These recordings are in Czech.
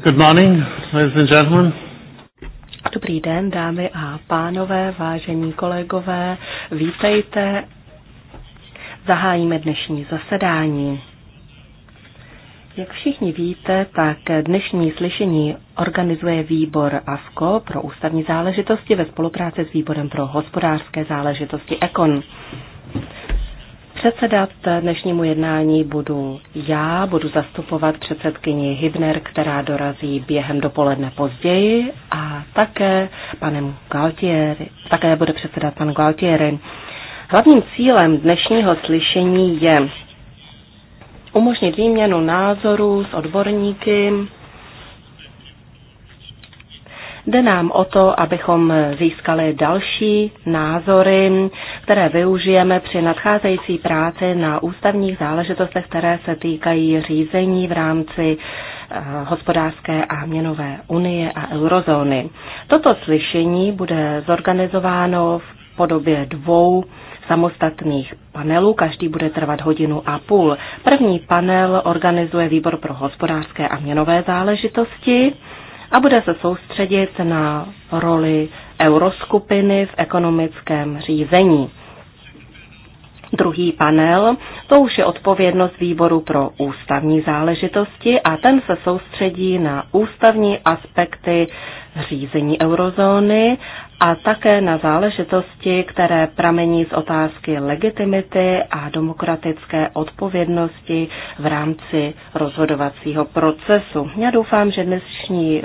Good morning, ladies and gentlemen. Dobrý den, dámy a pánové, vážení kolegové, vítejte. Zahájíme dnešní zasedání. Jak všichni víte, tak dnešní slyšení organizuje výbor ASCO pro ústavní záležitosti ve spolupráci s výborem pro hospodářské záležitosti EKON. Předsedat dnešnímu jednání budu já, budu zastupovat předsedkyni Hibner, která dorazí během dopoledne později a také panem Galtieri, také bude předsedat pan Galtieri. Hlavním cílem dnešního slyšení je umožnit výměnu názorů s odborníky Jde nám o to, abychom získali další názory, které využijeme při nadcházející práci na ústavních záležitostech, které se týkají řízení v rámci eh, hospodářské a měnové unie a eurozóny. Toto slyšení bude zorganizováno v podobě dvou samostatných panelů, každý bude trvat hodinu a půl. První panel organizuje výbor pro hospodářské a měnové záležitosti a bude se soustředit na roli euroskupiny v ekonomickém řízení. Druhý panel, to už je odpovědnost výboru pro ústavní záležitosti a ten se soustředí na ústavní aspekty řízení eurozóny a také na záležitosti, které pramení z otázky legitimity a demokratické odpovědnosti v rámci rozhodovacího procesu. Já doufám, že dnešní e,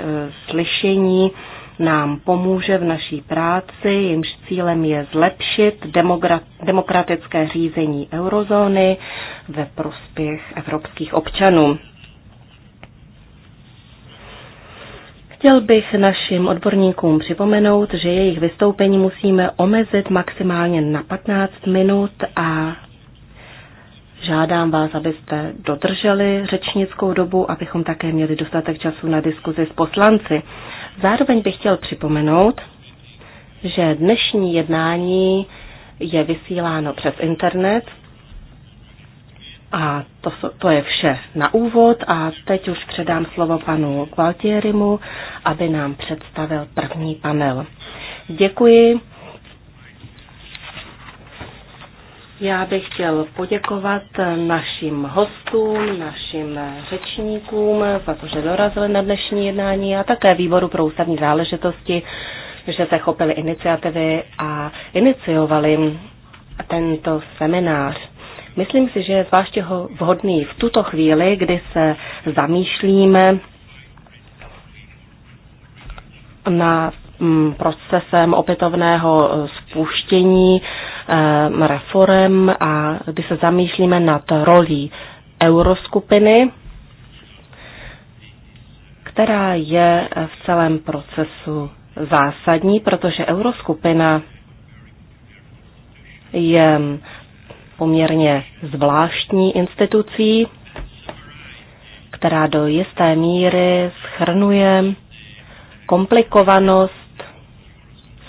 slyšení nám pomůže v naší práci, jimž cílem je zlepšit demokratické řízení eurozóny ve prospěch evropských občanů. Chtěl bych našim odborníkům připomenout, že jejich vystoupení musíme omezit maximálně na 15 minut a žádám vás, abyste dodrželi řečnickou dobu, abychom také měli dostatek času na diskuzi s poslanci. Zároveň bych chtěl připomenout, že dnešní jednání je vysíláno přes internet a to, to je vše na úvod a teď už předám slovo panu Gualtierimu, aby nám představil první panel. Děkuji. Já bych chtěl poděkovat našim hostům, našim řečníkům za to, že dorazili na dnešní jednání a také výboru pro ústavní záležitosti, že se chopili iniciativy a iniciovali tento seminář. Myslím si, že je zvláště vhodný v tuto chvíli, kdy se zamýšlíme na mm, procesem opětovného eh, spuštění eh, reform a kdy se zamýšlíme nad rolí euroskupiny, která je v celém procesu zásadní, protože euroskupina je poměrně zvláštní institucí, která do jisté míry schrnuje komplikovanost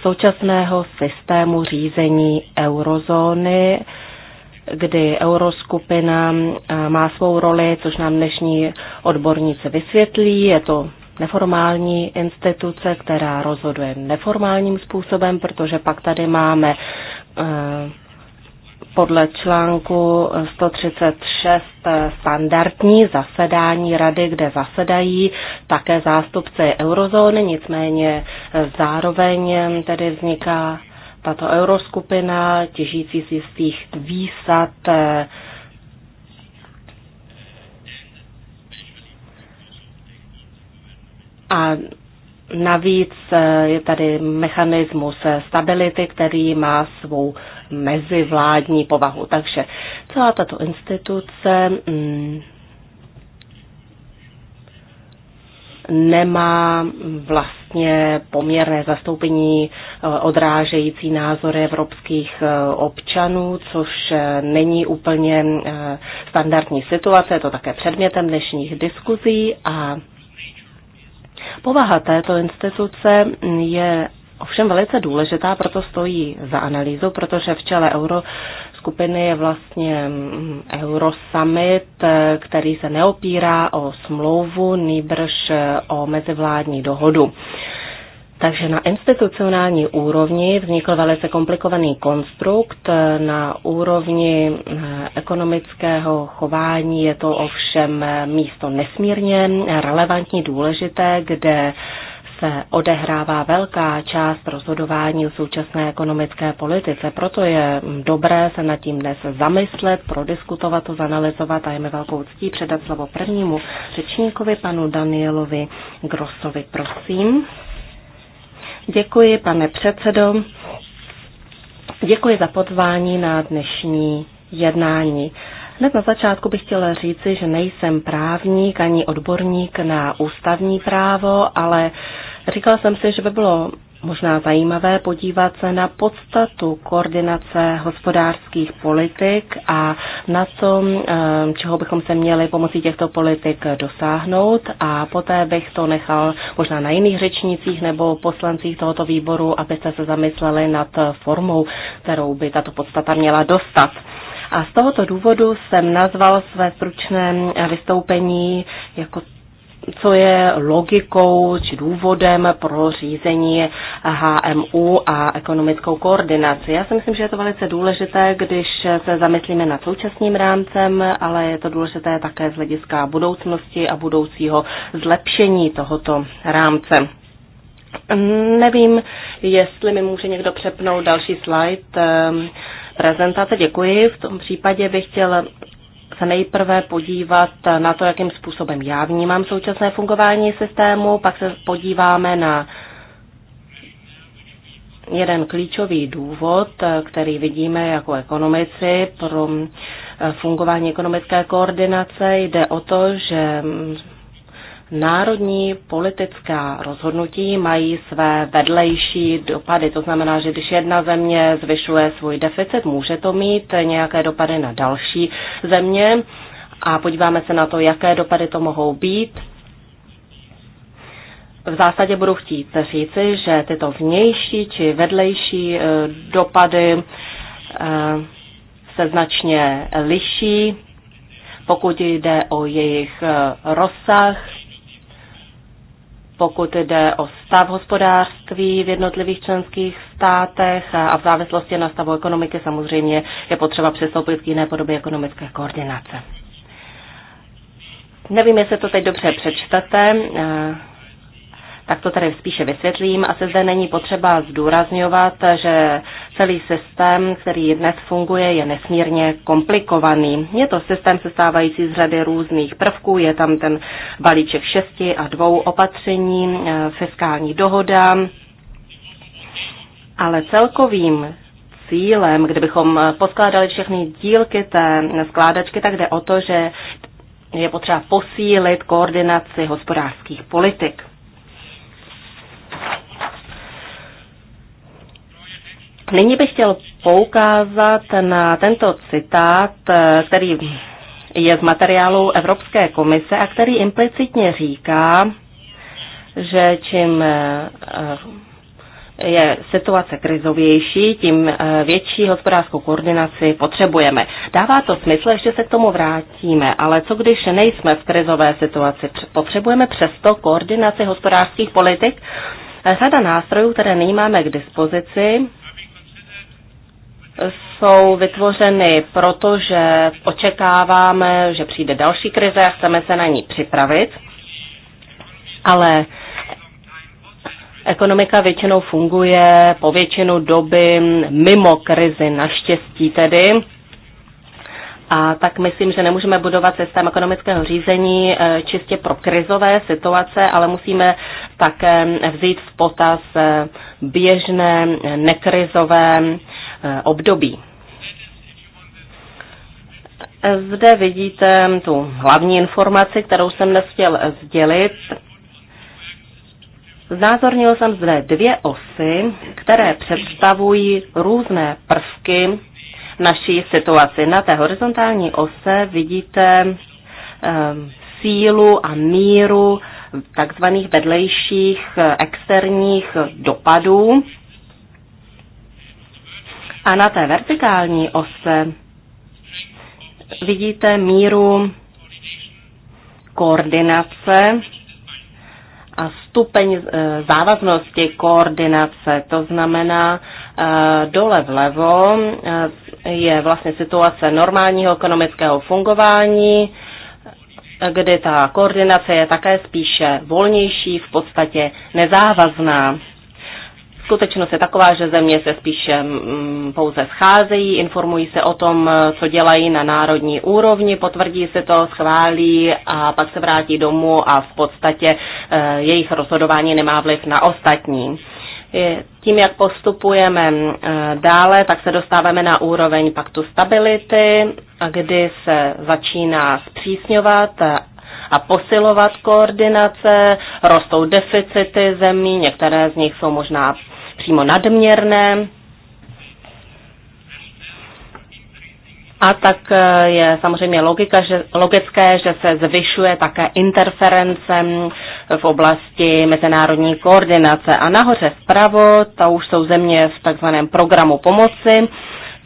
současného systému řízení eurozóny, kdy euroskupina eh, má svou roli, což nám dnešní odborníci vysvětlí. Je to neformální instituce, která rozhoduje neformálním způsobem, protože pak tady máme eh, podle článku 136 standardní zasedání rady, kde zasedají také zástupci eurozóny, nicméně zároveň tedy vzniká tato euroskupina těžící z jistých výsad a navíc je tady mechanismus stability, který má svou mezivládní povahu. Takže celá tato instituce mm, nemá vlastně poměrné zastoupení eh, odrážející názory evropských eh, občanů, což eh, není úplně standardní situace, je to také předmětem dnešních diskuzí a povaha této instituce mm, je ovšem velice důležitá, proto stojí za analýzu, protože v čele euro skupiny je vlastně mm, Eurosummit, eh, který se neopírá o smlouvu, nýbrž eh, o mezivládní dohodu. Takže na institucionální úrovni vznikl velice komplikovaný konstrukt. Eh, na úrovni ekonomického chování je to ovšem místo nesmírně relevantní, důležité, kde se odehrává velká část rozhodování o současné ekonomické politice. Proto je dobré se nad tím dnes zamyslet, prodiskutovat to, zanalizovat a je mi velkou ctí předat slovo prvnímu řečníkovi, panu Danielovi Grosovi. Prosím. Děkuji, pane předsedo. Děkuji za pozvání na dnešní jednání. Hned na začátku bych chtěla říci, že nejsem právník ani odborník na ústavní právo, ale Říkala jsem si, že by bylo možná zajímavé podívat se na podstatu koordinace hospodářských politik a na to, eh, čeho bychom se měli pomocí těchto politik dosáhnout a poté bych to nechal možná na jiných řečnicích nebo poslancích tohoto výboru, abyste se zamysleli nad formou, kterou by tato podstata měla dostat. A z tohoto důvodu jsem nazval své stručné vystoupení jako co je logikou či důvodem pro řízení HMU a ekonomickou koordinaci. Já si myslím, že je to velice důležité, když se zamyslíme nad současným rámcem, ale je to důležité také z hlediska budoucnosti a budoucího zlepšení tohoto rámce. Nevím, jestli mi může někdo přepnout další slide ehm, prezentace. Děkuji. V tom případě bych chtěl se nejprve podívat na to, jakým způsobem já vnímám současné fungování systému, pak se podíváme na jeden klíčový důvod, který vidíme jako ekonomici pro fungování ekonomické koordinace. Jde o to, že národní politická rozhodnutí mají své vedlejší dopady. To znamená, že když jedna země zvyšuje svůj deficit, může to mít nějaké dopady na další země a podíváme se na to, jaké dopady to mohou být. V zásadě budu chtít říci, že tyto vnější či vedlejší eh, dopady eh, se značně liší, pokud jde o jejich eh, rozsah, pokud jde o stav hospodářství v jednotlivých členských státech a v závislosti na stavu ekonomiky samozřejmě je potřeba přistoupit k jiné podobě ekonomické koordinace. Nevím, jestli to teď dobře přečtete. Eh, tak to tady spíše vysvětlím. Asi zde není potřeba zdůrazňovat, že celý systém, který dnes funguje, je nesmírně komplikovaný. Je to systém sestávající z řady různých prvků, je tam ten balíček šesti a dvou opatření, eh, fiskální dohoda, ale celkovým cílem, kdybychom eh, poskládali všechny dílky té skládačky, tak jde o to, že je potřeba posílit koordinaci hospodářských politik. Nyní bych chtěl poukázat na tento citát, eh, který je z materiálu Evropské komise a který implicitně říká, že čím eh, je situace krizovější, tím eh, větší hospodářskou koordinaci potřebujeme. Dává to smysl, ještě se k tomu vrátíme, ale co když nejsme v krizové situaci? Potřebujeme přesto koordinaci hospodářských politik? Řada nástrojů, které nyní máme k dispozici, jsou vytvořeny proto, že očekáváme, že přijde další krize a chceme se na ní připravit, ale ekonomika většinou funguje po většinu doby mimo krizi, naštěstí tedy. A tak myslím, že nemůžeme budovat systém ekonomického řízení eh, čistě pro krizové situace, ale musíme také eh, vzít v potaz eh, běžné nekrizové období. Zde vidíte hm, tu hlavní informaci, kterou jsem dnes chtěl sdělit. Znázornil jsem zde dvě osy, které představují různé prvky naší situaci. Na té horizontální ose vidíte um, sílu a míru takzvaných vedlejších eh, externích dopadů. A na té vertikální ose vidíte míru koordinace a stupeň eh, závaznosti koordinace. To znamená, eh, dole vlevo je vlastně situace normálního ekonomického fungování, kdy ta koordinace je také spíše volnější, v podstatě nezávazná. Skutečnost je taková, že země se spíše mm, pouze scházejí, informují se o tom, co dělají na národní úrovni, potvrdí se to, schválí a pak se vrátí domů a v podstatě eh, jejich rozhodování nemá vliv na ostatní tím, jak postupujeme eh, dále, tak se dostáváme na úroveň paktu stability, kdy se začíná zpřísňovat eh, a posilovat koordinace, rostou deficity zemí, některé z nich jsou možná přímo nadměrné. A tak eh, je samozřejmě logika, že, logické, že se zvyšuje také interference mm, v oblasti mezinárodní koordinace. A nahoře vpravo, to už jsou země v takzvaném programu pomoci,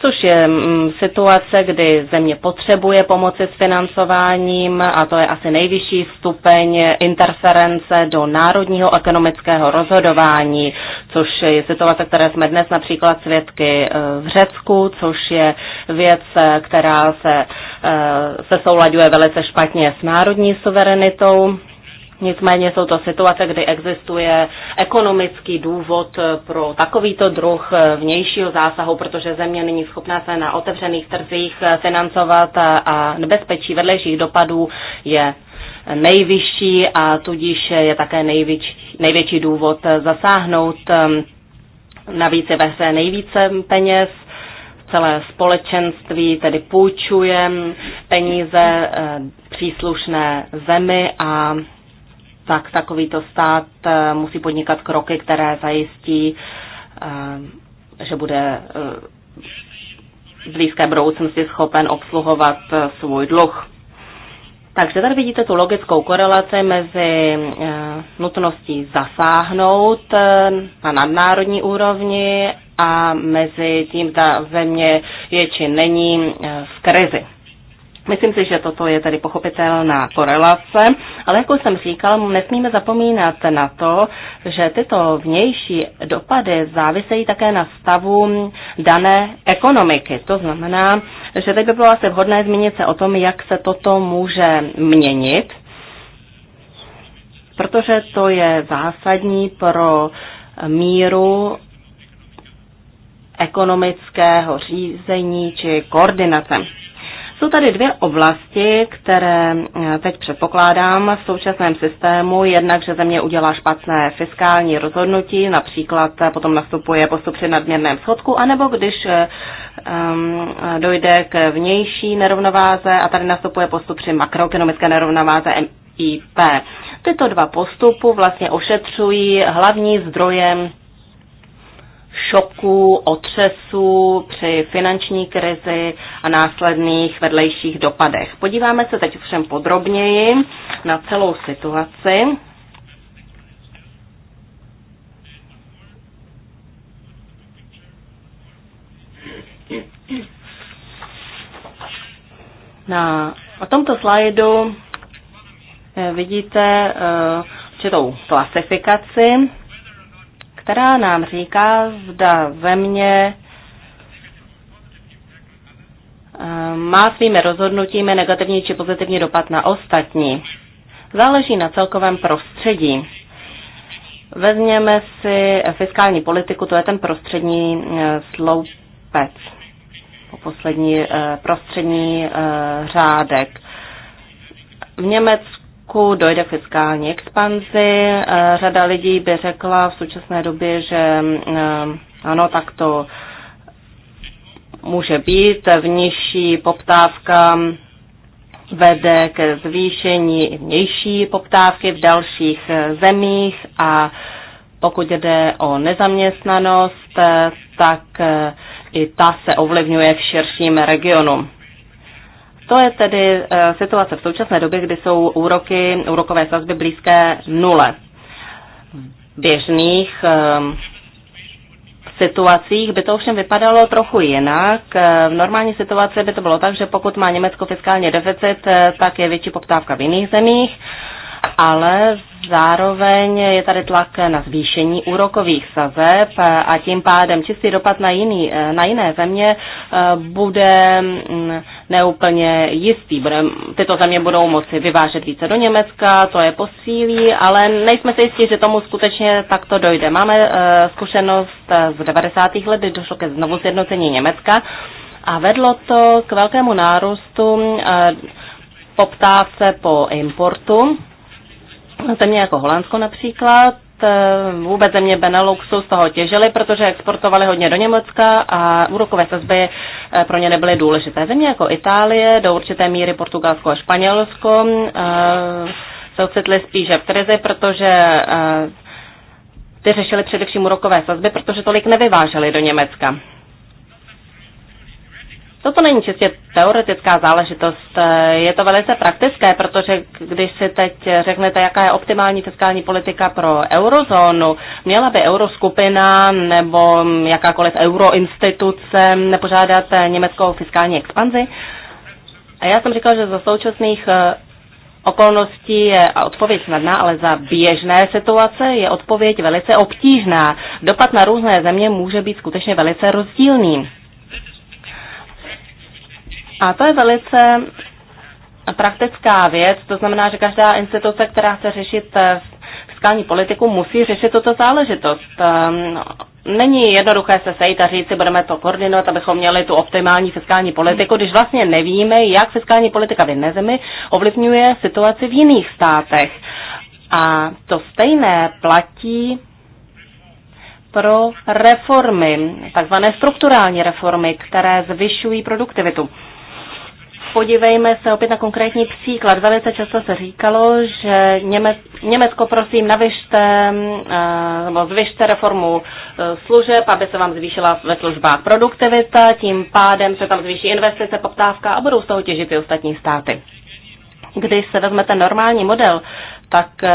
což je mm, situace, kdy země potřebuje pomoci s financováním a to je asi nejvyšší stupeň interference do národního ekonomického rozhodování, což je situace, které jsme dnes například svědky eh, v Řecku, což je věc, eh, která se, eh, se soulaďuje velice špatně s národní suverenitou. Nicméně jsou to situace, kdy existuje ekonomický důvod pro takovýto druh vnějšího zásahu, protože země není schopná se na otevřených trzích financovat a nebezpečí vedlejších dopadů je nejvyšší a tudíž je také největší, největší důvod zasáhnout. Ehm, navíc je ve hře nejvíce peněz, celé společenství tedy půjčuje peníze eh, příslušné zemi a tak takovýto stát eh, musí podnikat kroky, které zajistí, eh, že bude eh, v blízké budoucnosti schopen obsluhovat svůj dluh. Takže tady vidíte tu logickou korelaci mezi nutností zasáhnout na nadnárodní úrovni a mezi tím, ta země je či není v krizi. Myslím si, že toto je tedy pochopitelná korelace, ale jak už jsem říkal, nesmíme zapomínat na to, že tyto vnější dopady závisejí také na stavu dané ekonomiky. To znamená, že teď by bylo asi vhodné zmínit se o tom, jak se toto může měnit, protože to je zásadní pro míru ekonomického řízení či koordinace. Jsou tady dvě oblasti, které eh, teď předpokládám v současném systému. Jednak, že země udělá špatné fiskální rozhodnutí, například eh, potom nastupuje postup při nadměrném schodku, anebo když um, dojde k vnější nerovnováze a tady nastupuje postup při makroekonomické nerovnováze MIP. Tyto dva postupy vlastně ošetřují hlavní zdrojem šoků, otřesu, při finanční krizi a následných vedlejších dopadech. Podíváme se teď všem podrobněji na celou situaci. Na tomto slajdu eh, vidíte eh, určitou klasifikaci která nám říká, zda mně eh, má svými rozhodnutími negativní či pozitivní dopad na ostatní. Záleží na celkovém prostředí. Vezměme si fiskální politiku, to je ten prostřední eh, sloupec, poslední eh, prostřední řádek. V Německu roku dojde fiskální expanzi. Eh, řada lidí by řekla v současné době, že eh, ano, tak to může být. Vnější poptávka vede ke zvýšení vnější poptávky v dalších eh, zemích a pokud jde o nezaměstnanost, tak i ta se ovlivňuje v širším regionu. To je tedy eh, situace v současné době, kdy jsou úroky, úrokové sazby blízké nule. V běžných eh, situacích by to ovšem vypadalo trochu jinak. Eh, v normální situaci by to bylo tak, že pokud má Německo fiskální deficit, tak je větší poptávka v jiných zemích ale zároveň je tady tlak na zvýšení úrokových sazeb a tím pádem čistý dopad na, jiný, na jiné země eh, bude mm, neúplně jistý. Bude, tyto země budou moci vyvážet více do Německa, to je posílí, ale nejsme si jistí, že tomu skutečně takto dojde. Máme eh, zkušenost eh, z 90. let, kdy došlo ke znovu sjednocení Německa a vedlo to k velkému nárůstu poptávce po importu země jako Holandsko například, eh, vůbec země Beneluxu z toho těžili, protože exportovali hodně do Německa a úrokové sazby eh, pro ně nebyly důležité. Země jako Itálie, do určité míry Portugalsko a Španělsko eh, se ocitly spíše v krizi, protože ty řešili především úrokové sazby, protože tolik nevyváželi do Německa. Toto není čistě teoretická záležitost, je to velice praktické, protože když si teď řeknete, jaká je optimální fiskální politika pro eurozónu, měla by euroskupina nebo jakákoliv euroinstituce nepožádat německou fiskální expanzi? A já jsem říkal, že za současných eh, okolností je odpověď snadná, ale za běžné situace je odpověď velice obtížná. Dopad na různé země může být skutečně velice rozdílný. A to je velice praktická věc, to znamená, že každá instituce, která chce řešit eh, fiskální politiku, musí řešit tuto záležitost. Ehm, není jednoduché se sejít a říct si, budeme to koordinovat, abychom měli tu optimální fiskální politiku, když vlastně nevíme, jak fiskální politika v jedné zemi ovlivňuje situaci v jiných státech. A to stejné platí pro reformy, takzvané strukturální reformy, které zvyšují produktivitu podívejme se opět na konkrétní příklad. Velice často se říkalo, že Němec, Německo, prosím, navyšte, eh, nebo zvyšte reformu eh, služeb, aby se vám zvýšila ve službách produktivita, tím pádem se tam zvýší investice, poptávka a budou z toho těžit i ostatní státy. Když se vezme ten normální model, tak eh,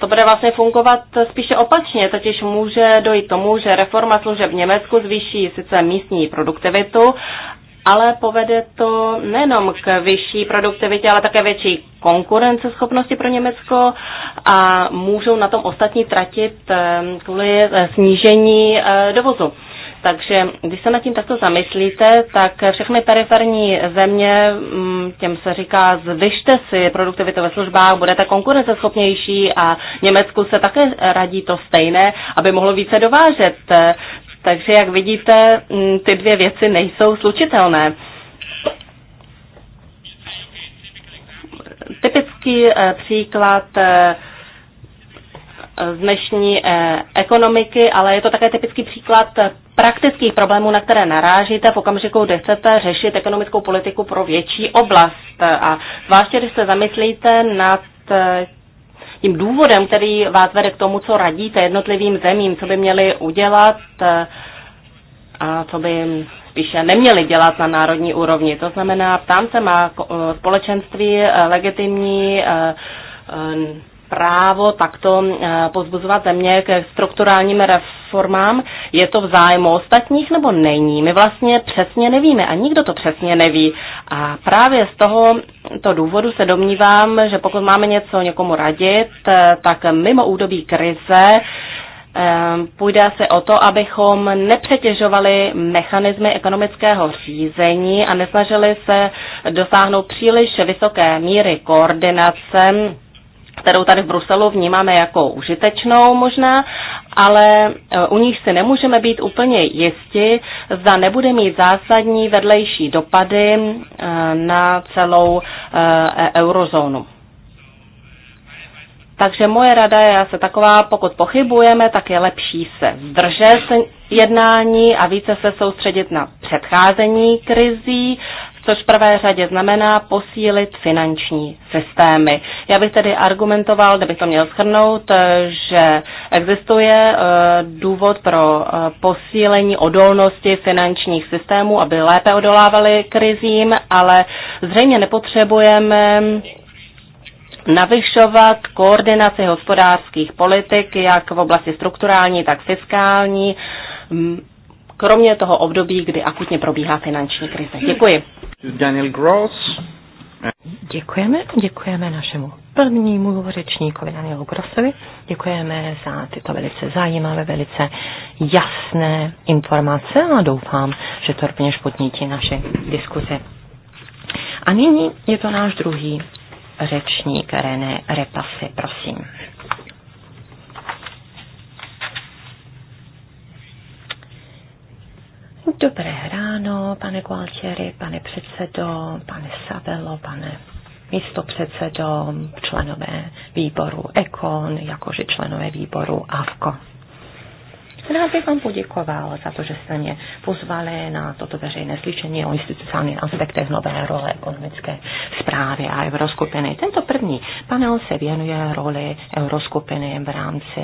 to bude vlastně fungovat spíše opačně, totiž může dojít tomu, že reforma služeb v Německu zvýší sice místní produktivitu, ale povede to nejenom k vyšší produktivitě, ale také větší konkurenceschopnosti pro Německo a můžou na tom ostatní tratit eh, kvůli eh, snížení eh, dovozu. Takže když se nad tím takto zamyslíte, tak všechny periferní země, mm, těm se říká, zvyšte si produktivitu ve službách, budete konkurenceschopnější a Německu se také radí to stejné, aby mohlo více dovážet. Takže jak vidíte, mm, ty dvě věci nejsou slučitelné. Typický eh, příklad eh, z dnešní eh, ekonomiky, ale je to také typický příklad praktických problémů, na které narážíte v okamžiku, kdy chcete řešit ekonomickou politiku pro větší oblast. A zvláště, když se zamyslíte nad tím důvodem, který vás vede k tomu, co radíte jednotlivým zemím, co by měli udělat eh, a co by spíše neměli dělat na národní úrovni. To znamená, ptám se, má eh, společenství eh, legitimní právo takto eh, pozbuzovat země ke strukturálním reformám? Je to v zájmu ostatních nebo není? My vlastně přesně nevíme a nikdo to přesně neví. A právě z tohoto důvodu se domnívám, že pokud máme něco někomu radit, eh, tak mimo údobí krize eh, Půjde se o to, abychom nepřetěžovali mechanismy ekonomického řízení a nesnažili se dosáhnout příliš vysoké míry koordinace kterou tady v Bruselu vnímáme jako užitečnou možná, ale e, u nich si nemůžeme být úplně jisti, zda nebude mít zásadní vedlejší dopady e, na celou e, eurozónu. Takže moje rada je asi taková, pokud pochybujeme, tak je lepší se zdržet jednání a více se soustředit na předcházení krizí, což v prvé řadě znamená posílit finanční systémy. Já bych tedy argumentoval, kdybych to měl schrnout, eh, že existuje eh, důvod pro eh, posílení odolnosti finančních systémů, aby lépe odolávali krizím, ale zřejmě nepotřebujeme navyšovat koordinaci hospodářských politik, jak v oblasti strukturální, tak fiskální, kromě toho období, kdy akutně probíhá finanční krize. Děkuji. Daniel Gross. Děkujeme, děkujeme našemu prvnímu řečníkovi Danielu Grossovi. Děkujeme za tyto velice zajímavé, velice jasné informace a doufám, že to rovněž podnítí naše diskuze. A nyní je to náš druhý řečník René Repasy, prosím. Dobré ráno, pane Gualtieri, pane předsedo, pane Savelo, pane předsedo, členové výboru EKON, jakože členové výboru AVKO. Rád bych vám poděkoval za to, že jste mě pozvali na toto veřejné slyšení o institucionálních aspektech nové role ekonomické zprávy a euroskupiny. Tento první panel se věnuje roli euroskupiny v rámci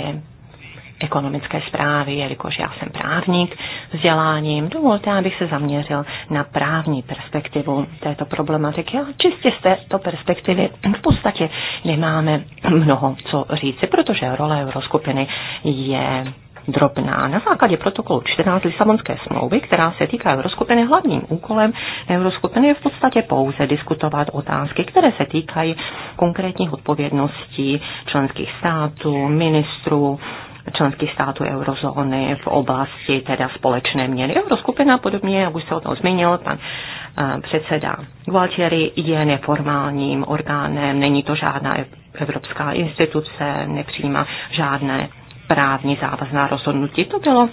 ekonomické zprávy, jelikož já jsem právník vzděláním. Dovolte, abych se zaměřil na právní perspektivu této problematiky. A čistě z této perspektivy v podstatě nemáme mnoho co říci, protože role euroskupiny je drobná. Na základě protokolu 14 Lisabonské smlouvy, která se týká Euroskupiny, hlavním úkolem Euroskupiny je v podstatě pouze diskutovat otázky, které se týkají konkrétních odpovědností členských států, ministrů, členských států eurozóny v oblasti teda společné měny. Euroskupina podobně, jak už se o tom zmínil pan eh, předseda Gualtieri, je neformálním orgánem, není to žádná evropská instituce, nepřijímá žádné právní závazná rozhodnutí. To bylo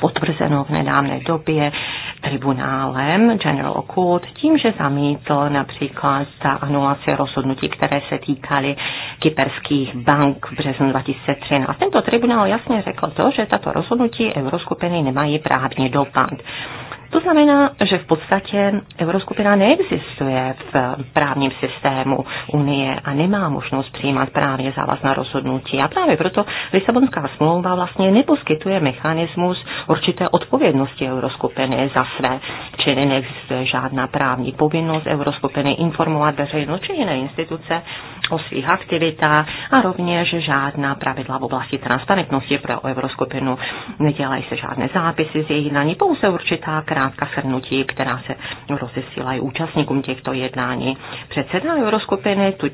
potvrzeno v nedávné době tribunálem General Court tím, že zamítl například ta anulace rozhodnutí, které se týkaly kyperských bank v březnu 2013. Tento tribunál jasně řekl to, že tato rozhodnutí euroskupiny nemají právně dopad. To znamená, že v podstatě Euroskupina neexistuje v právním systému Unie a nemá možnost přijímat právně závazná rozhodnutí. A právě proto Lisabonská smlouva vlastně neposkytuje mechanismus určité odpovědnosti Euroskupiny za své, čili neexistuje žádná právní povinnost Euroskupiny informovat veřejnost či jiné instituce o svých aktivitách a rovněž žádná pravidla v oblasti transparentnosti pro Euroskupinu. Nedělají se žádné zápisy z jejich daní, pouze určitá krá zkrátka shrnutí, která se rozesílá i účastníkům těchto jednání. Předseda Euroskupiny, tu,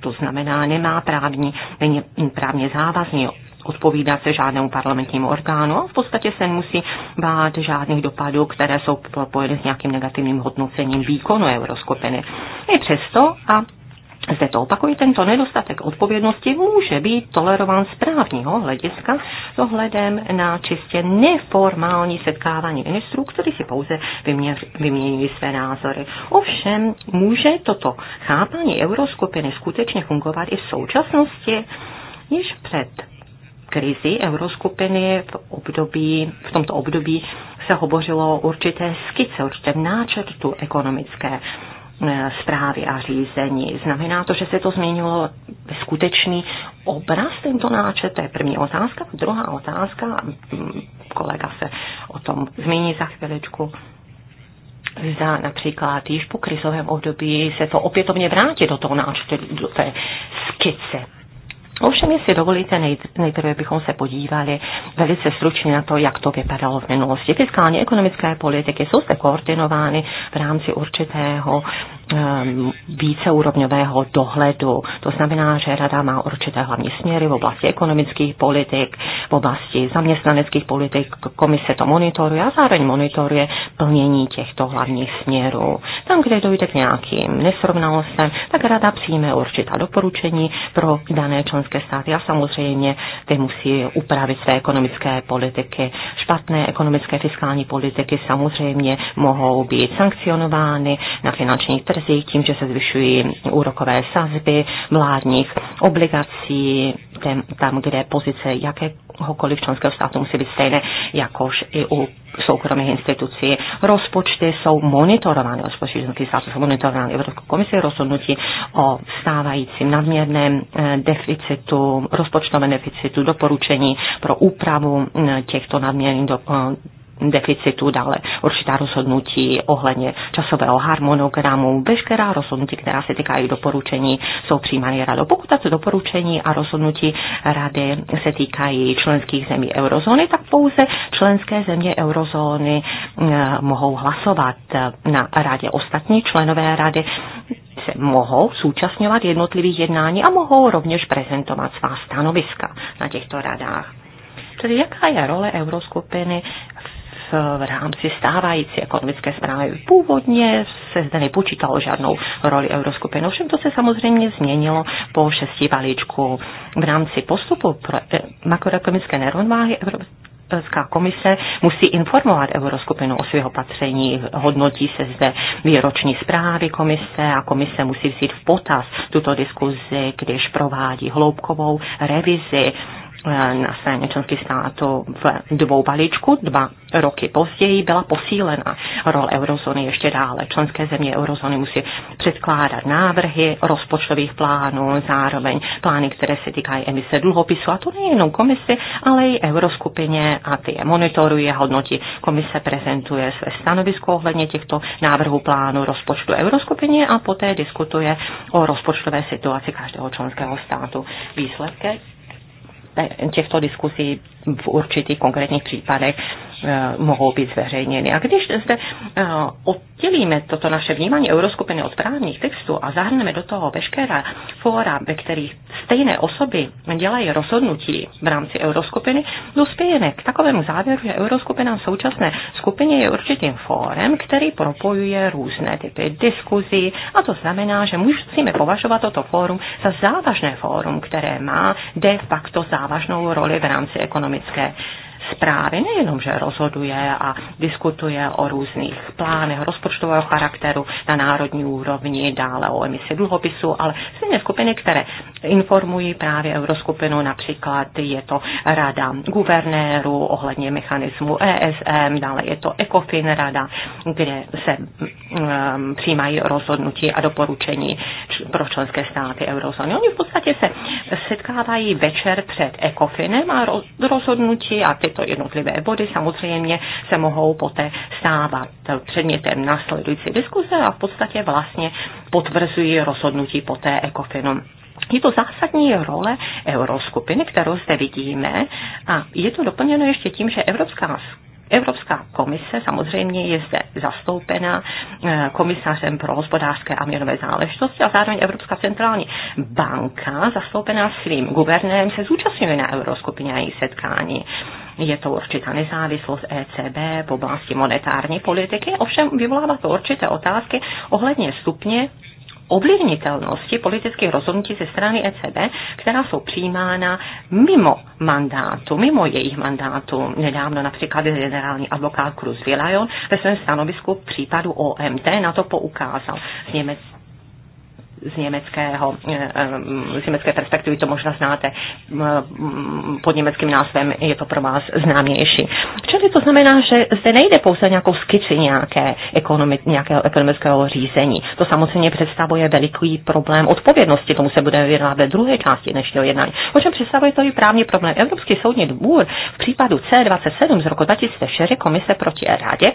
to znamená, nemá právní, není právně závazný odpovídá se žádnému parlamentnímu orgánu a v podstatě se musí bát žádných dopadů, které jsou propojeny s nějakým negativním hodnocením výkonu euroskupiny. I přesto a zde to opakuji, tento nedostatek odpovědnosti může být tolerován z právního hlediska s ohledem na čistě neformální setkávání ministrů, kteří si pouze vyměňují své názory. Ovšem, může toto chápání euroskupiny skutečně fungovat i v současnosti, již před krizi euroskupiny v, období, v tomto období se hovořilo o určité skice, určitém náčrtu ekonomické E, zprávy a řízení. Znamená to, že se to změnilo ve skutečný obraz tento náčet? To je první otázka. Druhá otázka, kolega se o tom zmíní za chviličku, za například již po krizovém období se to opětovně vrátí do toho náčetu, do té skice Ovšem, jestli dovolíte, nejprve bychom se podívali velice stručně na to, jak to vypadalo v minulosti. Fiskálně ekonomické politiky jsou zde koordinovány v rámci určitého Ehm, víceúrovňového dohledu. To znamená, že rada má určité hlavní směry v oblasti ekonomických politik, v oblasti zaměstnaneckých politik, komise to monitoruje a zároveň monitoruje plnění těchto hlavních směrů. Tam, kde dojde k nějakým nesrovnalostem, tak rada přijme určitá doporučení pro dané členské státy a samozřejmě ty musí upravit své ekonomické politiky. Špatné ekonomické fiskální politiky samozřejmě mohou být sankcionovány na finančních trzích trzích tím, že se zvyšují úrokové sazby vládních obligací, tam, kde pozice jakéhokoliv členského státu musí být stejné, jakož i u soukromých institucí. Rozpočty jsou monitorovány, rozpočty jednotlivých států jsou monitorovány Evropskou komisi rozhodnutí o stávajícím nadměrném eh, deficitu, rozpočtovém deficitu, doporučení pro úpravu eh, těchto nadměrných do, eh, deficitu, dále určitá rozhodnutí ohledně časového harmonogramu, veškerá rozhodnutí, která se týkají doporučení, jsou přijímány radou. Pokud tato doporučení a rozhodnutí rady se týkají členských zemí eurozóny, tak pouze členské země eurozóny eh, mohou hlasovat eh, na radě. Ostatní členové rady se mohou zúčastňovat jednotlivých jednání a mohou rovněž prezentovat svá stanoviska na těchto radách. Tedy jaká je role euroskupiny v rámci stávající ekonomické zprávy. Původně se zde nepočítalo žádnou roli euroskupiny, ovšem to se samozřejmě změnilo po šesti balíčku. V rámci postupu pro eh, makroekonomické nerovnováhy Evropská komise musí informovat Euroskupinu o svého opatření, hodnotí se zde výroční zprávy komise a komise musí vzít v potaz tuto diskuzi, když provádí hloubkovou revizi E, na straně členských států v dvou balíčku. Dva roky později byla posílena role eurozóny ještě dále. Členské země eurozóny musí předkládat návrhy rozpočtových plánů, zároveň plány, které se týkají emise dluhopisu. A to nejenom komisi, ale i euroskupině a ty je monitoruje, hodnotí. Komise prezentuje své stanovisko ohledně těchto návrhů plánu rozpočtu euroskupině a poté diskutuje o rozpočtové situaci každého členského státu. Výsledky těchto diskusí v určitých konkrétních případech Eh, mohou být zveřejněny. A když zde eh, oddělíme toto naše vnímání euroskupiny od právních textů a zahrneme do toho veškerá fóra, ve kterých stejné osoby dělají rozhodnutí v rámci euroskupiny, dospějeme k takovému závěru, že euroskupina v současné skupině je určitým fórem, který propojuje různé typy diskuzí a to znamená, že musíme považovat toto fórum za závažné fórum, které má de facto závažnou roli v rámci ekonomické zprávy nejenom, že rozhoduje a diskutuje o různých plánech rozpočtového charakteru na národní úrovni, dále o emisi dluhopisu, ale stejně skupiny, které informují právě euroskupinu, například je to rada guvernéru ohledně mechanismu ESM, dále je to ECOFIN rada, kde se um, přijímají rozhodnutí a doporučení pro členské státy eurozóny. Oni v podstatě se setkávají večer před ECOFINem a rozhodnutí a ty tyto jednotlivé body samozřejmě se mohou poté stávat předmětem následující diskuze a v podstatě vlastně potvrzují rozhodnutí poté ECOFINu. Je to zásadní role euroskupiny, kterou zde vidíme a je to doplněno ještě tím, že Evropská Evropská komise samozřejmě je zde zastoupena eh, komisařem pro hospodářské a měnové záležitosti a zároveň Evropská centrální banka zastoupená svým guvernérem se zúčastňuje na euroskupině a její setkání. Je to určitá nezávislost ECB v oblasti monetární politiky, ovšem vyvolává to určité otázky ohledně stupně ovlivnitelnosti politických rozhodnutí ze strany ECB, která jsou přijímána mimo mandátu, mimo jejich mandátu. Nedávno například generální advokát Cruz Villajon ve svém stanovisku v případu OMT na to poukázal. Z Němec, z německého, eh, eh, z německé perspektivy to možná znáte pod německým názvem, je to pro vás známější. Čili to znamená, že zde nejde pouze nějakou skici nějaké ekonomi, nějakého ekonomického řízení. To samozřejmě představuje veliký problém odpovědnosti, tomu se budeme věnovat ve druhé části dnešního jednání. Ovšem představuje to i právní problém. Evropský soudní dvůr v případu C27 z roku 2004 Komise proti rádě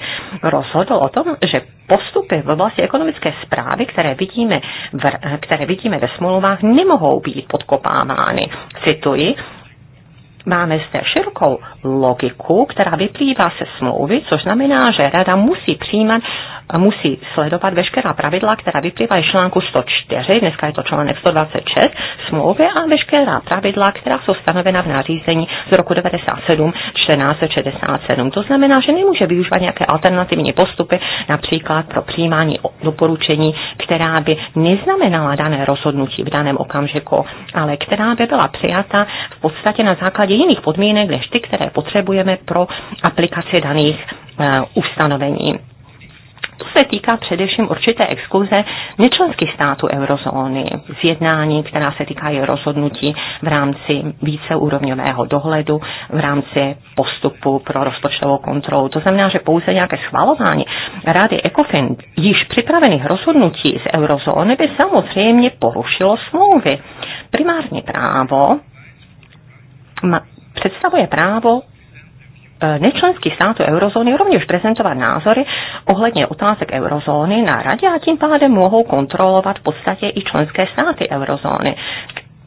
rozhodl o tom, že postupy v oblasti ekonomické zprávy, které vidíme v které vidíme ve smlouvách, nemohou být podkopávány. Cituji, máme zde širokou logiku, která vyplývá se smlouvy, což znamená, že rada musí přijímat musí sledovat veškerá pravidla, která vyplývají z článku 104, dneska je to článek 126 smlouvy a veškerá pravidla, která jsou stanovena v nařízení z roku 97 1467. To znamená, že nemůže využívat nějaké alternativní postupy, například pro přijímání doporučení, která by neznamenala dané rozhodnutí v daném okamžiku, ale která by byla přijata v podstatě na základě jiných podmínek, než ty, které potřebujeme pro aplikaci daných uh, ustanovení. To se týká především určité exkluze nečlenských států eurozóny z jednání, která se týká jeho rozhodnutí v rámci víceúrovňového dohledu, v rámci postupu pro rozpočtovou kontrolu. To znamená, že pouze nějaké schvalování Rady ECOFIN již připravených rozhodnutí z eurozóny by samozřejmě porušilo smlouvy. Primární právo představuje právo Eh, nečlenských států eurozóny rovněž prezentovat názory ohledně otázek eurozóny na radě a tím pádem mohou kontrolovat v podstatě i členské státy eurozóny,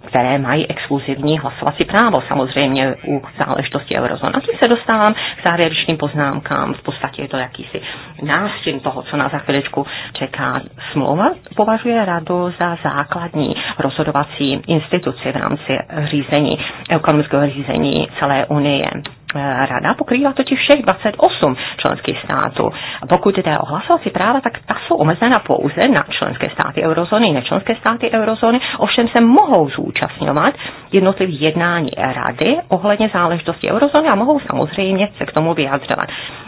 které mají exkluzivní hlasovací právo samozřejmě u záležitosti eurozóny. A tím se dostávám k závěrečným poznámkám. V podstatě je to jakýsi nástin toho, co nás za chviličku čeká. Smlouva považuje radu za základní rozhodovací instituci v rámci řízení, ekonomického řízení celé Unie. Eh, rada pokrývá totiž všech 28 členských států. A pokud jde o hlasovací práva, tak ta jsou omezena pouze na členské státy eurozóny. Nečlenské státy eurozóny ovšem se mohou zúčastňovat jednotlivých jednání rady ohledně záležitosti eurozóny a mohou samozřejmě se k tomu vyjadřovat.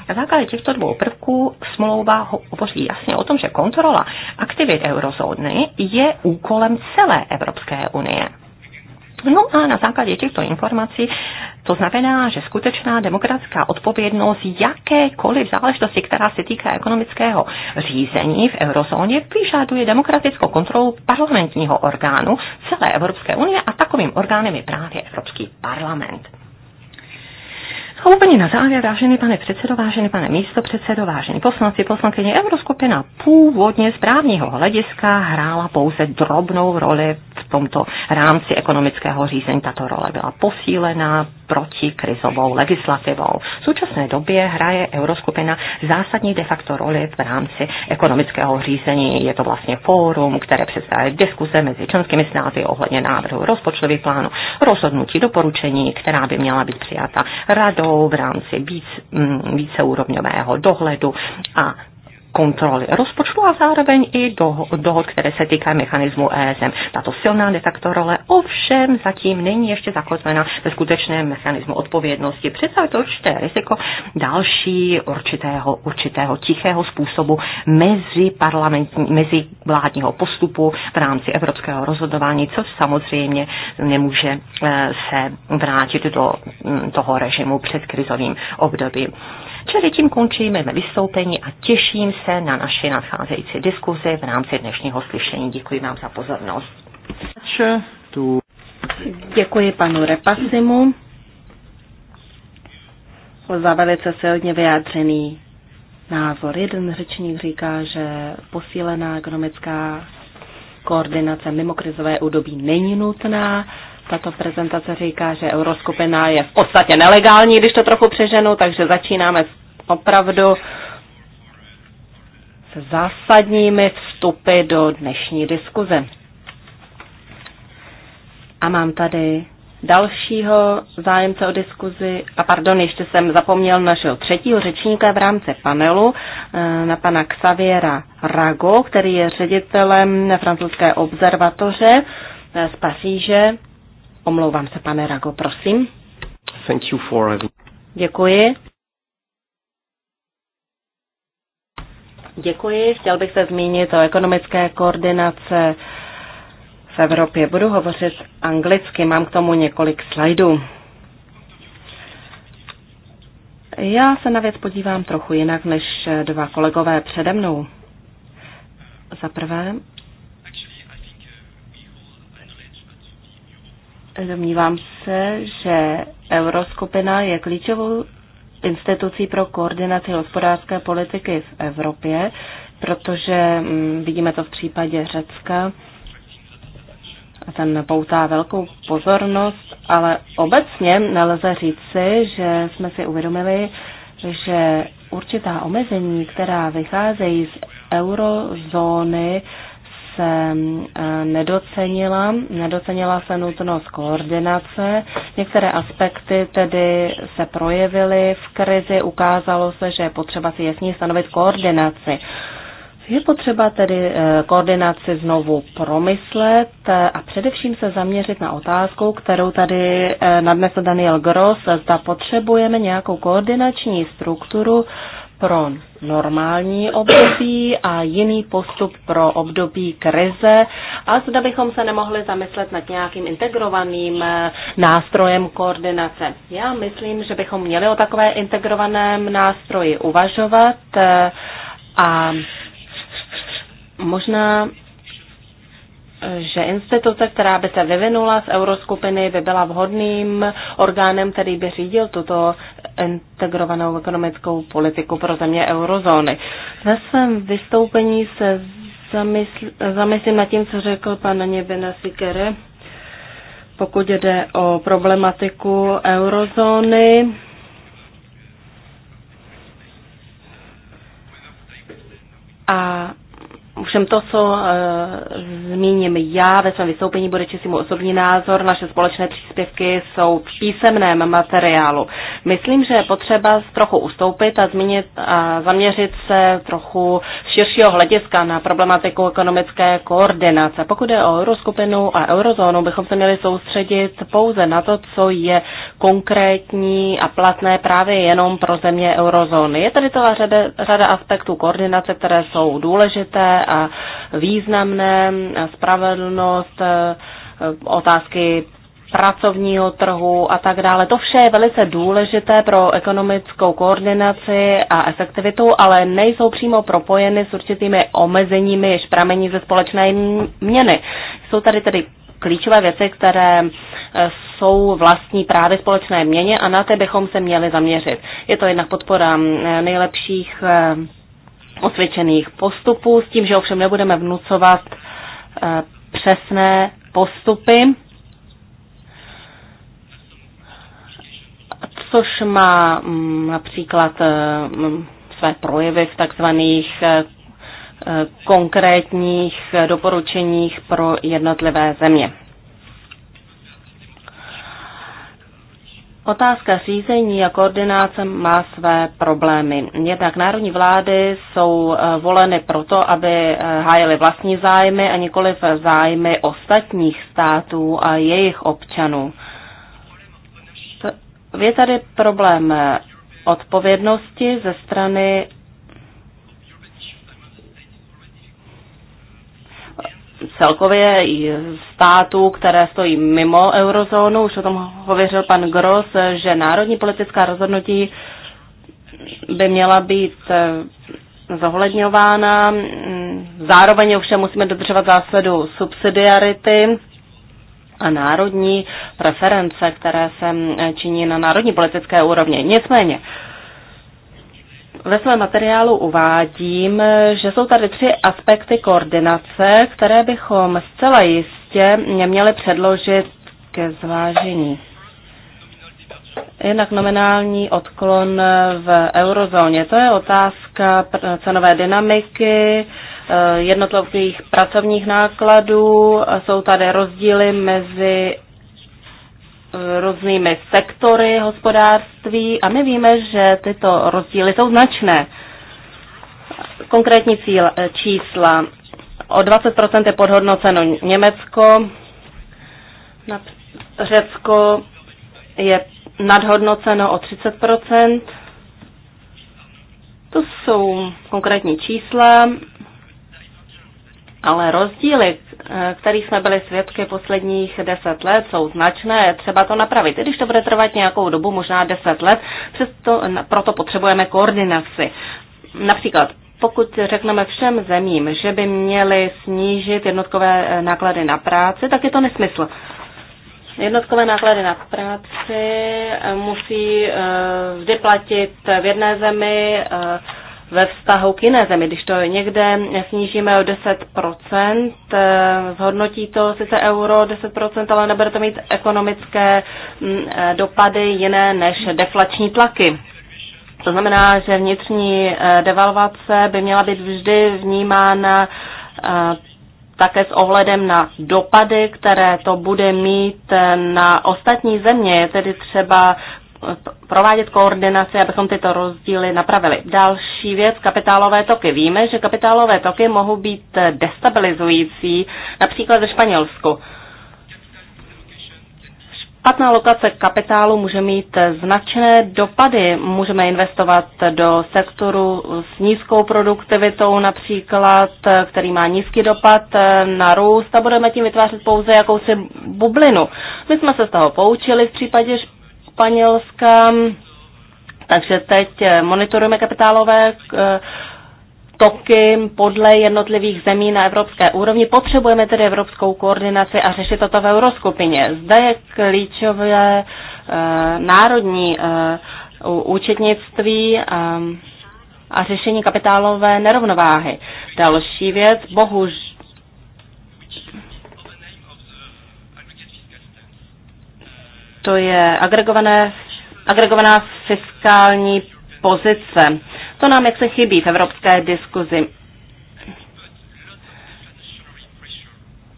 Na základě těchto dvou prvků smlouva hovoří jasně o tom, že kontrola aktivit eurozóny je úkolem celé Evropské unie. No a na základě těchto informací to znamená, že skutečná demokratická odpovědnost jakékoliv záležitosti, která se týká ekonomického řízení v eurozóně, vyžaduje demokratickou kontrolu parlamentního orgánu celé Evropské unie a takovým orgánem je právě Evropský parlament. A úplně na závěr, vážený pane předsedo, vážený pane místo předsedo, vážení poslanci, poslankyně, Euroskupina původně z právního hlediska hrála pouze drobnou roli v tomto rámci ekonomického řízení. Tato role byla posílena proti krizovou legislativou. V současné době hraje Euroskupina zásadní de facto roli v rámci ekonomického řízení. Je to vlastně fórum, které představuje diskuze mezi členskými státy ohledně návrhu rozpočtových plánů, rozhodnutí, doporučení, která by měla být přijata radou kontrolou v rámci víc, mm, víceúrovňového dohledu a kontroly rozpočtu a zároveň i dohod, dohod které se týkají mechanismu ESM. Tato silná de facto role ovšem zatím není ještě zakotvena ve skutečném mechanismu odpovědnosti. Představuje to určité riziko další určitého, určitého tichého způsobu mezi, parlamentní, mezi vládního postupu v rámci evropského rozhodování, co samozřejmě nemůže eh, se vrátit do mm, toho režimu před krizovým obdobím. Čili tím končíme mé vystoupení a těším se na naši nadcházející diskuzi v rámci dnešního slyšení. Děkuji vám za pozornost. Děkuji panu Repasimu za velice silně vyjádřený názor. Jeden řečník říká, že posílená ekonomická koordinace mimo krizové údobí není nutná. Tato prezentace říká, že euroskupina je v podstatě nelegální, když to trochu přeženu, takže začínáme s opravdu se zásadními vstupy do dnešní diskuze. A mám tady dalšího zájemce o diskuzi. A pardon, ještě jsem zapomněl našeho třetího řečníka v rámci panelu, eh, na pana Xaviera Rago, který je ředitelem francouzské observatoře eh, z Paříže. Omlouvám se, pane Rago, prosím. Thank you for... Děkuji Děkuji. Chtěl bych se zmínit o ekonomické koordinace v Evropě. Budu hovořit anglicky, mám k tomu několik slajdů. Já se na věc podívám trochu jinak než dva kolegové přede mnou. Za prvé, domnívám se, že euroskupina je klíčovou institucí pro koordinaci hospodářské politiky v Evropě, protože mm, vidíme to v případě Řecka. A ten poutá velkou pozornost, ale obecně nelze říci, že jsme si uvědomili, že určitá omezení, která vycházejí z eurozóny, se eh, nedocenila, nedocenila se nutnost koordinace. Některé aspekty tedy se projevily v krizi, ukázalo se, že je potřeba si jasně stanovit koordinaci. Je potřeba tedy eh, koordinaci znovu promyslet a především se zaměřit na otázku, kterou tady eh, nadnesl Daniel Gross, zda potřebujeme nějakou koordinační strukturu, pro normální období a jiný postup pro období krize a zda bychom se nemohli zamyslet nad nějakým integrovaným eh, nástrojem koordinace. Já myslím, že bychom měli o takové integrovaném nástroji uvažovat eh, a možná eh, že instituce, která by se vyvinula z euroskupiny, by byla vhodným orgánem, který by řídil tuto integrovanou ekonomickou politiku pro země eurozóny. Ve svém vystoupení se zamysl, zamyslím nad tím, co řekl pan Něbina Sikere, pokud jde o problematiku eurozóny. A Ovšem to, co e, zmíním já ve svém vystoupení, bude čistý můj osobní názor. Naše společné příspěvky jsou v písemném materiálu. Myslím, že je potřeba trochu ustoupit a, zmínit, a zaměřit se trochu širšího hlediska na problematiku ekonomické koordinace. Pokud je o euroskupinu a eurozónu, bychom se měli soustředit pouze na to, co je konkrétní a platné právě jenom pro země eurozóny. Je tady celá řada, řada aspektů koordinace, které jsou důležité a významné, spravedlnost, e, otázky pracovního trhu a tak dále. To vše je velice důležité pro ekonomickou koordinaci a efektivitu, ale nejsou přímo propojeny s určitými omezeními, jež pramení ze společné měny. Jsou tady tedy klíčové věci, které e, jsou vlastní právě společné měně a na ty bychom se měli zaměřit. Je to jednak podpora e, nejlepších osvědčených postupů, s tím, že ovšem nebudeme vnucovat eh, přesné postupy, což má mm, například eh, mm, své projevy v takzvaných eh, konkrétních doporučeních pro jednotlivé země. Otázka řízení a koordinace má své problémy. Jednak národní vlády jsou eh, voleny proto, aby eh, hájily vlastní zájmy a nikoli zájmy ostatních států a jejich občanů. Je tady problém eh, odpovědnosti ze strany celkově i států, které stojí mimo eurozónu. Už o tom hověřil pan Gross, že národní politická rozhodnutí by měla být eh, zohledňována. Zároveň ovšem musíme dodržovat zásadu subsidiarity a národní preference, které se eh, činí na národní politické úrovni. Nicméně, ve svém materiálu uvádím, že jsou tady tři aspekty koordinace, které bychom zcela jistě měli předložit ke zvážení. Jednak nominální odklon v eurozóně. To je otázka cenové dynamiky, eh, jednotlivých pracovních nákladů. Jsou tady rozdíly mezi různými sektory hospodářství a my víme, že tyto rozdíly jsou značné. Konkrétní cíl, eh, čísla. O 20% je podhodnoceno Německo, Řecko je nadhodnoceno o 30%. To jsou konkrétní čísla, ale rozdíly, který jsme byli svědky posledních deset let, jsou značné, třeba to napravit. I když to bude trvat nějakou dobu, možná deset let, přesto, proto potřebujeme koordinaci. Například pokud řekneme všem zemím, že by měli snížit jednotkové eh, náklady na práci, tak je to nesmysl. Jednotkové náklady na práci eh, musí eh, vždy platit v jedné zemi ve vztahu k jiné zemi. Když to někde snížíme o 10%, eh, zhodnotí to sice euro 10%, ale nebude to mít ekonomické mm, eh, dopady jiné než deflační tlaky. To znamená, že vnitřní eh, devalvace by měla být vždy vnímána také s ohledem na dopady, které to bude mít na ostatní země. Je tedy třeba provádět koordinaci, abychom tyto rozdíly napravili. Další věc, kapitálové toky. Víme, že kapitálové toky mohou být destabilizující, například ve Španělsku. Špatná lokace kapitálu může mít značné dopady. Můžeme investovat do sektoru s nízkou produktivitou například, který má nízký dopad na růst a budeme tím vytvářet pouze jakousi bublinu. My jsme se z toho poučili v případě Španělska. Takže teď eh, monitorujeme kapitálové eh, toky podle jednotlivých zemí na evropské úrovni. Potřebujeme tedy evropskou koordinaci a řešit toto v euroskupině. Zde je klíčové eh, národní účetnictví a řešení kapitálové nerovnováhy. Další věc, bohužel to je agregované, agregovaná fiskální pozice. To nám jak se chybí v evropské diskuzi.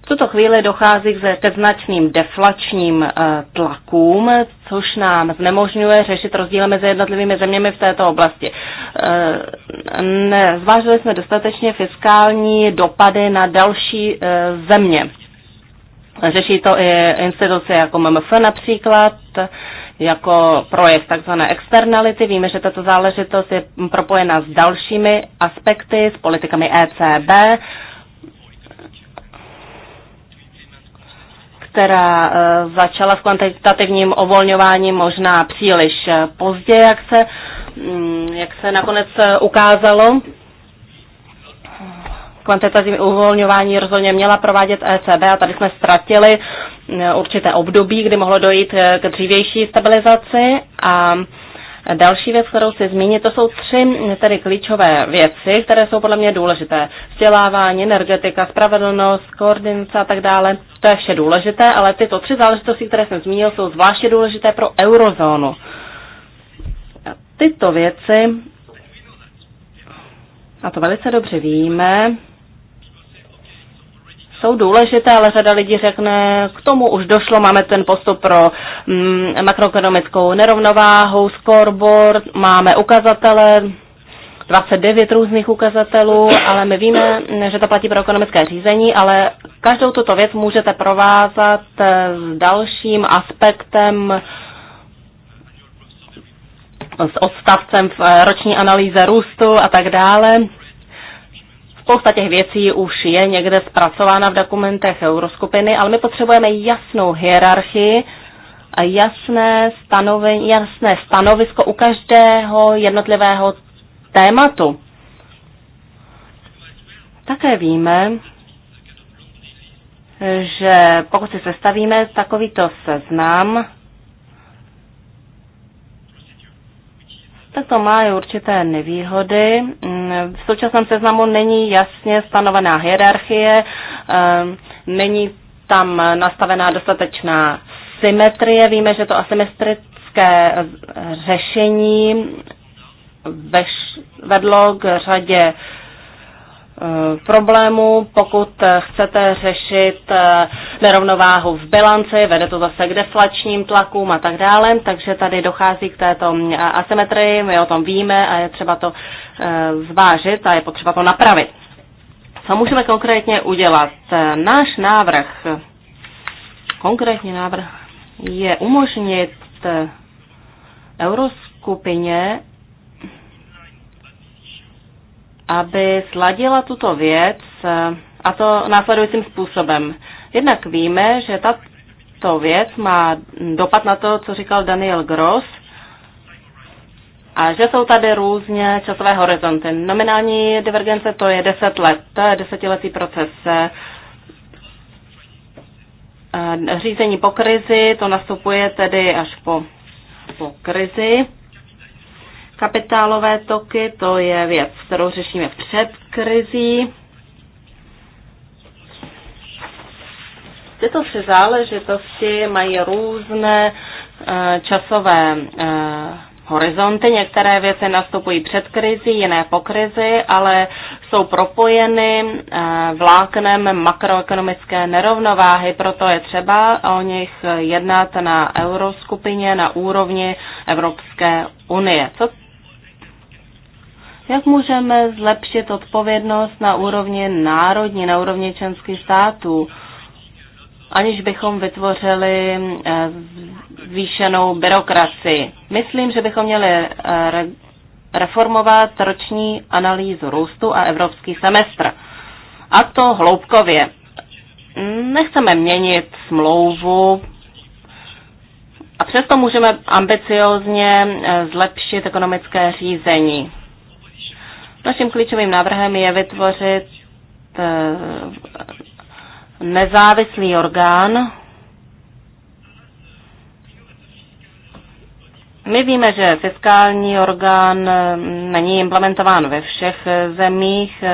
V tuto chvíli dochází ke značným deflačním eh, tlakům, což nám znemožňuje řešit rozdíly mezi jednotlivými zeměmi v této oblasti. Eh, Zvážili jsme dostatečně fiskální dopady na další eh, země. Řeší to i instituce jako MMF například, jako projekt tzv. externality. Víme, že tato záležitost je propojena s dalšími aspekty, s politikami ECB, která e, začala s kvantitativním ovolňováním možná příliš pozdě, jak se, mm, jak se nakonec e, ukázalo kvantitativní uvolňování rozhodně měla provádět ECB a tady jsme ztratili eh, určité období, kdy mohlo dojít eh, k dřívější stabilizaci a Další věc, kterou si zmínit, to jsou tři eh, tedy klíčové věci, které jsou podle mě důležité. Vzdělávání, energetika, spravedlnost, koordinace a tak dále. To je vše důležité, ale tyto tři záležitosti, které jsem zmínil, jsou zvláště důležité pro eurozónu. Tyto věci, a to velice dobře víme, jsou důležité, ale řada lidí řekne, k tomu už došlo, máme ten postup pro mm, makroekonomickou nerovnováhu, scoreboard, máme ukazatele, 29 různých ukazatelů, ale my víme, že to platí pro ekonomické řízení, ale každou tuto věc můžete provázat s dalším aspektem, s odstavcem v eh, roční analýze růstu a tak dále. Spousta těch věcí už je někde zpracována v dokumentech euroskupiny, ale my potřebujeme jasnou hierarchii a jasné, stanovení, jasné stanovisko u každého jednotlivého tématu. Také víme, že pokud si sestavíme takovýto seznam, tak to má určité nevýhody. Mm, v současném seznamu není jasně stanovená hierarchie, ehm, není tam nastavená dostatečná symetrie. Víme, že to asymetrické řešení vedlo k řadě Eh, problému, pokud chcete řešit eh, nerovnováhu v bilanci, vede to zase k deflačním tlakům a tak dále, takže tady dochází k této mm, asymetrii, my o tom víme a je třeba to eh, zvážit a je potřeba to napravit. Co můžeme konkrétně udělat? Náš návrh, konkrétní návrh, je umožnit euroskupině aby sladila tuto věc eh, a to následujícím způsobem. Jednak víme, že tato věc má dopad na to, co říkal Daniel Gross, a že jsou tady různě časové horizonty. Nominální divergence to je 10 let, to je desetiletý proces. Eh, řízení po krizi, to nastupuje tedy až po, po krizi. Kapitálové toky, to je věc, kterou řešíme před krizí. Tyto tři záležitosti mají různé eh, časové eh, horizonty. Některé věci nastupují před krizí, jiné po krizi, ale jsou propojeny eh, vláknem makroekonomické nerovnováhy, proto je třeba o nich jednat na euroskupině na úrovni Evropské unie. Co jak můžeme zlepšit odpovědnost na úrovni národní, na úrovni členských států, aniž bychom vytvořili eh, zvýšenou byrokracii? Myslím, že bychom měli eh, reformovat roční analýzu růstu a evropský semestr. A to hloubkově. Nechceme měnit smlouvu, a přesto můžeme ambiciozně eh, zlepšit ekonomické řízení. Naším klíčovým návrhem je vytvořit eh, nezávislý orgán. My víme, že fiskální orgán eh, není implementován ve všech eh, zemích.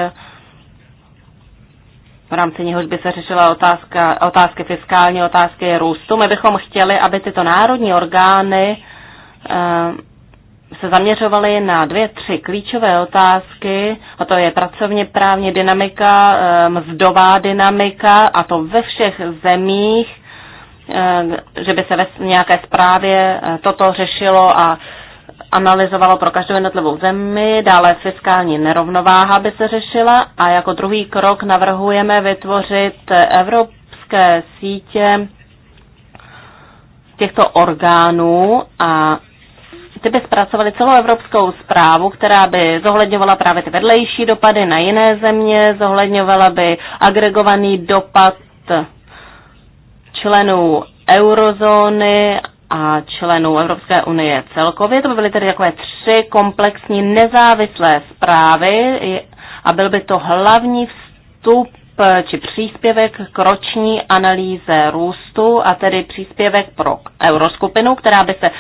V rámci něhož by se řešila otázka, otázky fiskální, otázky růstu. My bychom chtěli, aby tyto národní orgány se zaměřovali na dvě, tři klíčové otázky, a to je pracovně právní dynamika, mzdová dynamika, a to ve všech zemích, že by se ve nějaké zprávě e, toto řešilo a analyzovalo pro každou jednotlivou zemi, dále fiskální nerovnováha by se řešila a jako druhý krok navrhujeme vytvořit evropské sítě těchto orgánů a ty by celou evropskou zprávu, která by zohledňovala právě ty vedlejší dopady na jiné země, zohledňovala by agregovaný dopad členů eurozóny a členů Evropské unie celkově. To by byly tedy takové tři komplexní nezávislé zprávy a byl by to hlavní vstup či příspěvek k roční analýze růstu a tedy příspěvek pro euroskupinu, která by se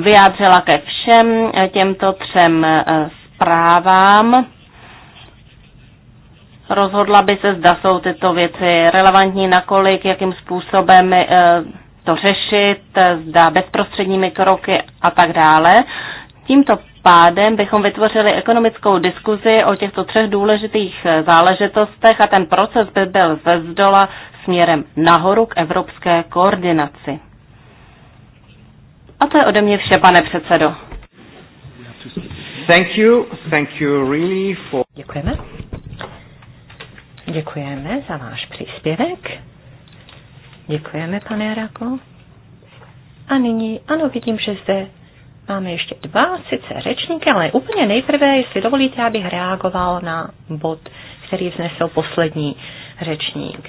vyjádřila ke všem těmto třem eh, zprávám. Rozhodla by se, zda jsou tyto věci relevantní, nakolik, jakým způsobem eh, to řešit, eh, zda bezprostředními kroky a tak dále. Tímto pádem bychom vytvořili ekonomickou diskuzi o těchto třech důležitých eh, záležitostech a ten proces by byl ze zdola směrem nahoru k evropské koordinaci. A to je ode mě vše, pane předsedo. Thank you, thank you really for... Děkujeme. Děkujeme za váš příspěvek. Děkujeme, pane Rako. A nyní, ano, vidím, že zde Máme ještě dva sice řečníky, ale úplně nejprve, jestli dovolíte, abych reagoval na bod, který vznesl poslední řečník.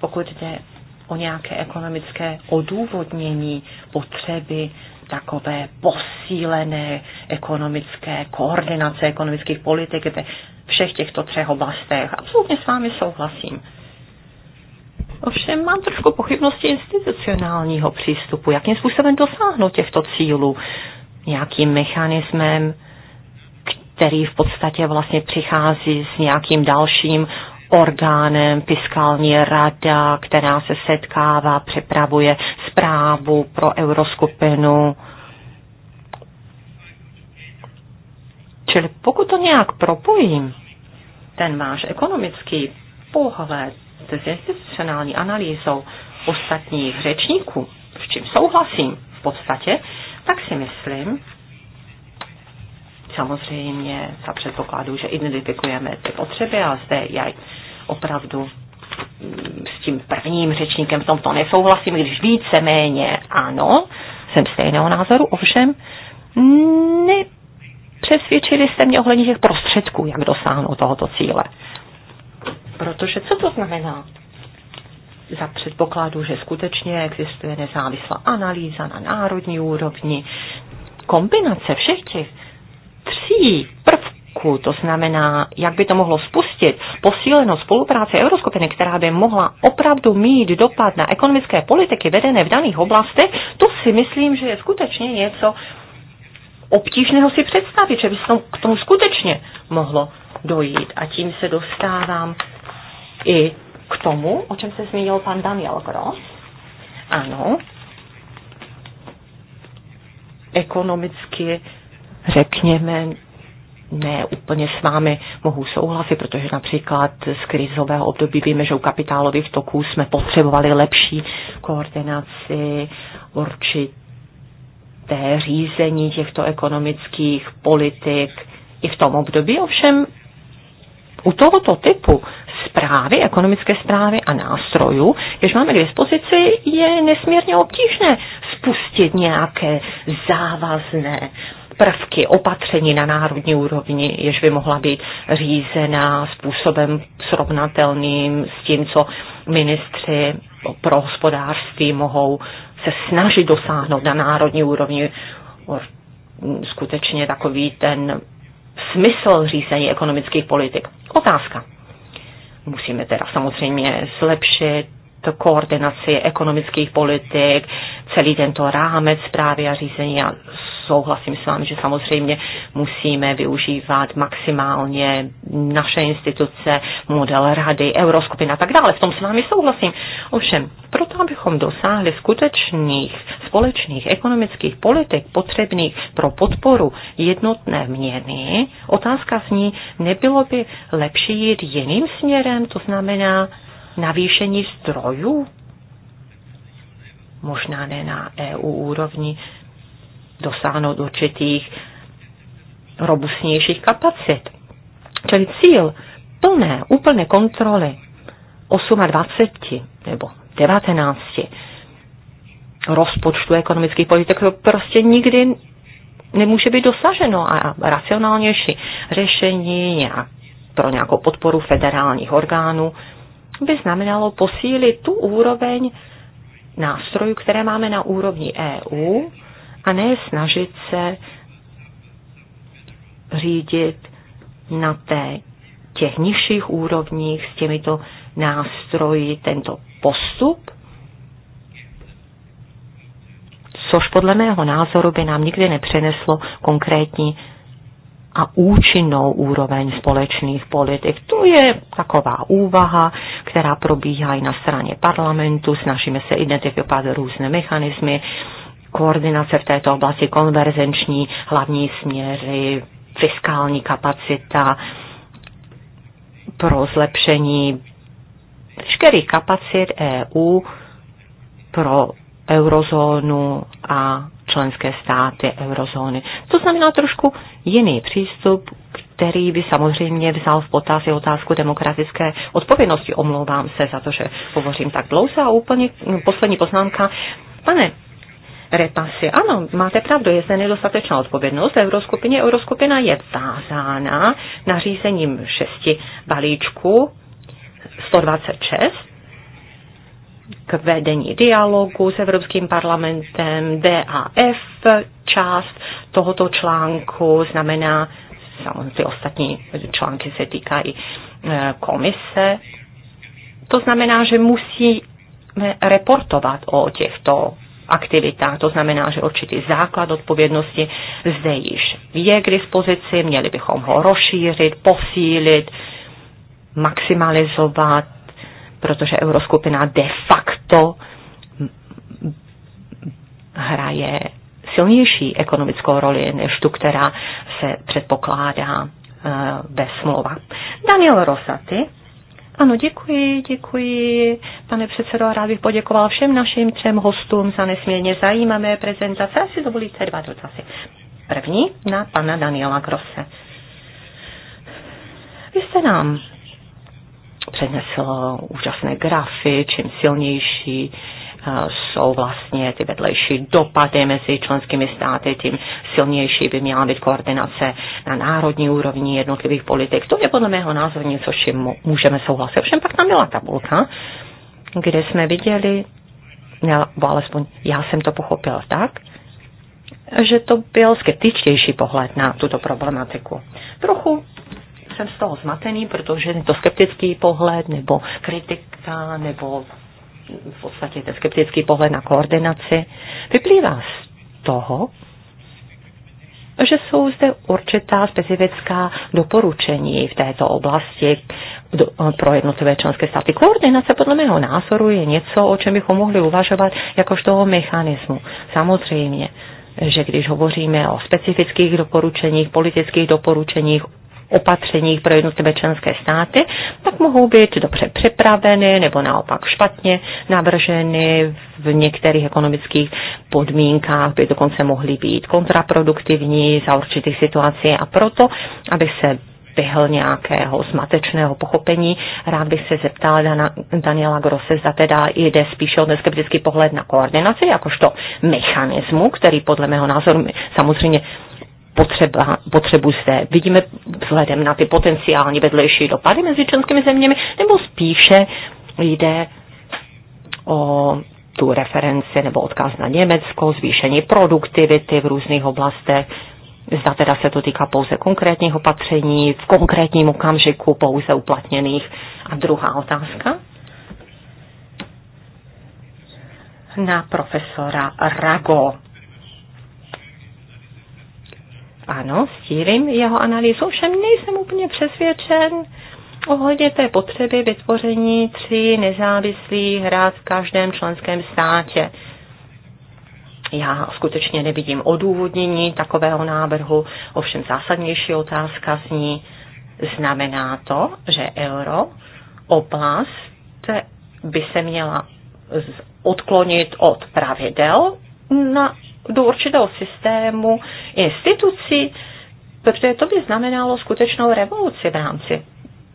Pokud jde o nějaké ekonomické odůvodnění potřeby takové posílené ekonomické koordinace ekonomických politik ve všech těchto třech oblastech. Absolutně s vámi souhlasím. Ovšem mám trošku pochybnosti institucionálního přístupu. Jakým způsobem dosáhnout těchto cílů? Nějakým mechanismem, který v podstatě vlastně přichází s nějakým dalším orgánem, fiskální rada, která se setkává, připravuje zprávu pro euroskupinu. Čili pokud to nějak propojím, ten máš ekonomický pohled s institucionální analýzou ostatních řečníků, s čím souhlasím v podstatě, tak si myslím, samozřejmě za předpokladu, že identifikujeme ty potřeby a zde já opravdu mm, s tím prvním řečníkem v tomto nesouhlasím, když víceméně ano, jsem stejného názoru, ovšem mm, nepřesvědčili jste mě ohledně těch prostředků, jak dosáhnout tohoto cíle. Protože co to znamená? za předpokladu, že skutečně existuje nezávislá analýza na národní úrovni. Kombinace všech těch tří prvků, to znamená, jak by to mohlo spustit posílenou spolupráci Euroskupiny, která by mohla opravdu mít dopad na ekonomické politiky vedené v daných oblastech, to si myslím, že je skutečně něco obtížného si představit, že by se k tomu skutečně mohlo dojít. A tím se dostávám i k tomu, o čem se zmínil pan Daniel Gross. Ano, ekonomicky, řekněme, ne úplně s vámi mohu souhlasit, protože například z krizového období víme, že u kapitálových toků jsme potřebovali lepší koordinaci, určité řízení těchto ekonomických politik. I v tom období ovšem u tohoto typu zprávy, ekonomické zprávy a nástrojů, když máme k dispozici, je nesmírně obtížné spustit nějaké závazné prvky, opatření na národní úrovni, jež by mohla být řízená způsobem srovnatelným s tím, co ministři pro hospodářství mohou se snažit dosáhnout na národní úrovni skutečně takový ten smysl řízení ekonomických politik. Otázka. Musíme teda samozřejmě zlepšit koordinaci ekonomických politik, celý tento rámec právě a řízení a souhlasím s vámi, že samozřejmě musíme využívat maximálně naše instituce, model rady, euroskupina a tak dále. V tom s vámi souhlasím. Ovšem, proto abychom dosáhli skutečných společných ekonomických politik potřebných pro podporu jednotné měny, otázka zní, nebylo by lepší jít jiným směrem, to znamená navýšení zdrojů možná ne na EU úrovni, dosáhnout určitých robustnějších kapacit. Čili cíl plné, úplné kontroly 28 nebo 19 rozpočtu ekonomických politik to prostě nikdy nemůže být dosaženo a racionálnější řešení nějak, pro nějakou podporu federálních orgánů by znamenalo posílit tu úroveň nástrojů, které máme na úrovni EU, a ne snažit se řídit na té těch nižších úrovních s těmito nástroji tento postup, což podle mého názoru by nám nikdy nepřineslo konkrétní a účinnou úroveň společných politik. To je taková úvaha, která probíhá i na straně parlamentu. Snažíme se identifikovat různé mechanismy, koordinace v této oblasti, konverzenční hlavní směry, fiskální kapacita pro zlepšení veškerých kapacit EU pro eurozónu a členské státy eurozóny. To znamená trošku jiný přístup, který by samozřejmě vzal v potaz i otázku demokratické odpovědnosti. Omlouvám se za to, že hovořím tak dlouze a úplně poslední poznámka. Pane repasy. Ano, máte pravdu, je zde nedostatečná odpovědnost. Euroskupině Euroskupina je vázána nařízením šesti balíčku 126 k vedení dialogu s Evropským parlamentem, DAF část tohoto článku znamená, samozřejmě ostatní články se týkají eh, komise, to znamená, že musí reportovat o těchto aktivitách. To znamená, že určitý základ odpovědnosti zde již je k dispozici, měli bychom ho rozšířit, posílit, maximalizovat, protože Euroskupina de facto hraje silnější ekonomickou roli než tu, která se předpokládá eh, ve smlouva. Daniel Rosati ano, děkuji, děkuji, pane předsedo, a rád bych poděkoval všem našim třem hostům za nesmírně zajímavé prezentace. Asi to byly dva dotazy. První na pana Daniela Grosse. Vy jste nám přednesl úžasné grafy, čím silnější jsou vlastně ty vedlejší dopady mezi členskými státy, tím silnější by měla být koordinace na národní úrovni jednotlivých politik. To je podle mého názoru něco, s čím můžeme souhlasit. Všem pak tam byla tabulka, kde jsme viděli, nebo alespoň já jsem to pochopil tak, že to byl skeptičtější pohled na tuto problematiku. Trochu jsem z toho zmatený, protože to skeptický pohled nebo kritika nebo v podstatě ten skeptický pohled na koordinaci, vyplývá z toho, že jsou zde určitá specifická doporučení v této oblasti do, pro jednotlivé členské státy. Koordinace podle mého názoru je něco, o čem bychom mohli uvažovat jakožto toho mechanismu. Samozřejmě, že když hovoříme o specifických doporučeních, politických doporučeních, opatřeních pro jednotlivé členské státy, tak mohou být dobře připraveny nebo naopak špatně navrženy v některých ekonomických podmínkách, by dokonce mohly být kontraproduktivní za určitých situací a proto, aby se vyhl nějakého zmatečného pochopení. Rád bych se zeptal Dana, Daniela Grosse, zda teda jde spíše o skeptický pohled na koordinaci, jakožto mechanismu, který podle mého názoru samozřejmě potřeba, potřebu zde? Vidíme vzhledem na ty potenciální vedlejší dopady mezi členskými zeměmi, nebo spíše jde o tu referenci nebo odkaz na Německo, zvýšení produktivity v různých oblastech, Zda teda se to týká pouze konkrétních opatření, v konkrétním okamžiku pouze uplatněných. A druhá otázka na profesora Rago. Ano, sdílím jeho analýzu, ovšem nejsem úplně přesvědčen ohledně té potřeby vytvoření tří nezávislých rád v každém členském státě. Já skutečně nevidím odůvodnění takového návrhu, ovšem zásadnější otázka zní, znamená to, že euro oblast by se měla odklonit od pravidel na do určitého systému institucí, protože to by znamenalo skutečnou revoluci v rámci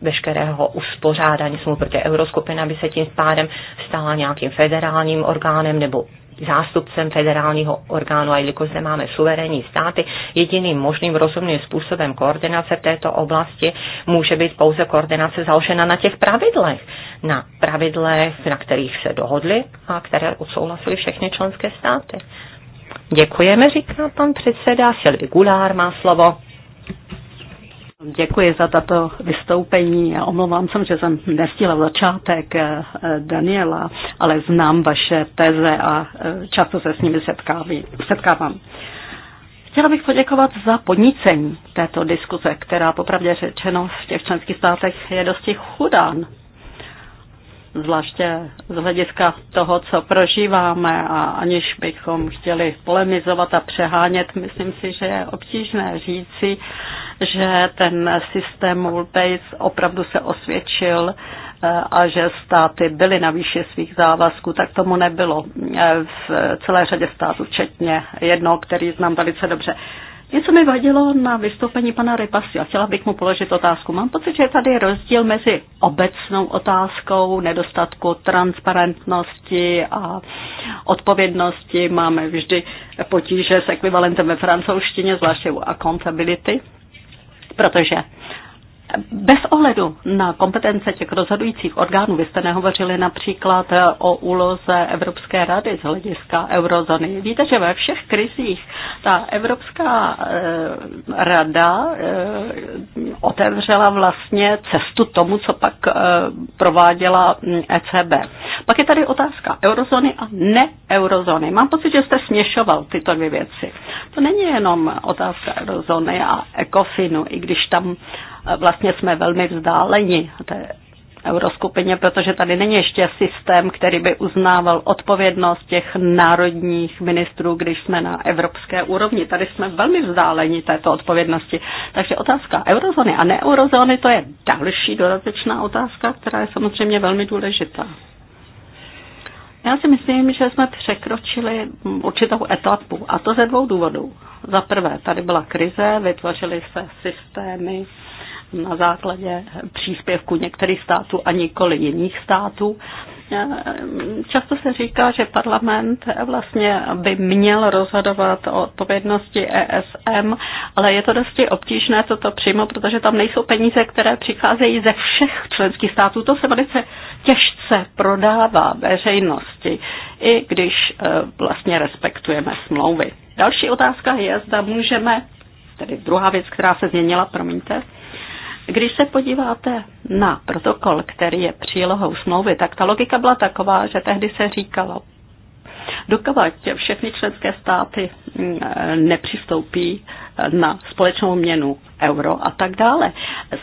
veškerého uspořádání smluv, protože Euroskupina by se tím pádem stala nějakým federálním orgánem nebo zástupcem federálního orgánu a jelikož zde máme suverénní státy, jediným možným rozumným způsobem koordinace v této oblasti může být pouze koordinace založena na těch pravidlech. Na pravidlech, na kterých se dohodly a které odsouhlasily všechny členské státy. Děkujeme, říká pan předseda. Silvi Gulár má slovo. Děkuji za tato vystoupení. Já omlouvám se, že jsem nestihla začátek eh, Daniela, ale znám vaše teze a eh, často se s nimi setkávám. Chtěla bych poděkovat za podnícení této diskuze, která popravdě řečeno v těch členských státech je dosti chudá zvláště z hlediska toho, co prožíváme a aniž bychom chtěli polemizovat a přehánět, myslím si, že je obtížné říci, že ten systém Multis opravdu se osvědčil eh, a že státy byly na výši svých závazků, tak tomu nebylo eh, v celé řadě států, včetně jednoho, který znám velice dobře. Něco mi vadilo na vystoupení pana Rypasy a chtěla bych mu položit otázku. Mám pocit, že tady je rozdíl mezi obecnou otázkou nedostatku transparentnosti a odpovědnosti. Máme vždy potíže s ekvivalentem ve francouzštině, zvláště u accountability, protože bez ohledu na kompetence těch rozhodujících orgánů, vy jste nehovořili například o úloze Evropské rady z hlediska eurozóny. Víte, že ve všech krizích ta Evropská eh, rada eh, otevřela vlastně cestu tomu, co pak eh, prováděla hm, ECB. Pak je tady otázka eurozóny a ne eurozóny. Mám pocit, že jste směšoval tyto dvě věci. To není jenom otázka eurozóny a ECOFINu, i když tam vlastně jsme velmi vzdáleni té euroskupině, protože tady není ještě systém, který by uznával odpovědnost těch národních ministrů, když jsme na evropské úrovni. Tady jsme velmi vzdáleni této odpovědnosti. Takže otázka eurozóny a neeurozóny, to je další dodatečná otázka, která je samozřejmě velmi důležitá. Já si myslím, že jsme překročili určitou etapu a to ze dvou důvodů. Za prvé, tady byla krize, vytvořily se systémy na základě příspěvku některých států a nikoli jiných států. Eh, často se říká, že parlament vlastně by měl rozhodovat o odpovědnosti ESM, ale je to dosti obtížné toto přímo, protože tam nejsou peníze, které přicházejí ze všech členských států. To se velice těžce prodává veřejnosti, i když eh, vlastně respektujeme smlouvy. Další otázka je, zda můžeme, tedy druhá věc, která se změnila, promiňte, když se podíváte na protokol, který je přílohou smlouvy, tak ta logika byla taková, že tehdy se říkalo, dokud všechny členské státy mm, nepřistoupí na společnou měnu euro a tak dále.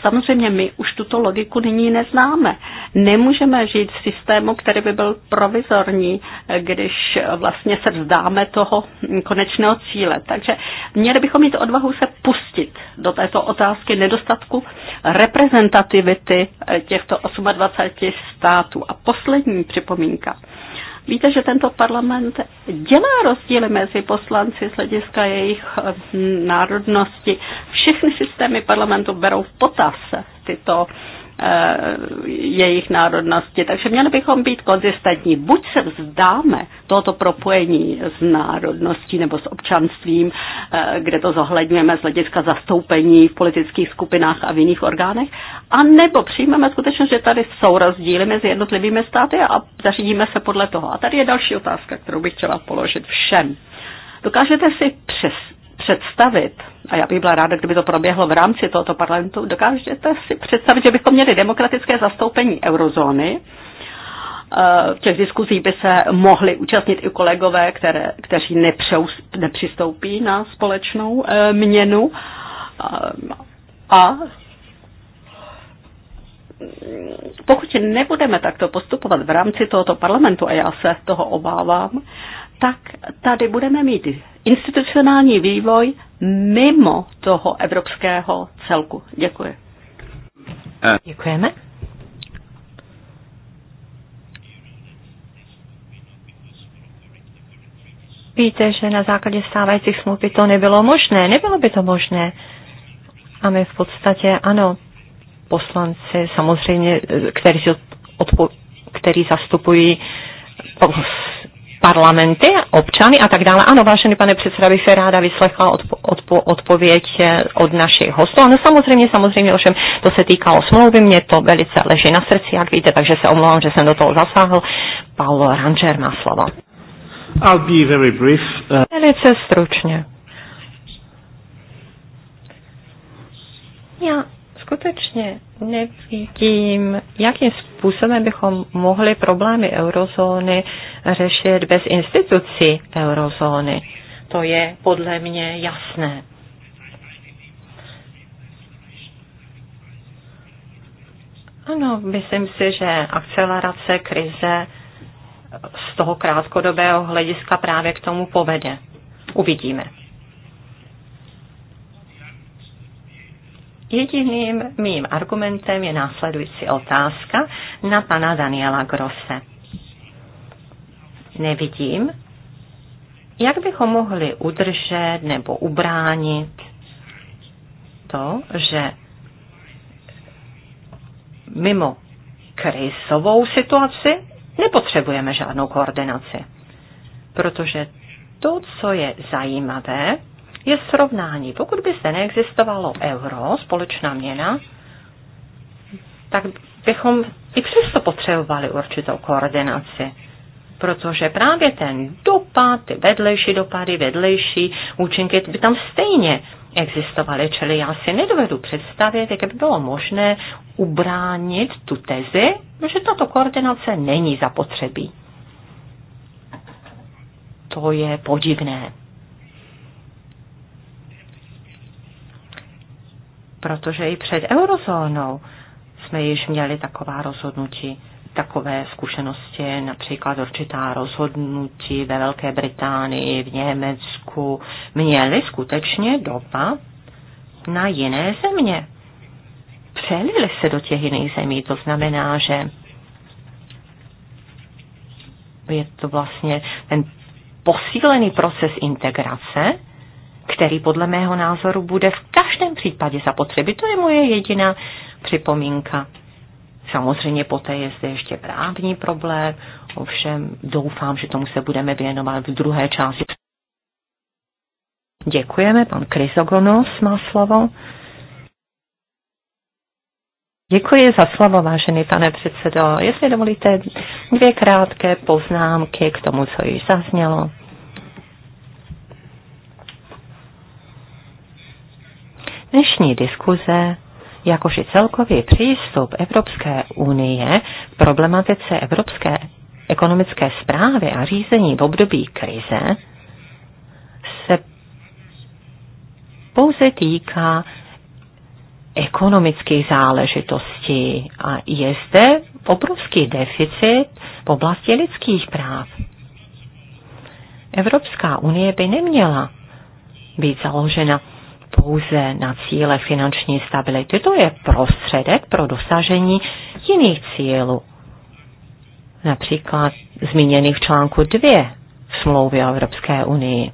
Samozřejmě my už tuto logiku nyní neznáme. Nemůžeme žít v systému, který by byl provizorní, když vlastně se vzdáme toho konečného cíle. Takže měli bychom mít odvahu se pustit do této otázky nedostatku reprezentativity těchto 28 států. A poslední připomínka. Víte, že tento parlament dělá rozdíly mezi poslanci z hlediska jejich hm, národnosti. Všechny systémy parlamentu berou v potaz tyto Eh, jejich národnosti. Takže měli bychom být konzistentní. Buď se vzdáme tohoto propojení s národností nebo s občanstvím, eh, kde to zohledňujeme z hlediska zastoupení v politických skupinách a v jiných orgánech, a nebo přijmeme skutečně, že tady jsou rozdíly mezi jednotlivými státy a zařídíme se podle toho. A tady je další otázka, kterou bych chtěla položit všem. Dokážete si přes, představit, a já bych byla ráda, kdyby to proběhlo v rámci tohoto parlamentu, dokážete si představit, že bychom měli demokratické zastoupení eurozóny, v eh, těch diskuzí by se mohli účastnit i kolegové, které, kteří nepřous, nepřistoupí na společnou eh, měnu. Eh, a pokud nebudeme takto postupovat v rámci tohoto parlamentu, a já se toho obávám, tak tady budeme mít institucionální vývoj mimo toho evropského celku. Děkuji. Děkujeme. Víte, že na základě stávajících smluv by to nebylo možné. Nebylo by to možné. A my v podstatě, ano, poslanci samozřejmě, eh, kteří, odpo, kteří zastupují parlamenty, občany a tak dále. Ano, vážený pane předseda, bych se ráda vyslechla odpo, odpo, odpověď eh, od našich hostů. Ano, samozřejmě, samozřejmě, ovšem to se týkalo smlouvy, mě to velice leží na srdci, jak víte, takže se omlouvám, že jsem do toho zasáhl. Paolo Ranger má slovo. I'll be very brief. Uh... Velice stručně. Já skutečně nevidím, jakým způsobem bychom mohli problémy eurozóny řešit bez institucí eurozóny. To je podle mě jasné. Ano, myslím si, že akcelerace krize z toho krátkodobého hlediska právě k tomu povede. Uvidíme. Jediným mým argumentem je následující otázka na pana Daniela Grosse. Nevidím, jak bychom mohli udržet nebo ubránit to, že mimo krizovou situaci nepotřebujeme žádnou koordinaci. Protože to, co je zajímavé, je srovnání. Pokud by se neexistovalo euro, společná měna, tak bychom i přesto potřebovali určitou koordinaci. Protože právě ten dopad, ty vedlejší dopady, vedlejší účinky by tam stejně existovaly. Čili já si nedovedu představit, jak by bylo možné ubránit tu tezi, že tato koordinace není zapotřebí. To je podivné. protože i před eurozónou jsme již měli taková rozhodnutí, takové zkušenosti, například určitá rozhodnutí ve Velké Británii, v Německu, měly skutečně dopad na jiné země. Přelili se do těch jiných zemí, to znamená, že je to vlastně ten posílený proces integrace, který podle mého názoru bude v každém případě zapotřebí. To je moje jediná připomínka. Samozřejmě poté je zde ještě právní problém, ovšem doufám, že tomu se budeme věnovat v druhé části. Děkujeme, pan Kryzogonos má slovo. Děkuji za slovo, vážený pane předsedo. Jestli dovolíte, dvě krátké poznámky k tomu, co již zaznělo. Dnešní diskuze, jakož i celkový přístup Evropské unie k problematice evropské ekonomické zprávy a řízení v období krize, se pouze týká ekonomických záležitostí a je zde obrovský deficit v oblasti lidských práv. Evropská unie by neměla být založena pouze na cíle finanční stability. To je prostředek pro dosažení jiných cílů. Například zmíněných v článku 2 v smlouvě o Evropské unii.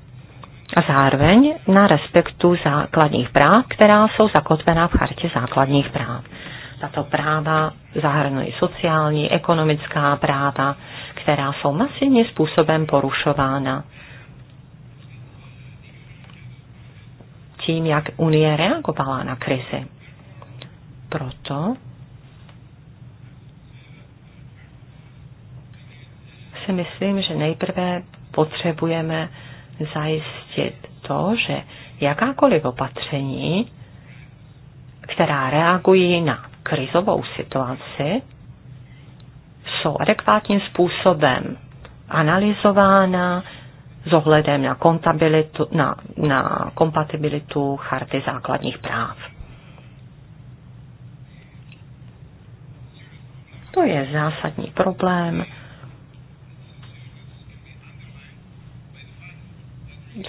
A zároveň na respektu základních práv, která jsou zakotvená v chartě základních práv. Tato práva zahrnují sociální, ekonomická práva, která jsou masivním způsobem porušována tím, jak Unie reagovala na krizi. Proto si myslím, že nejprve potřebujeme zajistit to, že jakákoliv opatření, která reagují na krizovou situaci, jsou adekvátním způsobem analyzována, s ohledem na, kontabilitu, na, na kompatibilitu charty základních práv. To je zásadní problém,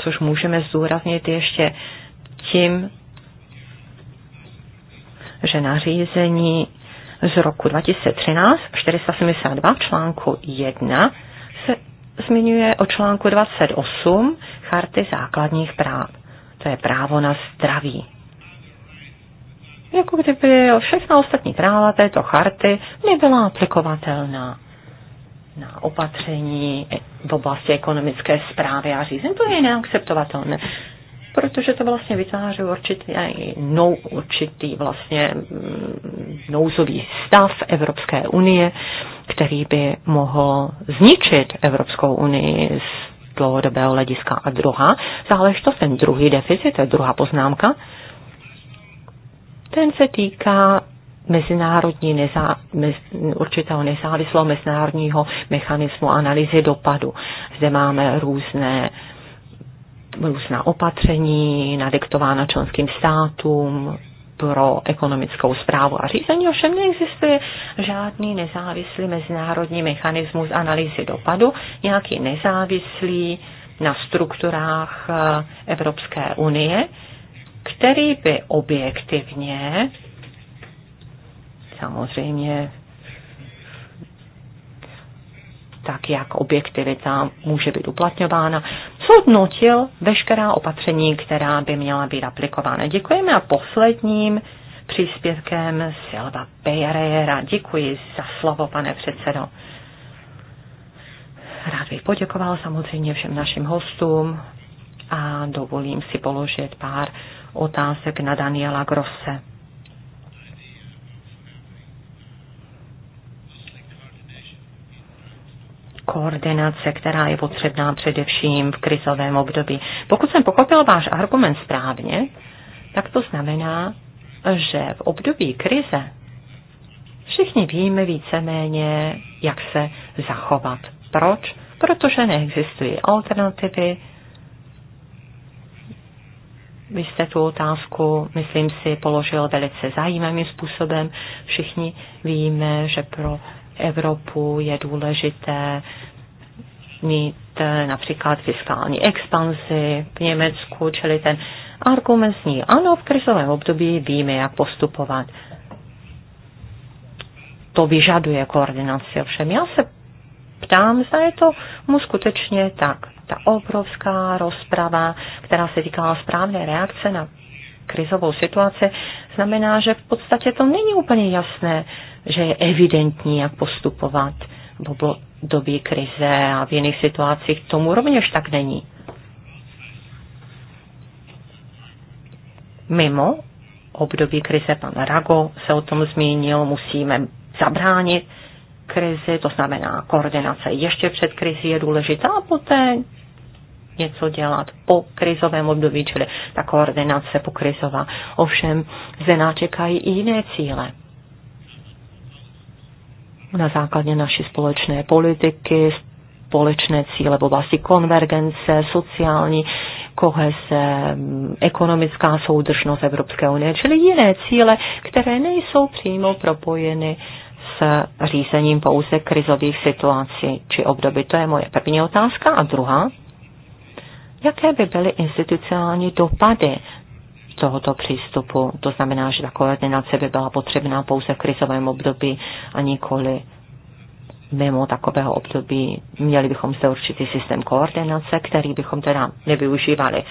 což můžeme zdůraznit ještě tím, že nařízení z roku 2013 472 článku 1 zmiňuje o článku 28 Charty základních práv. To je právo na zdraví. Jako kdyby všechna ostatní práva této charty nebyla aplikovatelná na opatření v oblasti ekonomické zprávy a řízení. To je neakceptovatelné protože to vlastně vytváří určitý, no, určitý vlastně mm, nouzový stav Evropské unie, který by mohl zničit Evropskou unii z dlouhodobého hlediska. A druhá záležitost, ten druhý deficit, to je druhá poznámka, ten se týká mezinárodní nezá, mez, určitého nezávislého mezinárodního mechanismu analýzy dopadu. Zde máme různé uh, různá opatření nadiktována členským státům pro ekonomickou zprávu a řízení, ovšem neexistuje žádný nezávislý mezinárodní mechanismus analýzy dopadu, nějaký nezávislý na strukturách eh, Evropské unie, který by objektivně, samozřejmě tak, jak objektivita může být uplatňována, zhodnotil veškerá opatření, která by měla být aplikována. Děkujeme a posledním příspěvkem Silva Pereira. Děkuji za slovo, pane předsedo. Rád bych poděkoval samozřejmě všem našim hostům a dovolím si položit pár otázek na Daniela Grosse. koordinace, která je potřebná především v krizovém období. Pokud jsem pochopil váš argument správně, tak to znamená, že v období krize všichni víme víceméně, jak se zachovat. Proč? Protože neexistují alternativy. Vy jste tu otázku, myslím si, položil velice zajímavým způsobem. Všichni víme, že pro Evropu, je důležité mít eh, například fiskální expanzi v Německu, čili ten argument zní, ano, v krizovém období víme, jak postupovat. To vyžaduje koordinaci, ovšem já se ptám, zda je to mu skutečně tak. Ta obrovská rozprava, která se týkala správné reakce na krizovou situaci, znamená, že v podstatě to není úplně jasné, že je evidentní, jak postupovat v době krize a v jiných situacích. Tomu rovněž tak není. Mimo období krize, pan Rago se o tom zmínil, musíme zabránit krizi, to znamená koordinace ještě před krizi je důležitá a poté něco dělat po krizovém období, čili ta koordinace pokrizová. Ovšem, zde nás čekají i jiné cíle na základě naší společné politiky, společné cíle v oblasti konvergence, sociální kohese, ekonomická soudržnost Evropské unie, čili jiné cíle, které nejsou přímo propojeny s řízením pouze krizových situací či období. To je moje první otázka. A druhá, jaké by byly institucionální dopady tohoto přístupu. To znamená, že ta koordinace by byla potřebná pouze v krizovém období a nikoli mimo takového období. Měli bychom zde určitý systém koordinace, který bychom teda nevyužívali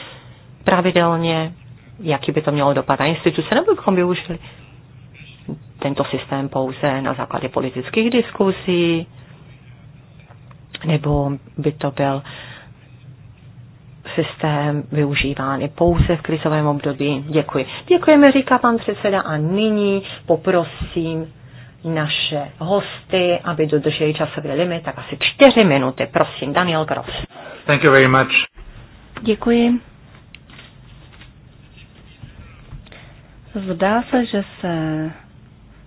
pravidelně, jaký by to mělo dopad na instituce, nebo bychom využili tento systém pouze na základě politických diskusí, nebo by to byl systém využíván i pouze v krizovém období. Děkuji. Děkujeme, říká pan předseda, a nyní poprosím naše hosty, aby dodrželi časový limit, tak asi čtyři minuty. Prosím, Daniel Gross. Thank you very much. Děkuji. Zdá se, že se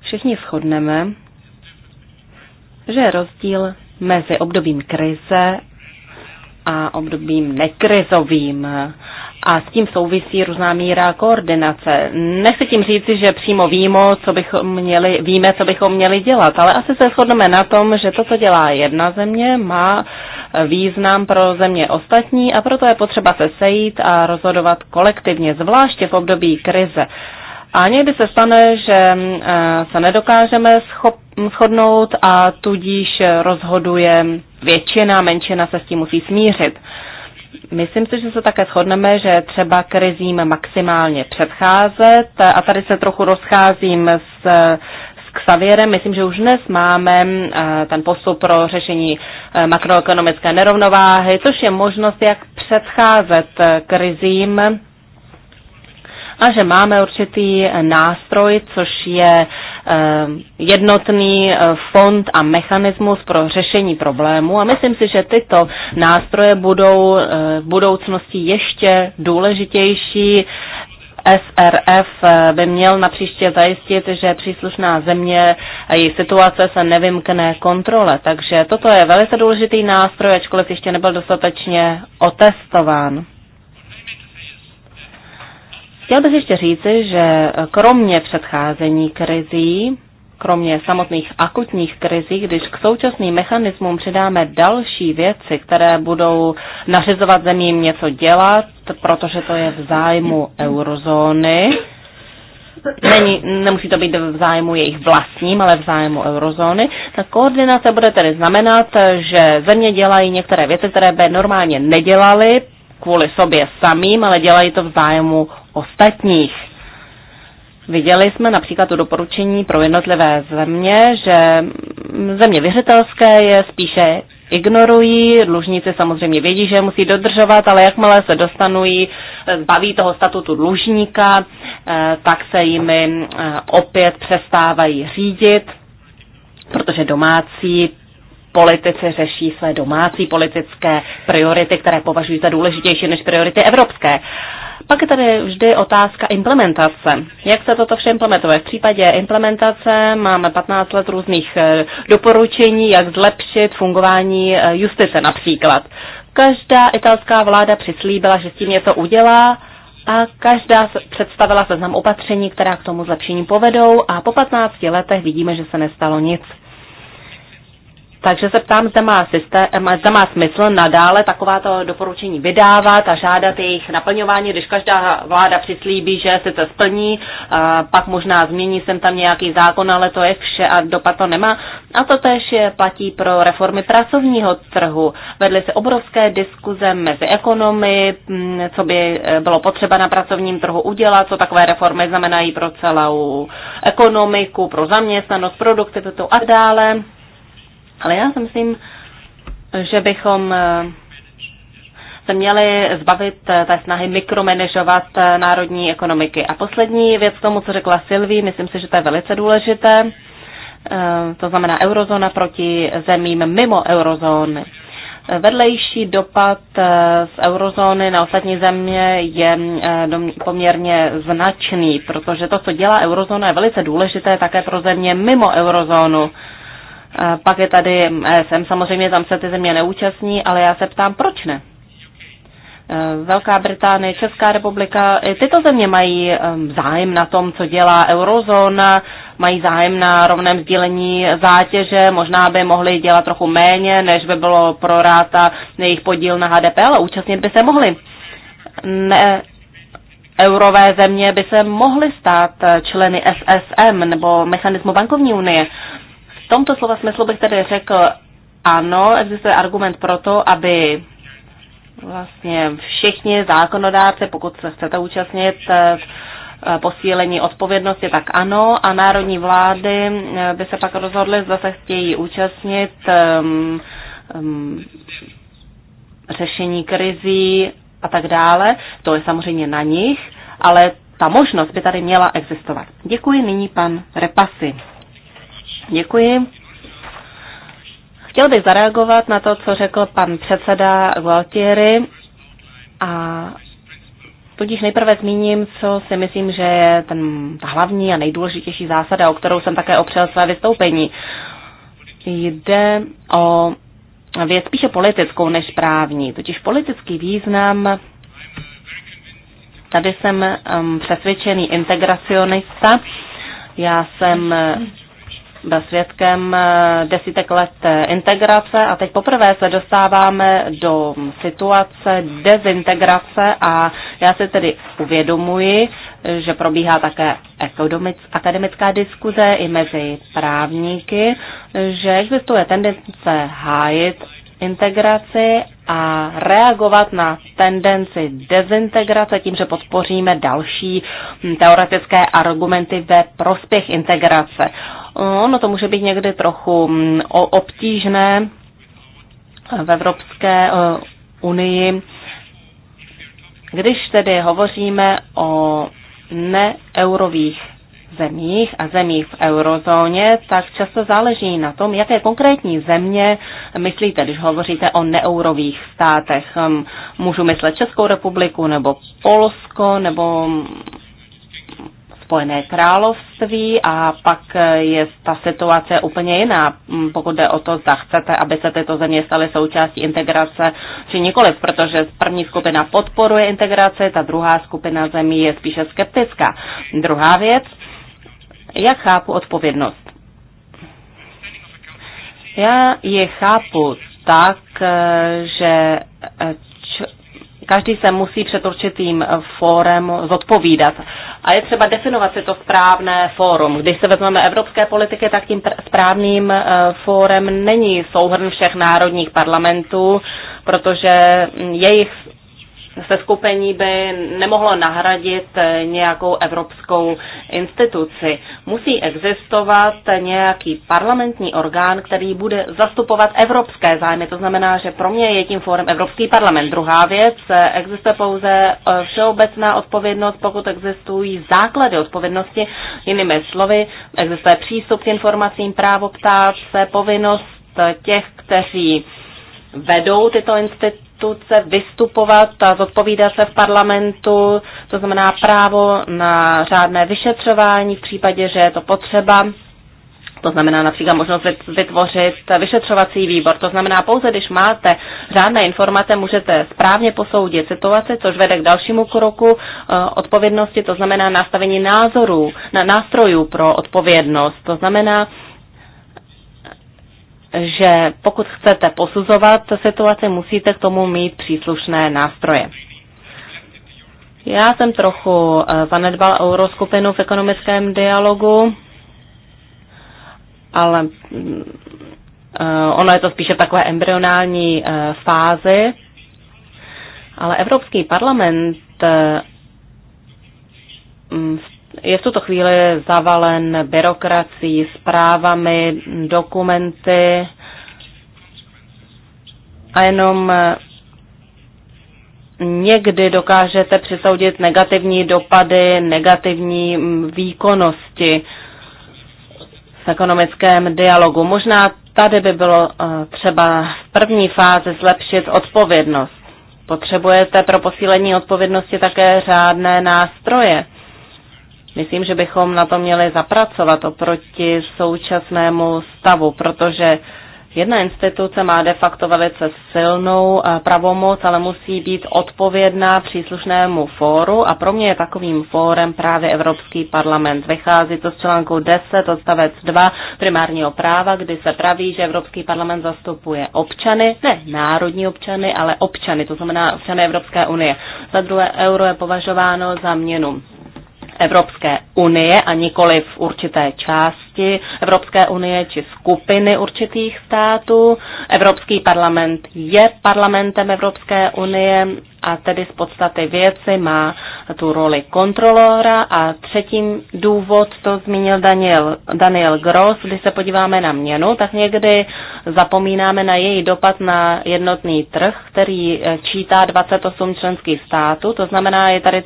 všichni shodneme, že je rozdíl mezi obdobím krize a obdobím nekrizovým. A s tím souvisí různá míra koordinace. Nechci tím říci, že přímo víme, co bychom měli, víme, co bychom měli dělat, ale asi se shodneme na tom, že to, co dělá jedna země, má význam pro země ostatní a proto je potřeba se sejít a rozhodovat kolektivně, zvláště v období krize. A někdy se stane, že eh, se nedokážeme shodnout a tudíž rozhoduje většina, menšina se s tím musí smířit. Myslím si, že se také shodneme, že třeba krizím maximálně předcházet a tady se trochu rozcházím s, s Xavierem. Myslím, že už dnes máme eh, ten postup pro řešení eh, makroekonomické nerovnováhy, což je možnost, jak předcházet eh, krizím a že máme určitý nástroj, což je eh, jednotný eh, fond a mechanismus pro řešení problému a myslím si, že tyto nástroje budou eh, v budoucnosti ještě důležitější. SRF by měl napříště zajistit, že příslušná země a její situace se nevymkne kontrole. Takže toto je velice důležitý nástroj, ačkoliv ještě nebyl dostatečně otestován. Chtěl bych ještě říci, že kromě předcházení krizí, kromě samotných akutních krizí, když k současným mechanismům přidáme další věci, které budou nařizovat zemím něco dělat, protože to je v zájmu eurozóny, Není, nemusí to být v zájmu jejich vlastním, ale v zájmu eurozóny, tak koordinace bude tedy znamenat, že země dělají některé věci, které by normálně nedělali, kvůli sobě samým, ale dělají to v zájmu ostatních. Viděli jsme například tu doporučení pro jednotlivé země, že země věřitelské je spíše ignorují, dlužníci samozřejmě vědí, že je musí dodržovat, ale jakmile se dostanují, eh, zbaví toho statutu dlužníka, eh, tak se jimi eh, opět přestávají řídit, protože domácí politici řeší své domácí politické priority, které považují za důležitější než priority evropské. Pak je tady vždy otázka implementace. Jak se toto vše implementuje? V případě implementace máme 15 let různých eh, doporučení, jak zlepšit fungování eh, justice například. Každá italská vláda přislíbila, že s tím něco udělá, a každá představila seznam opatření, která k tomu zlepšení povedou a po 15 letech vidíme, že se nestalo nic. Takže se ptám, zda má, systém, eh, zda má smysl nadále takováto doporučení vydávat a žádat jejich naplňování, když každá vláda přislíbí, že se to splní, a pak možná změní sem tam nějaký zákon, ale to je vše a dopad to nemá. A to tež je, platí pro reformy pracovního trhu. Vedly se obrovské diskuze mezi ekonomy, mm, co by eh, bylo potřeba na pracovním trhu udělat, co takové reformy znamenají pro celou ekonomiku, pro zaměstnanost, produktivitu a dále. Ale já si myslím, že bychom eh, se měli zbavit eh, té snahy mikromanežovat eh, národní ekonomiky. A poslední věc k tomu, co řekla Silví, myslím si, že to je velice důležité, to znamená eurozóna proti zemím mimo eurozóny. Vedlejší dopad z eurozóny na ostatní země je poměrně značný, protože to, co dělá eurozóna, je velice důležité také pro země mimo eurozónu. Eh, pak je tady ESM, eh, samozřejmě tam se ty země neúčastní, ale já se ptám, proč ne? Eh, Velká Británie, Česká republika, i tyto země mají ehm, zájem na tom, co dělá eurozóna, mají zájem na rovném sdílení zátěže, možná by mohli dělat trochu méně, než by bylo pro ráta jejich podíl na HDP, ale účastnit by se mohli. Ne, eurové země by se mohly stát členy SSM nebo mechanismu bankovní unie tomto slova smyslu bych tedy řekl, ano, existuje argument pro to, aby vlastně všichni zákonodáci, pokud se chcete účastnit eh, eh, posílení odpovědnosti, tak ano. A národní vlády eh, by se pak rozhodly, zda se chtějí účastnit um, um, řešení krizí a tak dále. To je samozřejmě na nich, ale ta možnost by tady měla existovat. Děkuji nyní pan Repasi. Děkuji. Chtěl bych zareagovat na to, co řekl pan předseda Gualtieri a tudíž nejprve zmíním, co si myslím, že je ten, ta hlavní a nejdůležitější zásada, o kterou jsem také opřel své vystoupení. Jde o věc spíše politickou než právní, totiž politický význam. Tady jsem um, přesvědčený integracionista. Já jsem byl svědkem eh, desítek let eh, integrace a teď poprvé se dostáváme do situace dezintegrace a já se tedy uvědomuji, že probíhá také akademická diskuze i mezi právníky, že existuje tendence hájit integraci a reagovat na tendenci dezintegrace tím, že podpoříme další hm, teoretické argumenty ve prospěch integrace. Ono to může být někdy trochu mm, obtížné v Evropské eh, unii. Když tedy hovoříme o neeurových zemích a zemích v eurozóně, tak často záleží na tom, jaké konkrétní země myslíte, když hovoříte o neeurových státech. Hm, můžu myslet Českou republiku nebo Polsko nebo hm, Spojené království a pak je ta situace úplně jiná, mm, pokud jde o to, zda chcete, aby se tyto země staly součástí integrace či nikoliv, protože první skupina podporuje integraci, ta druhá skupina zemí je spíše skeptická. Druhá věc, jak chápu odpovědnost? Já je chápu tak, že každý se musí před určitým eh, fórem zodpovídat. A je třeba definovat si to správné fórum. Když se vezmeme evropské politiky, tak tím správným eh, fórem není souhrn všech národních parlamentů, protože mm, jejich seskupení by nemohlo nahradit nějakou evropskou instituci. Musí existovat nějaký parlamentní orgán, který bude zastupovat evropské zájmy. To znamená, že pro mě je tím fórem Evropský parlament. Druhá věc, existuje pouze eh, všeobecná odpovědnost, pokud existují základy odpovědnosti. Jinými slovy, existuje přístup k informacím, právo ptát se, povinnost těch, kteří vedou tyto instituce instituce vystupovat a zodpovídat se v parlamentu, to znamená právo na řádné vyšetřování v případě, že je to potřeba. To znamená například možnost vytvořit vyšetřovací výbor. To znamená, pouze když máte řádné informace, můžete správně posoudit situaci, což vede k dalšímu kroku eh, odpovědnosti, to znamená nastavení názorů, nástrojů pro odpovědnost. To znamená, že pokud chcete posuzovat situaci, musíte k tomu mít příslušné nástroje. Já jsem trochu eh, zanedbal euroskupinu v ekonomickém dialogu, ale mm, eh, ono je to spíše v takové embryonální eh, fázi. Ale Evropský parlament v mm, je v tuto chvíli zavalen byrokracií, zprávami, dokumenty a jenom eh, někdy dokážete přisoudit negativní dopady, negativní mm, výkonnosti v ekonomickém dialogu. Možná tady by bylo eh, třeba v první fázi zlepšit odpovědnost. Potřebujete pro posílení odpovědnosti také řádné nástroje. Myslím, že bychom na to měli zapracovat oproti současnému stavu, protože jedna instituce má de facto velice silnou eh, pravomoc, ale musí být odpovědná příslušnému fóru a pro mě je takovým fórem právě Evropský parlament. Vychází to z článku 10 odstavec 2 primárního práva, kdy se praví, že Evropský parlament zastupuje občany, ne národní občany, ale občany, to znamená občany Evropské unie. Za druhé euro je považováno za měnu Evropské unie a nikoli v určité části části Evropské unie či skupiny určitých států. Evropský parlament je parlamentem Evropské unie a tedy z podstaty věci má tu roli kontrolora. A třetím důvod, to zmínil Daniel, Daniel Gross, když se podíváme na měnu, tak někdy zapomínáme na její dopad na jednotný trh, který eh, čítá 28 členských států. To znamená, je tady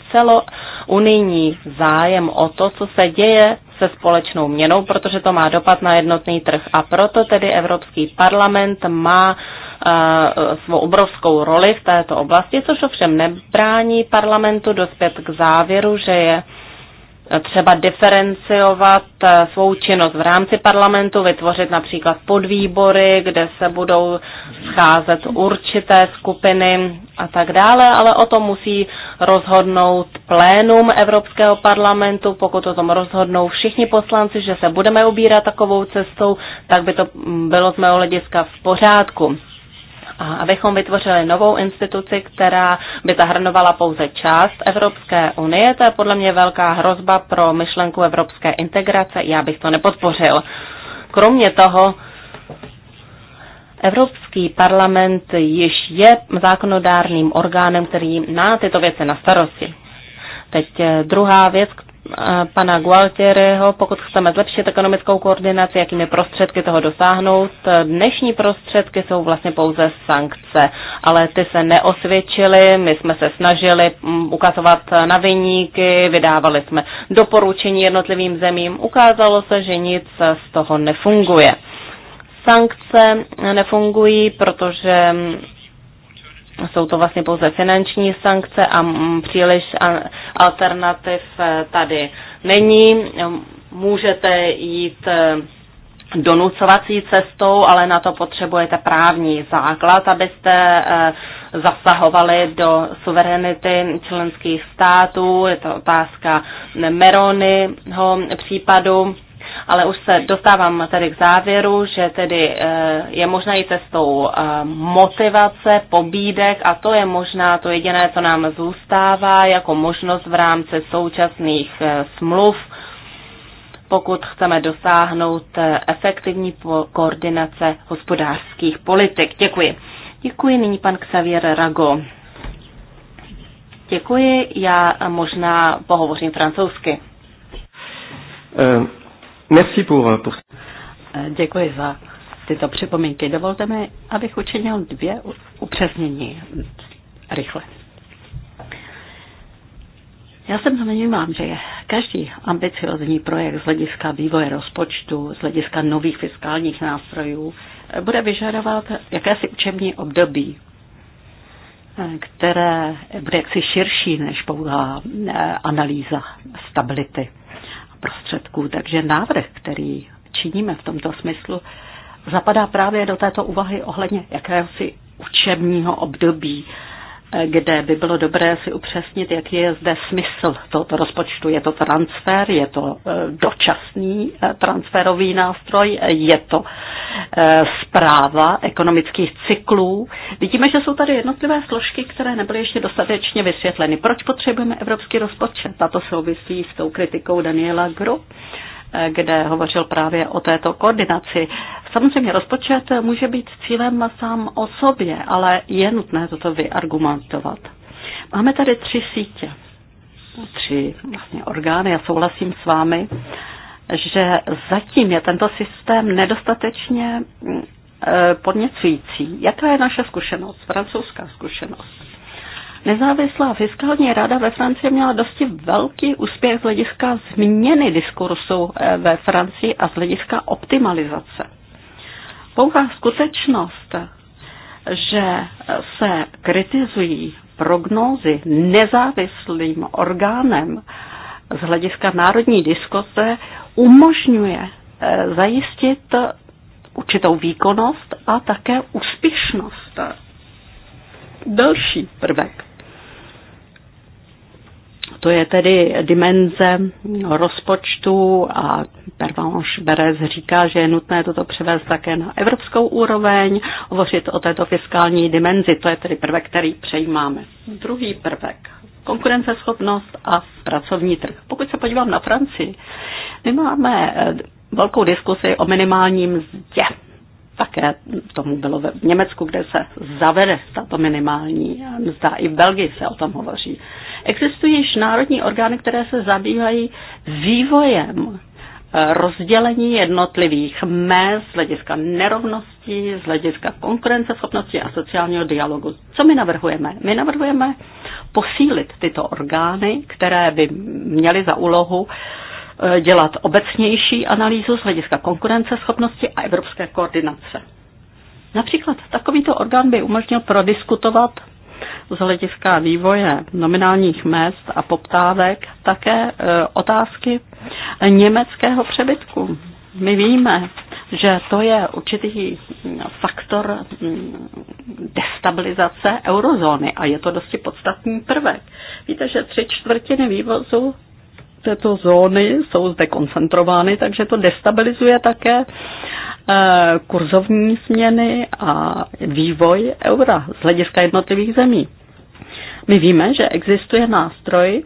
unijní zájem o to, co se děje se společnou měnou, protože to má dopad na jednotný trh. A proto tedy Evropský parlament má eh, svou obrovskou roli v této oblasti, což ovšem nebrání parlamentu dospět k závěru, že je třeba diferenciovat eh, svou činnost v rámci parlamentu, vytvořit například podvýbory, kde se budou scházet určité skupiny a tak dále, ale o tom musí rozhodnout plénum Evropského parlamentu. Pokud o tom rozhodnou všichni poslanci, že se budeme ubírat takovou cestou, tak by to bylo z mého hlediska v pořádku a abychom vytvořili novou instituci, která by zahrnovala pouze část Evropské unie. To je podle mě velká hrozba pro myšlenku evropské integrace. Já bych to nepodpořil. Kromě toho, Evropský parlament již je zákonodárným orgánem, který má tyto věci na starosti. Teď eh, druhá věc, pana Gualtieriho, pokud chceme zlepšit ekonomickou koordinaci, jakými prostředky toho dosáhnout. Dnešní prostředky jsou vlastně pouze sankce, ale ty se neosvědčily, my jsme se snažili mm, ukazovat na vyníky, vydávali jsme doporučení jednotlivým zemím, ukázalo se, že nic z toho nefunguje. Sankce nefungují, protože mm, jsou to vlastně pouze finanční sankce a příliš alternativ eh, tady není. Můžete jít eh, donucovací cestou, ale na to potřebujete právní základ, abyste eh, zasahovali do suverenity členských států. Je to otázka Meronyho případu ale už se dostávám tedy k závěru, že tedy eh, je možná i cestou eh, motivace, pobídek a to je možná to jediné, co nám zůstává jako možnost v rámci současných eh, smluv, pokud chceme dosáhnout efektivní koordinace hospodářských politik. Děkuji. Děkuji nyní pan Xavier Rago. Děkuji, já možná pohovořím francouzsky. Um. Merci pour, euh, pour... Eh, děkuji za tyto připomínky. Dovolte mi, abych učinil dvě upřesnění rychle. Já se domnívám, že každý ambiciozní projekt z hlediska vývoje rozpočtu, z hlediska nových fiskálních nástrojů, eh, bude vyžadovat jakési učební období, eh, které bude jaksi širší než pouhá analýza stability prostředků. Takže návrh, který činíme v tomto smyslu, zapadá právě do této úvahy ohledně jakéhosi učebního období kde by bylo dobré si upřesnit, jaký je zde smysl tohoto rozpočtu. Je to transfer, je to eh, dočasný eh, transferový nástroj, je to eh, zpráva ekonomických cyklů. Vidíme, že jsou tady jednotlivé složky, které nebyly ještě dostatečně vysvětleny. Proč potřebujeme evropský rozpočet? Tato souvisí s tou kritikou Daniela Gru kde hovořil právě o této koordinaci. Samozřejmě rozpočet může být cílem sám o sobě, ale je nutné toto vyargumentovat. Máme tady tři sítě, tři vlastně orgány. Já souhlasím s vámi, že zatím je tento systém nedostatečně mm, eh, podněcující. Jaká je naše zkušenost, francouzská zkušenost? Nezávislá fiskální rada ve Francii měla dosti velký úspěch z hlediska změny diskursu eh, ve Francii a z hlediska optimalizace. Pouhá skutečnost, že se kritizují prognózy nezávislým orgánem z hlediska národní diskuse, umožňuje eh, zajistit určitou výkonnost a také úspěšnost. Další prvek. To je tedy dimenze rozpočtu a Pervanche Berez říká, že je nutné toto převést také na evropskou úroveň, hovořit o této fiskální dimenzi. To je tedy prvek, který přejímáme. Druhý prvek konkurenceschopnost a pracovní trh. Pokud se podívám na Francii, my máme eh, velkou diskusi o minimálním zdě. Také tomu bylo v Německu, kde se zavede tato minimální mzda. I v Belgii se o tom hovoří. Existují již národní orgány, které se zabývají vývojem eh, rozdělení jednotlivých mez z hlediska nerovnosti, z hlediska konkurenceschopnosti a sociálního dialogu. Co my navrhujeme? My navrhujeme posílit tyto orgány, které by měly za úlohu eh, dělat obecnější analýzu z hlediska konkurenceschopnosti a evropské koordinace. Například takovýto orgán by umožnil prodiskutovat z hlediska vývoje nominálních mest a poptávek také e, otázky německého přebytku. My víme, že to je určitý faktor mm, destabilizace eurozóny a je to dosti podstatný prvek. Víte, že tři čtvrtiny vývozu této zóny jsou zde koncentrovány, takže to destabilizuje také Eh, kurzovní směny a vývoj eura z hlediska jednotlivých zemí. My víme, že existuje nástroj,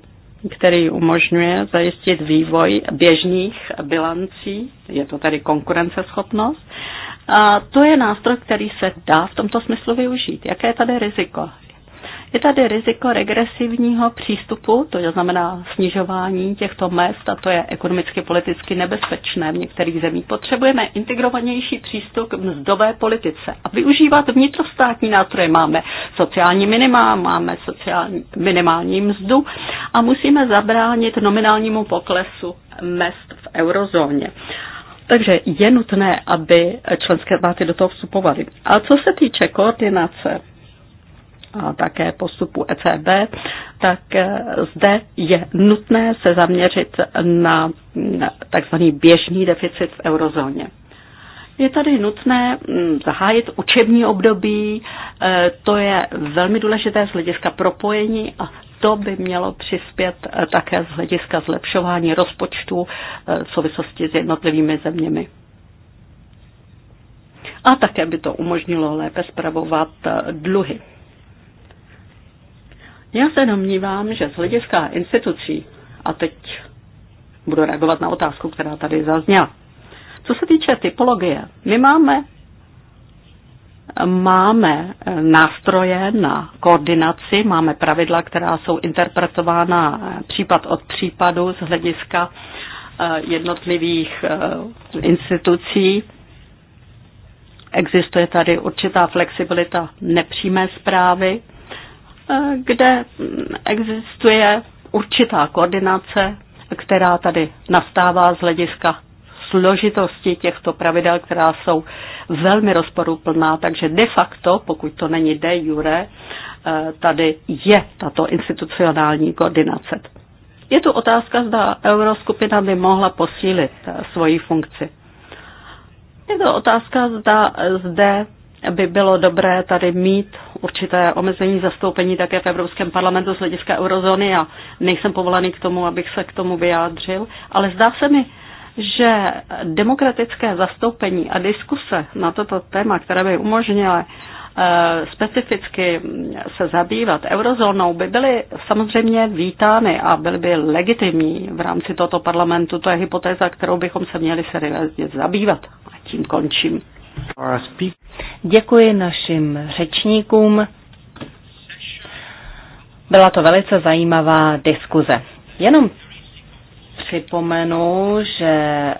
který umožňuje zajistit vývoj běžných bilancí, je to tedy konkurenceschopnost. A to je nástroj, který se dá v tomto smyslu využít. Jaké je tady riziko? Je tady riziko regresivního přístupu, to znamená snižování těchto mest a to je ekonomicky politicky nebezpečné v některých zemích. Potřebujeme integrovanější přístup k mzdové politice a využívat vnitrostátní nástroje. Máme sociální minima, máme sociální, minimální mzdu a musíme zabránit nominálnímu poklesu mest v eurozóně. Takže je nutné, aby členské státy do toho vstupovaly. A co se týče koordinace a také postupu ECB, tak eh, zde je nutné se zaměřit na takzvaný běžný deficit v eurozóně. Je tady nutné mm, zahájit učební období, eh, to je velmi důležité z hlediska propojení a to by mělo přispět eh, také z hlediska zlepšování rozpočtu v souvislosti s jednotlivými zeměmi. A také by to umožnilo lépe spravovat dluhy. Já se domnívám, že z hlediska institucí, a teď budu reagovat na otázku, která tady zazněla. Co se týče typologie, my máme máme nástroje na koordinaci, máme pravidla, která jsou interpretována případ od případu z hlediska eh, jednotlivých eh, institucí. Existuje tady určitá flexibilita nepřímé zprávy kde existuje určitá koordinace, která tady nastává z hlediska složitosti těchto pravidel, která jsou velmi rozporuplná, takže de facto, pokud to není de jure, eh, tady je tato institucionální koordinace. Je tu otázka, zda euroskupina by mohla posílit eh, svoji funkci. Je to otázka, zda eh, zde by bylo dobré tady mít určité omezení zastoupení také v Evropském parlamentu z hlediska eurozóny. a nejsem povolený k tomu, abych se k tomu vyjádřil, ale zdá se mi, že demokratické zastoupení a diskuse na toto téma, které by umožnily eh, specificky se zabývat eurozónou, by byly samozřejmě vítány a byly by legitimní v rámci tohoto parlamentu. To je hypotéza, kterou bychom se měli seriózně zabývat. A tím končím. Děkuji našim řečníkům. Byla to velice zajímavá diskuze. Jenom připomenu, že eh,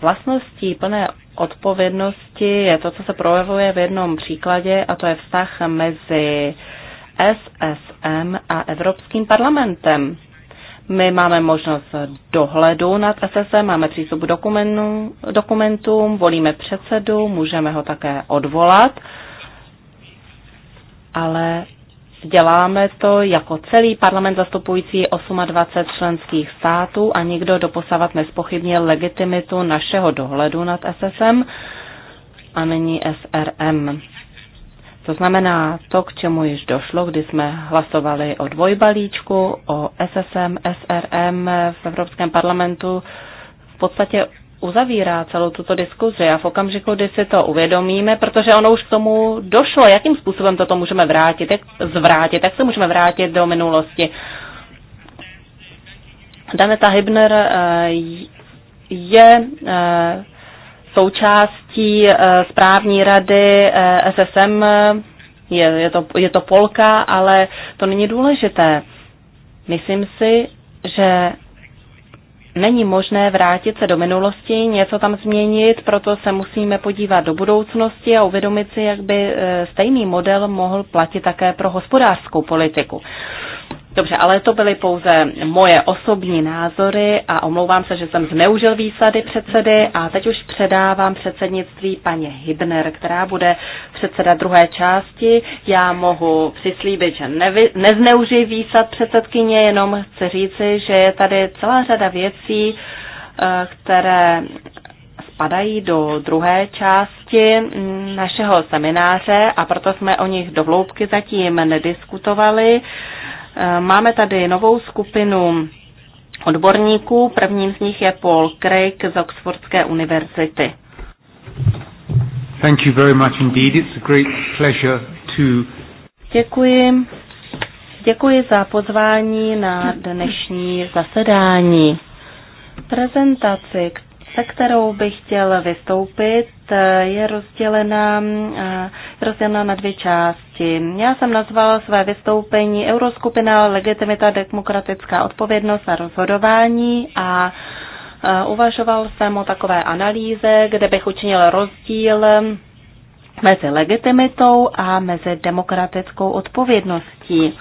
vlastností plné odpovědnosti je to, co se projevuje v jednom příkladě, a to je vztah mezi SSM a Evropským parlamentem. My máme možnost dohledu nad SSM, máme přístup k dokumentům, dokumentům, volíme předsedu, můžeme ho také odvolat, ale děláme to jako celý parlament zastupující 28 členských států a nikdo doposavat nespochybnil legitimitu našeho dohledu nad SSM a nyní SRM. To znamená to, k čemu již došlo, kdy jsme hlasovali o dvojbalíčku, o SSM, SRM v Evropském parlamentu, v podstatě uzavírá celou tuto diskuzi a v okamžiku, kdy si to uvědomíme, protože ono už k tomu došlo, jakým způsobem toto můžeme vrátit, jak zvrátit, jak se můžeme vrátit do minulosti. Daneta Hibner eh, je eh, součást součástí eh, správní rady eh, SSM, je, je, to, je to polka, ale to není důležité. Myslím si, že není možné vrátit se do minulosti, něco tam změnit, proto se musíme podívat do budoucnosti a uvědomit si, jak by eh, stejný model mohl platit také pro hospodářskou politiku. Dobře, ale to byly pouze moje osobní názory a omlouvám se, že jsem zneužil výsady předsedy a teď už předávám předsednictví paně Hibner, která bude předseda druhé části. Já mohu přislíbit, že nevy, nezneužij výsad předsedkyně, jenom chci říci, že je tady celá řada věcí, eh, které spadají do druhé části mm, našeho semináře a proto jsme o nich dovloubky zatím nediskutovali. Eh, máme tady novou skupinu odborníků. Prvním z nich je Paul Craig z Oxfordské univerzity. Thank you very much indeed. It's a great pleasure to... Děkuji. Děkuji za pozvání na dnešní zasedání. Prezentaci, se kterou bych chtěl vystoupit, Eh, je rozdělena, eh, rozdělena na dvě části. Já jsem nazvala své vystoupení Euroskupina Legitimita, demokratická odpovědnost a rozhodování a eh, uvažoval jsem o takové analýze, kde bych učinil rozdíl mezi legitimitou a mezi demokratickou odpovědností.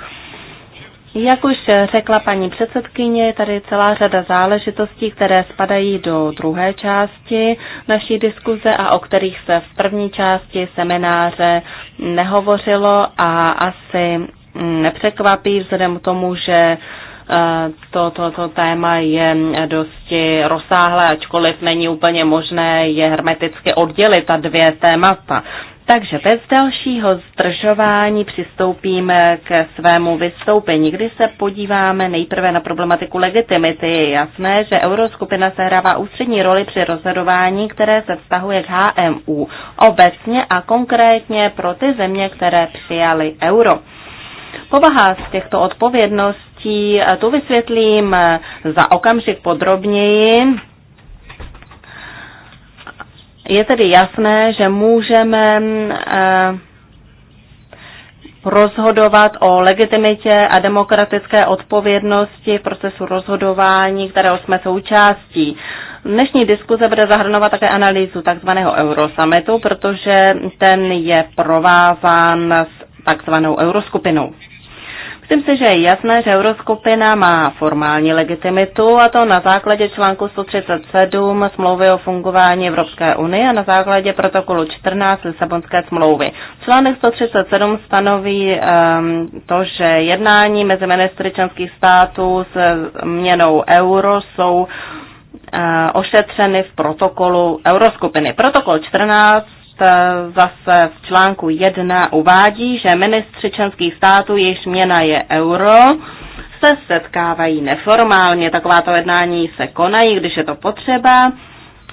Jak už řekla paní předsedkyně, je tady celá řada záležitostí, které spadají do druhé části naší diskuze a o kterých se v první části semináře nehovořilo a asi nepřekvapí vzhledem k tomu, že toto eh, to, to téma je dosti rozsáhlé, ačkoliv není úplně možné je hermeticky oddělit ta dvě témata. Takže bez dalšího zdržování přistoupíme k svému vystoupení, kdy se podíváme nejprve na problematiku legitimity. Je jasné, že euroskupina sehrává ústřední roli při rozhodování, které se vztahuje k HMU obecně a konkrétně pro ty země, které přijaly euro. Povaha z těchto odpovědností tu vysvětlím za okamžik podrobněji je tedy jasné, že můžeme eh, rozhodovat o legitimitě a demokratické odpovědnosti v procesu rozhodování, kterého jsme součástí. Dnešní diskuze bude zahrnovat také analýzu tzv. eurosummitu, protože ten je provázán s takzvanou euroskupinou. Myslím si, že je jasné, že Euroskupina má formální legitimitu a to na základě článku 137 smlouvy o fungování Evropské unie a na základě protokolu 14 Lisabonské smlouvy. Článek 137 stanoví um, to, že jednání mezi ministry členských států s měnou euro jsou ehm, ošetřeny v protokolu Euroskupiny. Protokol 14 zase v článku 1 uvádí, že ministři členských států, jejichž měna je euro, se setkávají neformálně. Takováto jednání se konají, když je to potřeba,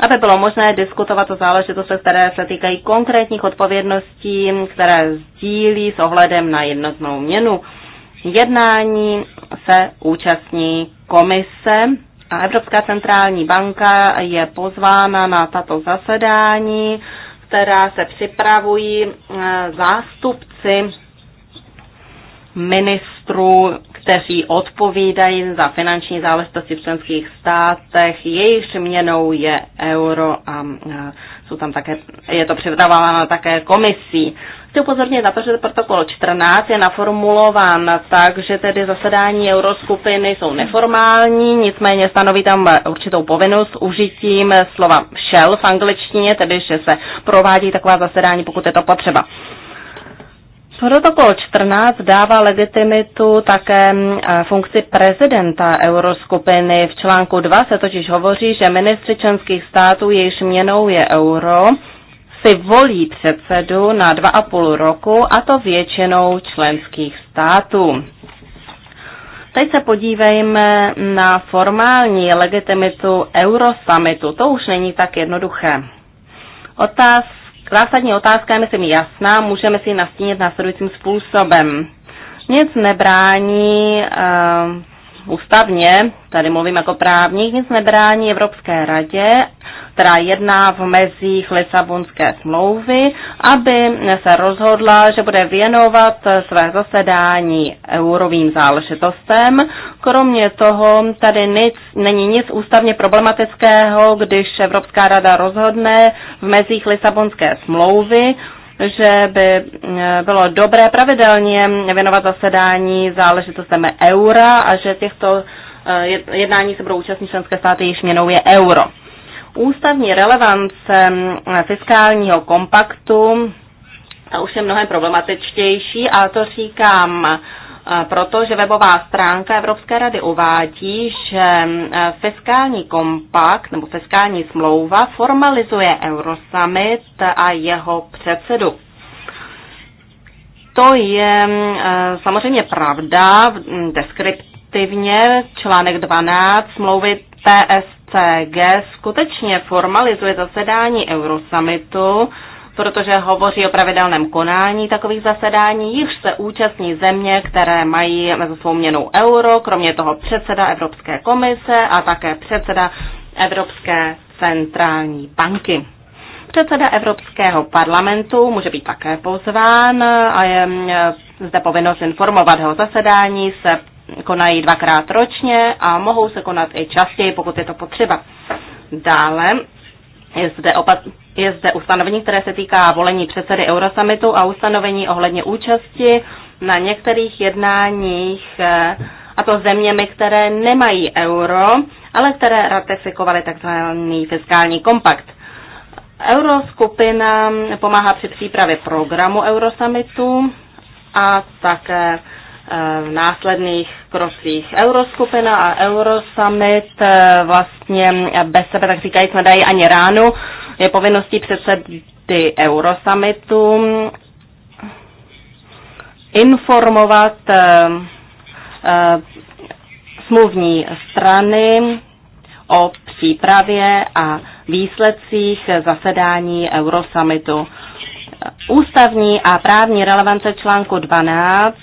aby bylo možné diskutovat o záležitostech, které se týkají konkrétních odpovědností, které sdílí s ohledem na jednotnou měnu. Jednání se účastní komise a Evropská centrální banka je pozvána na tato zasedání která se připravují eh, zástupci ministrů kteří odpovídají za finanční záležitosti v členských státech. Jejich měnou je euro a jsou tam také, je to připravováno také komisí. Chci upozornit na to, že protokol 14 je naformulován tak, že tedy zasedání euroskupiny jsou neformální, nicméně stanoví tam určitou povinnost užitím slova shell v angličtině, tedy že se provádí taková zasedání, pokud je to potřeba. Protokol 14 dává legitimitu také mm, eh, funkci prezidenta euroskupiny. V článku 2 se totiž hovoří, že ministři členských států, jejichž měnou je euro, si volí předsedu na dva a roku, a to většinou členských států. Teď se podívejme na formální legitimitu Eurosummitu. To už není tak jednoduché. Otázka Klásadní otázka je, myslím, jasná, můžeme si ji nastínit následujícím způsobem. Nic nebrání eh, ústavně, tady mluvím jako právník, nic nebrání Evropské radě, která jedná v mezích Lisabonské smlouvy, aby se rozhodla, že bude věnovat své zasedání eurovým záležitostem. Kromě toho tady nic, není nic ústavně problematického, když Evropská rada rozhodne v mezích Lisabonské smlouvy, že by eh, bylo dobré pravidelně věnovat zasedání záležitostem eura a že těchto eh, jednání se budou účastnit členské státy, jejichž měnou je euro. Ústavní relevance eh, fiskálního kompaktu už je mnohem problematičtější a to říkám protože webová stránka Evropské rady uvádí, že eh, fiskální kompakt nebo fiskální smlouva formalizuje Eurosummit a jeho předsedu. To je eh, samozřejmě pravda, mm, deskriptivně článek 12 smlouvy TSCG skutečně formalizuje zasedání Eurosummitu, protože hovoří o pravidelném konání takových zasedání, jichž se účastní země, které mají mezi svou měnou euro, kromě toho předseda Evropské komise a také předseda Evropské centrální banky. Předseda Evropského parlamentu může být také pozván a je e, zde povinnost informovat ho zasedání se konají dvakrát ročně a mohou se konat i častěji, pokud je to potřeba. Dále je zde opat- je zde ustanovení, které se týká volení předsedy Eurosamitu a ustanovení ohledně účasti na některých jednáních, eh, a to zeměmi, které nemají euro, ale které ratifikovaly tzv. fiskální kompakt. Euroskupina pomáhá při přípravě programu Eurosamitu a také eh, v následných krocích Euroskupina a Eurosummit eh, vlastně bez sebe, tak jsme dají ani ránu je povinností předsedy Eurosummitu informovat eh, eh, smluvní strany o přípravě a výsledcích zasedání Eurosummitu. Ústavní a právní relevance článku 12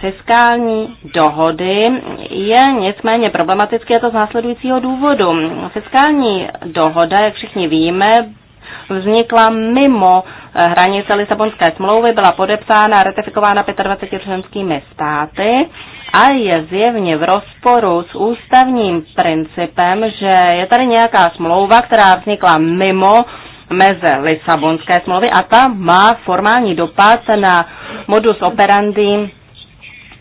fiskální dohody je nicméně problematický a to z následujícího důvodu. Fiskální dohoda, jak všichni víme, vznikla mimo eh, hranice Lisabonské smlouvy, byla podepsána a ratifikována 25 členskými státy a je zjevně v rozporu s ústavním principem, že je tady nějaká smlouva, která vznikla mimo meze Lisabonské smlouvy a ta má formální dopad na modus operandi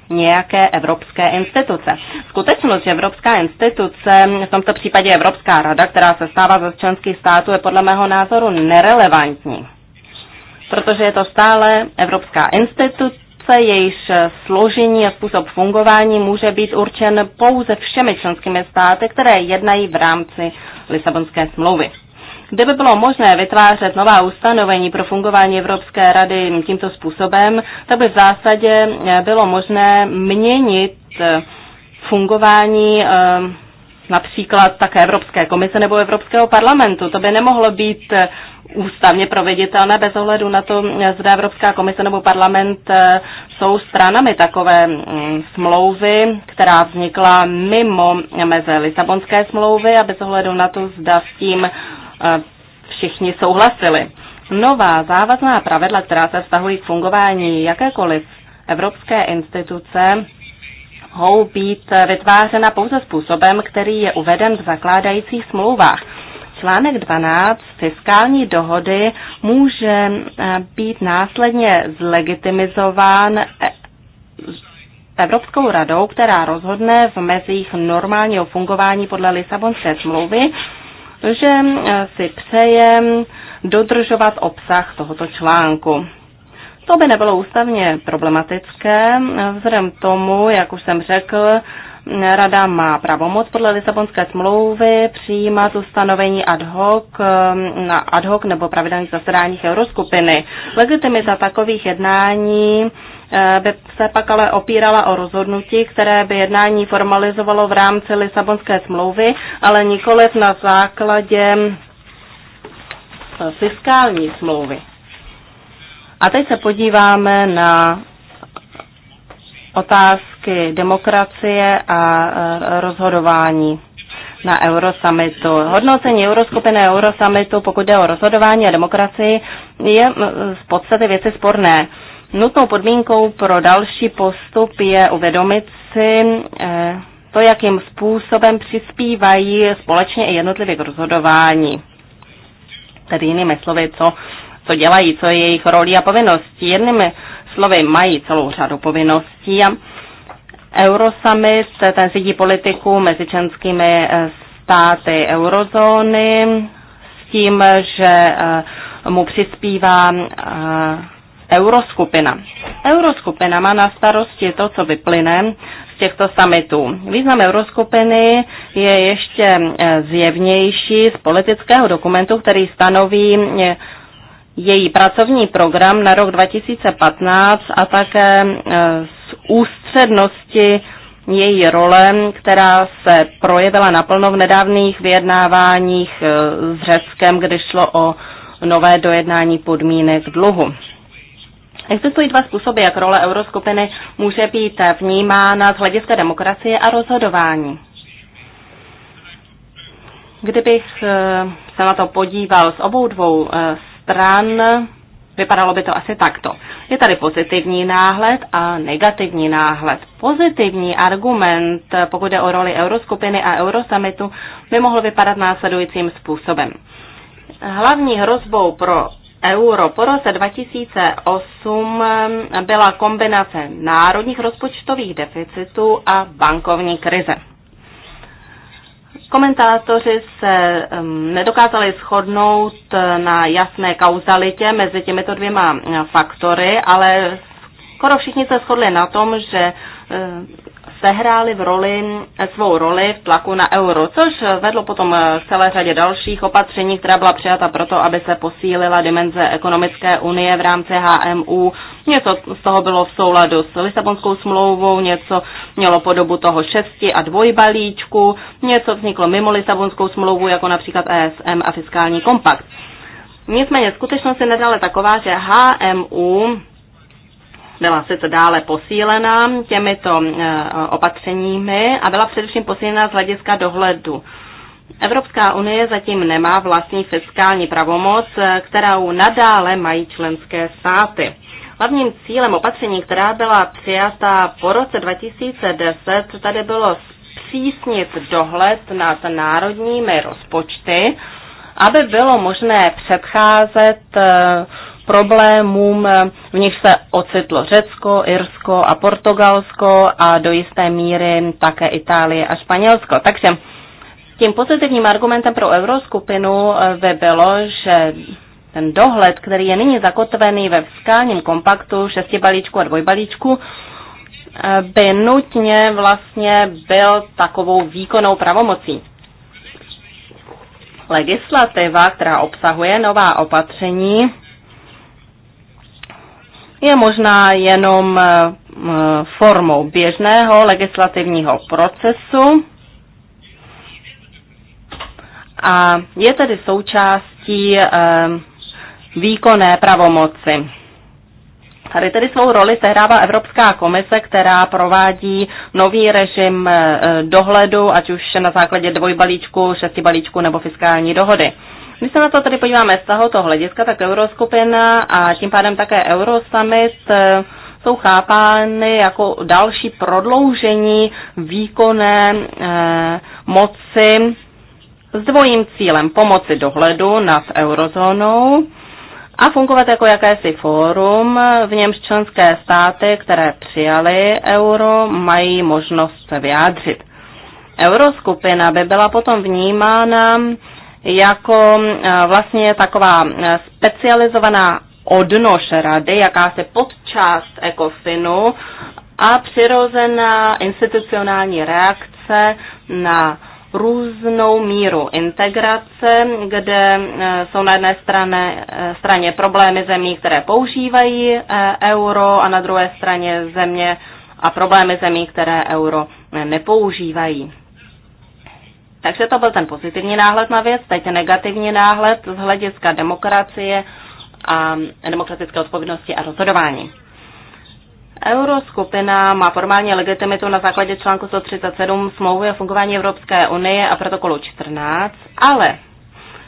nějaké evropské instituce. Skutečnost, že Evropská instituce, v tomto případě Evropská rada, která se stává ze členských států, je podle mého názoru nerelevantní, protože je to stále Evropská instituce, jejíž složení a způsob fungování může být určen pouze všemi členskými státy, které jednají v rámci Lisabonské smlouvy by bylo možné vytvářet nová ustanovení pro fungování Evropské rady tímto způsobem, tak by v zásadě eh, bylo možné měnit eh, fungování eh, například také Evropské komise nebo Evropského parlamentu. To by nemohlo být ústavně proveditelné bez ohledu na to, zda Evropská komise nebo parlament jsou stranami takové mm, smlouvy, která vznikla mimo meze Lisabonské smlouvy a bez ohledu na to, zda s tím všichni souhlasili. Nová závazná pravidla, která se vztahují k fungování jakékoliv evropské instituce, mohou být vytvářena pouze způsobem, který je uveden v zakládajících smlouvách. Článek 12 fiskální dohody může eh, být následně zlegitimizován eh, Evropskou radou, která rozhodne v mezích normálního fungování podle Lisabonské smlouvy že eh, si přeje dodržovat obsah tohoto článku. To by nebylo ústavně problematické, eh, vzhledem tomu, jak už jsem řekl, Rada má pravomoc podle Lisabonské smlouvy přijímat ustanovení ad hoc eh, na ad hoc nebo pravidelných zasedáních euroskupiny. Legitimita takových jednání Eh, by se pak ale opírala o rozhodnutí, které by jednání formalizovalo v rámci Lisabonské smlouvy, ale nikoliv na základě eh, fiskální smlouvy. A teď se podíváme na otázky demokracie a eh, rozhodování na Eurosummitu. Hodnocení Euroskupiny Eurosummitu, pokud jde o rozhodování a demokracii, je z podstaty věci sporné. Nutnou podmínkou pro další postup je uvědomit si eh, to, jakým způsobem přispívají společně i jednotlivě k rozhodování. Tedy jinými slovy, co, co dělají, co je jejich roli a povinnosti. Jednými slovy mají celou řadu povinností Eurosummit, eh, ten sedí politiku mezi členskými eh, státy eurozóny s tím, že mu přispívá Euroskupina. Euroskupina má na starosti to, co vyplyne z těchto samitů. Význam Euroskupiny je ještě eh, zjevnější z politického dokumentu, který stanoví eh, její pracovní program na rok 2015 a také eh, z ústřednosti její role, která se projevila naplno v nedávných vyjednáváních s Řeckem, kdy šlo o nové dojednání podmínek dluhu. Existují dva způsoby, jak role euroskupiny může být vnímána z hlediska demokracie a rozhodování. Kdybych eh, se na to podíval z obou dvou eh, stran, vypadalo by to asi takto. Je tady pozitivní náhled a negativní náhled. Pozitivní argument, eh, pokud jde o roli euroskupiny a eurosamitu, by mohl vypadat následujícím způsobem. Hlavní hrozbou pro euro. Po roce 2008 byla kombinace národních rozpočtových deficitů a bankovní krize. Komentátoři se um, nedokázali shodnout na jasné kauzalitě mezi těmito dvěma uh, faktory, ale skoro všichni se shodli na tom, že uh, sehrály v roli, svou roli v tlaku na euro, což vedlo potom k celé řadě dalších opatření, která byla přijata proto, aby se posílila dimenze ekonomické unie v rámci HMU. Něco z toho bylo v souladu s Lisabonskou smlouvou, něco mělo podobu toho šesti a dvojbalíčku, něco vzniklo mimo Lisabonskou smlouvu, jako například ESM a fiskální kompakt. Nicméně skutečnost je nedále taková, že HMU byla to dále posílena těmito eh, opatřeními a byla především posílena z hlediska dohledu. Evropská unie zatím nemá vlastní fiskální pravomoc, eh, kterou nadále mají členské státy. Hlavním cílem opatření, která byla přijata po roce 2010, tady bylo zpřísnit dohled nad národními rozpočty, aby bylo možné předcházet uh, problémům, eh, v nich se ocitlo Řecko, Irsko a Portugalsko a do jisté míry také Itálie a Španělsko. Takže tím pozitivním argumentem pro euroskupinu eh, by bylo, že ten dohled, který je nyní zakotvený ve fiskálním kompaktu šesti balíčku a dvojbalíčku, eh, by nutně vlastně byl takovou výkonnou pravomocí. Legislativa, která obsahuje nová opatření, je možná jenom eh, eh, formou běžného legislativního procesu a je tedy součástí eh, výkonné pravomoci. Tady tedy svou roli sehrává Evropská komise, která provádí nový režim dohledu, ať už na základě dvojbalíčku, šesti balíčku nebo fiskální dohody. My se na to tedy podíváme z tohoto hlediska, tak Euroskupina a tím pádem také Eurosummit eh, jsou chápány jako další prodloužení výkonné eh, moci s dvojím cílem pomoci dohledu nad eurozónou a fungovat jako jakési fórum, v němž členské státy, které přijaly euro, mají možnost se vyjádřit. Euroskupina by byla potom vnímána jako eh, vlastně taková eh, specializovaná odnož rady, se podčást ECOFINu a přirozená institucionální reakce na různou míru integrace, kde eh, jsou na jedné straně, straně problémy zemí, které používají euro a na druhé straně země a problémy zemí, které euro nepoužívají. Takže to byl ten pozitivní náhled na věc, teď negativní náhled z hlediska demokracie a demokratické odpovědnosti a rozhodování. Euroskupina má formálně legitimitu na základě článku 137 smlouvy o fungování Evropské unie a protokolu 14, ale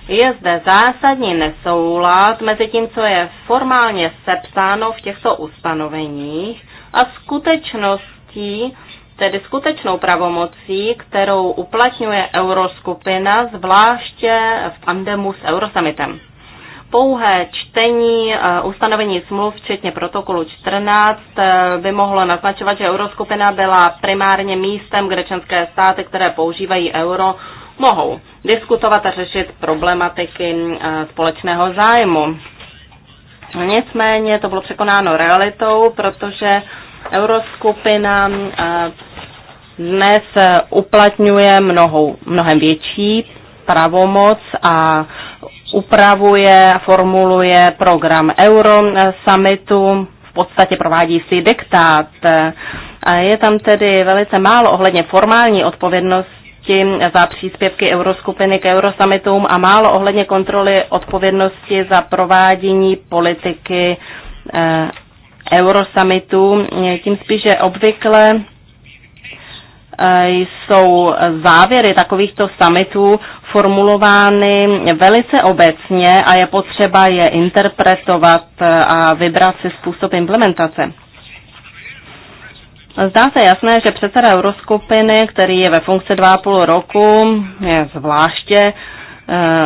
je zde zásadní nesoulad mezi tím, co je formálně sepsáno v těchto ustanoveních a skutečností, Tedy skutečnou pravomocí, kterou uplatňuje euroskupina, zvláště v pandemu s eurosamitem. Pouhé čtení eh, ustanovení smluv, včetně protokolu 14, eh, by mohlo naznačovat, že euroskupina byla primárně místem, kde členské státy, které používají euro, mohou diskutovat a řešit problematiky eh, společného zájmu. Nicméně to bylo překonáno realitou, protože euroskupina dnes eh, uplatňuje mnohou, mnohem větší pravomoc a upravuje a formuluje program Euro eh, summitu, v podstatě provádí si diktát. Eh, a je tam tedy velice málo ohledně formální odpovědnosti za příspěvky euroskupiny k Eurosummitům a málo ohledně kontroly odpovědnosti za provádění politiky Eurosummitů. Tím spíše obvykle Eh, jsou závěry takovýchto summitů formulovány velice obecně a je potřeba je interpretovat eh, a vybrat si způsob implementace. Zdá se jasné, že předseda euroskupiny, který je ve funkci 2,5 roku, je zvláště eh,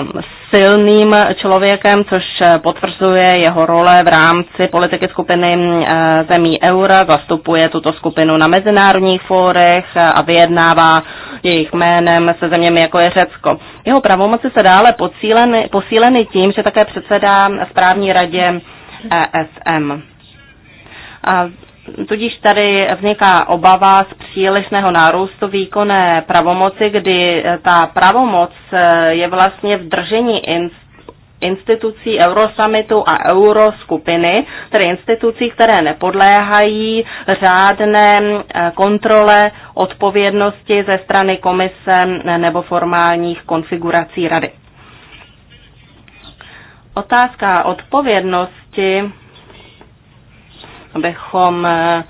silným člověkem, což eh, potvrzuje jeho role v rámci politiky skupiny eh, zemí eura, zastupuje tuto skupinu na mezinárodních fórech eh, a vyjednává jejich jménem se zeměmi, jako je Řecko. Jeho pravomoci se dále posíleny, posíleny tím, že také předsedá správní radě ESM. A Tudíž tady vzniká obava z přílišného nárůstu výkonné pravomoci, kdy eh, ta pravomoc eh, je vlastně v držení institucí Eurosummitu a Euroskupiny, tedy institucí, které nepodléhají řádné eh, kontrole odpovědnosti ze strany komise nebo formálních konfigurací rady. Otázka odpovědnosti abychom eh,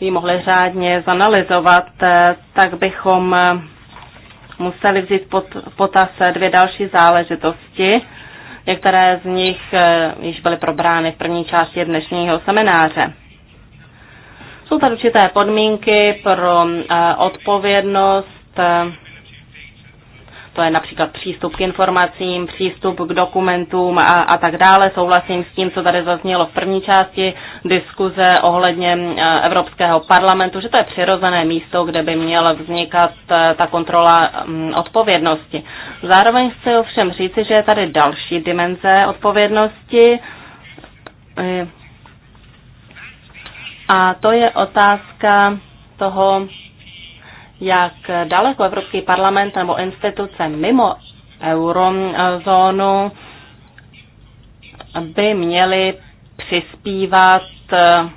ji mohli řádně zanalizovat, eh, tak bychom eh, museli vzít pod potaz dvě další záležitosti. Některé z nich již byly probrány v první části dnešního semináře. Jsou tady určité podmínky pro odpovědnost to je například přístup k informacím, přístup k dokumentům a, a tak dále. Souhlasím s tím, co tady zaznělo v první části diskuze ohledně eh, Evropského parlamentu, že to je přirozené místo, kde by měla vznikat eh, ta kontrola mm, odpovědnosti. Zároveň chci ovšem říci, že je tady další dimenze odpovědnosti. Eh, a to je otázka toho, jak daleko Evropský parlament nebo instituce mimo eurozónu by měly přispívat eh,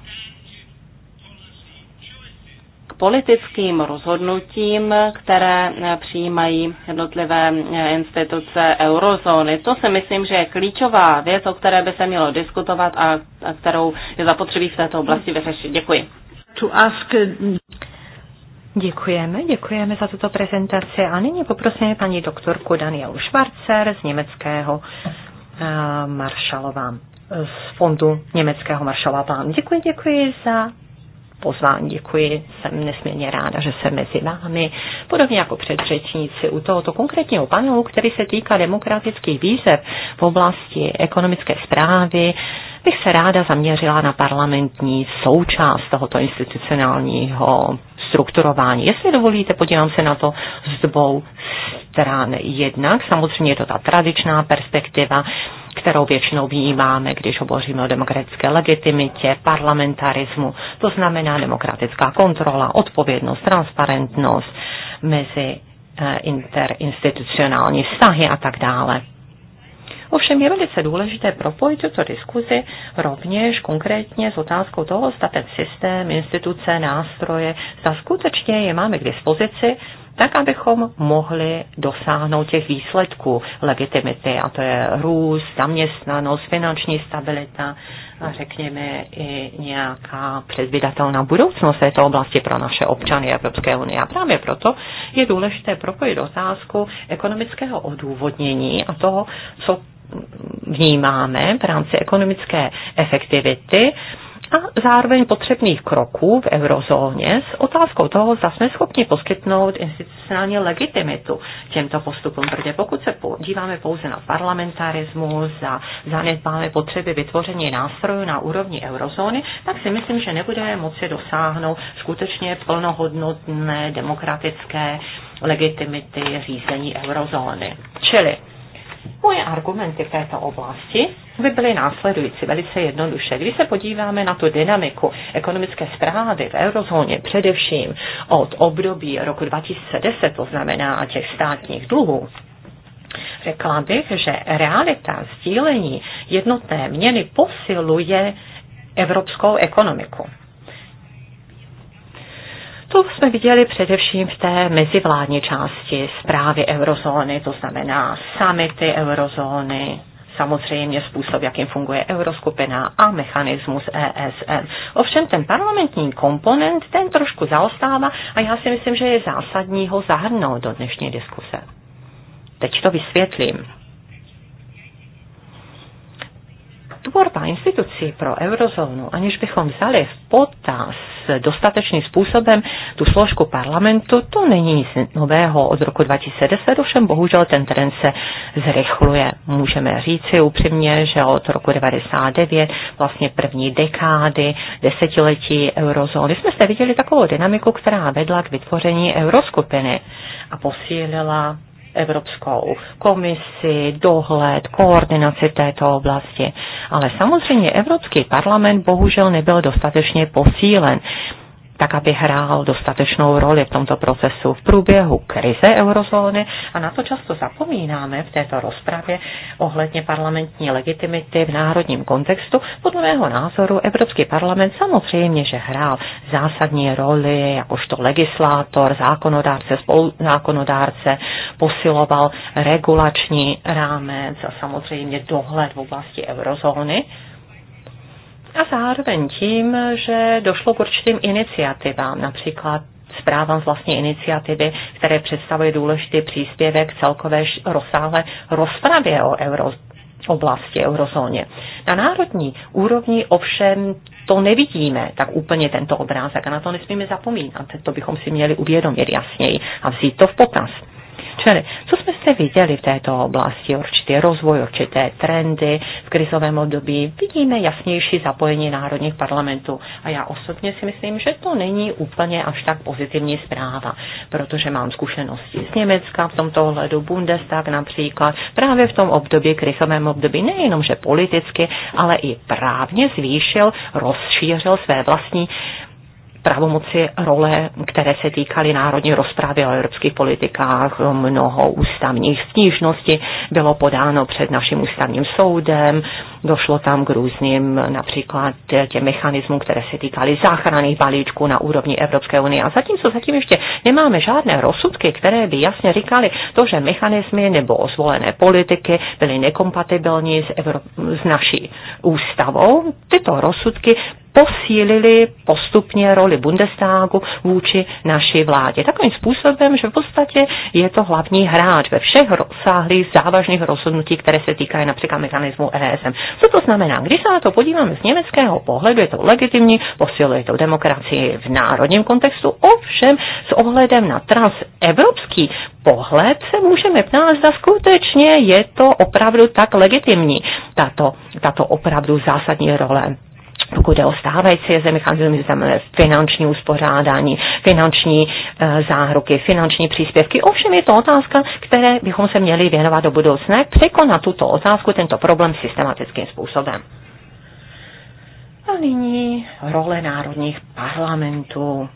k politickým rozhodnutím, které eh, přijímají jednotlivé eh, instituce eurozóny. To si myslím, že je klíčová věc, o které by se mělo diskutovat a kterou je zapotřebí v této oblasti vyřešit. Děkuji. Děkujeme, děkujeme za tuto prezentaci a nyní poprosíme paní doktorku Danielu Schwarzer z německého eh, Maršalova, z fondu německého Maršalova plán. Děkuji, děkuji za pozvání, děkuji, jsem nesmírně ráda, že jsem mezi vámi, podobně jako předřečníci u tohoto konkrétního panelu, který se týká demokratických výzev v oblasti ekonomické zprávy, bych se ráda zaměřila na parlamentní součást tohoto institucionálního strukturování. Jestli dovolíte, podívám se na to z dvou stran. Jednak samozřejmě je to ta tradičná perspektiva, kterou většinou vnímáme, když hovoříme o demokratické legitimitě, parlamentarismu, to znamená demokratická kontrola, odpovědnost, transparentnost mezi eh, interinstitucionální vztahy a tak dále. Ovšem je velice důležité propojit tuto diskuzi rovněž konkrétně s otázkou toho, zda ten systém, instituce, nástroje, zda skutečně je máme k dispozici, tak abychom mohli dosáhnout těch výsledků legitimity, a to je růst, zaměstnanost, finanční stabilita a řekněme i nějaká předvydatelná budoucnost této oblasti pro naše občany Evropské unie. A právě proto je důležité propojit otázku ekonomického odůvodnění a toho, co vnímáme v rámci ekonomické efektivity a zároveň potřebných kroků v eurozóně s otázkou toho, zda jsme schopni poskytnout institucionální legitimitu těmto postupům, protože pokud se podíváme pouze na parlamentarismus a zanedbáme potřeby vytvoření nástrojů na úrovni eurozóny, tak si myslím, že nebudeme moci dosáhnout skutečně plnohodnotné demokratické legitimity řízení eurozóny. Čili Moje argumenty v této oblasti by byly následující velice jednoduše. Když se podíváme na tu dynamiku ekonomické zprávy v eurozóně, především od období roku 2010, to znamená těch státních dluhů, Řekla bych, že realita sdílení jednotné měny posiluje evropskou ekonomiku. To jsme viděli především v té mezivládní části zprávy eurozóny, to znamená samity eurozóny, samozřejmě způsob, jakým funguje euroskupina a mechanismus ESM. Ovšem ten parlamentní komponent, ten trošku zaostává a já si myslím, že je zásadní ho zahrnout do dnešní diskuse. Teď to vysvětlím. Tvorba institucí pro eurozónu, aniž bychom vzali v potaz dostatečným způsobem tu složku parlamentu, to není nic nového od roku 2010, ovšem bohužel ten trend se zrychluje. Můžeme říci upřímně, že od roku 99, vlastně první dekády, desetiletí eurozóny, jsme se viděli takovou dynamiku, která vedla k vytvoření euroskupiny a posílila Evropskou komisi, dohled, koordinaci této oblasti. Ale samozřejmě Evropský parlament bohužel nebyl dostatečně posílen tak aby hrál dostatečnou roli v tomto procesu v průběhu krize eurozóny a na to často zapomínáme v této rozpravě ohledně parlamentní legitimity v národním kontextu. Podle mého názoru Evropský parlament samozřejmě, že hrál zásadní roli jakožto legislátor, zákonodárce, spoluzákonodárce, posiloval regulační rámec a samozřejmě dohled v oblasti eurozóny. A zároveň tím, že došlo k určitým iniciativám, například zprávám z vlastní iniciativy, které představuje důležitý příspěvek celkové rozsáhlé rozpravě o euro oblasti eurozóně. Na národní úrovni ovšem to nevidíme tak úplně tento obrázek a na to nesmíme zapomínat. To bychom si měli uvědomit jasněji a vzít to v potaz. Čili, co jsme se viděli v této oblasti, určitý rozvoj, určité trendy v krizovém období, vidíme jasnější zapojení národních parlamentů. A já osobně si myslím, že to není úplně až tak pozitivní zpráva, protože mám zkušenosti z Německa v tomto ohledu, Bundestag například, právě v tom období, krizovém období, nejenom, že politicky, ale i právně zvýšil, rozšířil své vlastní pravomoci role, které se týkaly národní rozprávy o evropských politikách. Mnoho ústavních stížností bylo podáno před naším ústavním soudem. Došlo tam k různým například těm mechanismům, které se týkaly záchranných balíčků na úrovni Evropské unie. A zatímco zatím ještě nemáme žádné rozsudky, které by jasně říkaly to, že mechanismy nebo zvolené politiky byly nekompatibilní s, Evrop- s naší ústavou. Tyto rozsudky posílili postupně roli Bundestagu vůči naší vládě. Takovým způsobem, že v podstatě je to hlavní hráč ve všech rozsáhlých závažných rozhodnutí, které se týkají například mechanismu ESM. Co to znamená? Když se na to podíváme z německého pohledu, je to legitimní, posiluje to demokracii v národním kontextu, ovšem s ohledem na transevropský pohled se můžeme ptát, zda skutečně je to opravdu tak legitimní, tato, tato opravdu zásadní role pokud jde o stávající je mechanismy, znamená finanční uspořádání, finanční e, záruky, finanční příspěvky. Ovšem je to otázka, které bychom se měli věnovat do budoucna, překonat tuto otázku, tento problém systematickým způsobem. A nyní role národních parlamentů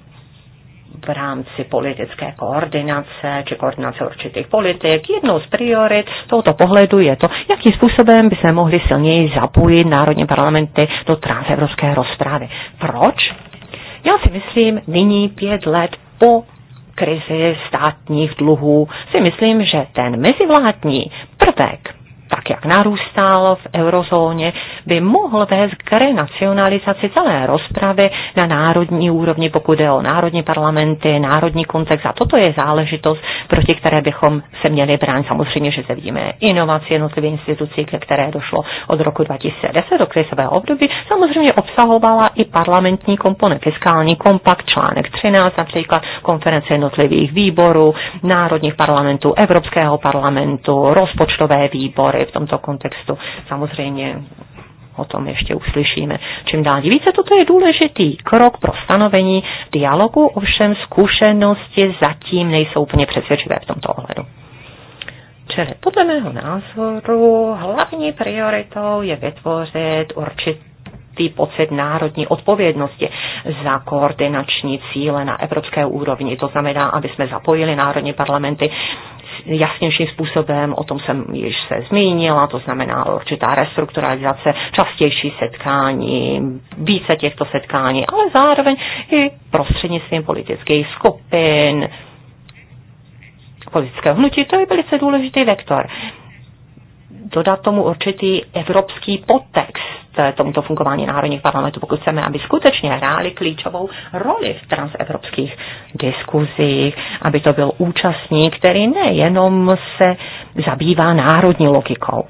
v rámci politické koordinace či koordinace určitých politik. Jednou z priorit tohoto pohledu je to, jakým způsobem by se mohli silněji zapojit národní parlamenty do transevropské rozprávy. Proč? Já si myslím, nyní pět let po krizi státních dluhů si myslím, že ten mezivládní prvek tak jak narůstal v eurozóně, by mohl vést k renacionalizaci celé rozpravy na národní úrovni, pokud je o národní parlamenty, národní kontext. A toto je záležitost, proti které bychom se měli bránit. Samozřejmě, že se vidíme inovaci jednotlivých institucí, ke které došlo od roku 2010 do krizového období, samozřejmě obsahovala i parlamentní komponent, fiskální kompakt, článek 13, například konference jednotlivých výborů, národních parlamentů, Evropského parlamentu, rozpočtové výbory. V tomto kontextu. Samozřejmě o tom ještě uslyšíme. Čím dál více toto je důležitý krok pro stanovení dialogu, ovšem zkušenosti zatím nejsou úplně přesvědčivé v tomto ohledu. Čili podle mého názoru hlavní prioritou je vytvořit určitý pocit národní odpovědnosti za koordinační cíle na evropské úrovni. To znamená, aby jsme zapojili národní parlamenty jasnějším způsobem, o tom jsem již se zmínila, to znamená určitá restrukturalizace, častější setkání, více těchto setkání, ale zároveň i prostřednictvím politických skupin, politického hnutí, to je velice důležitý vektor. Dodat tomu určitý evropský podtext, tomuto fungování národních parlamentů, pokud chceme, aby skutečně hráli klíčovou roli v transevropských diskuzích, aby to byl účastník, který nejenom se zabývá národní logikou.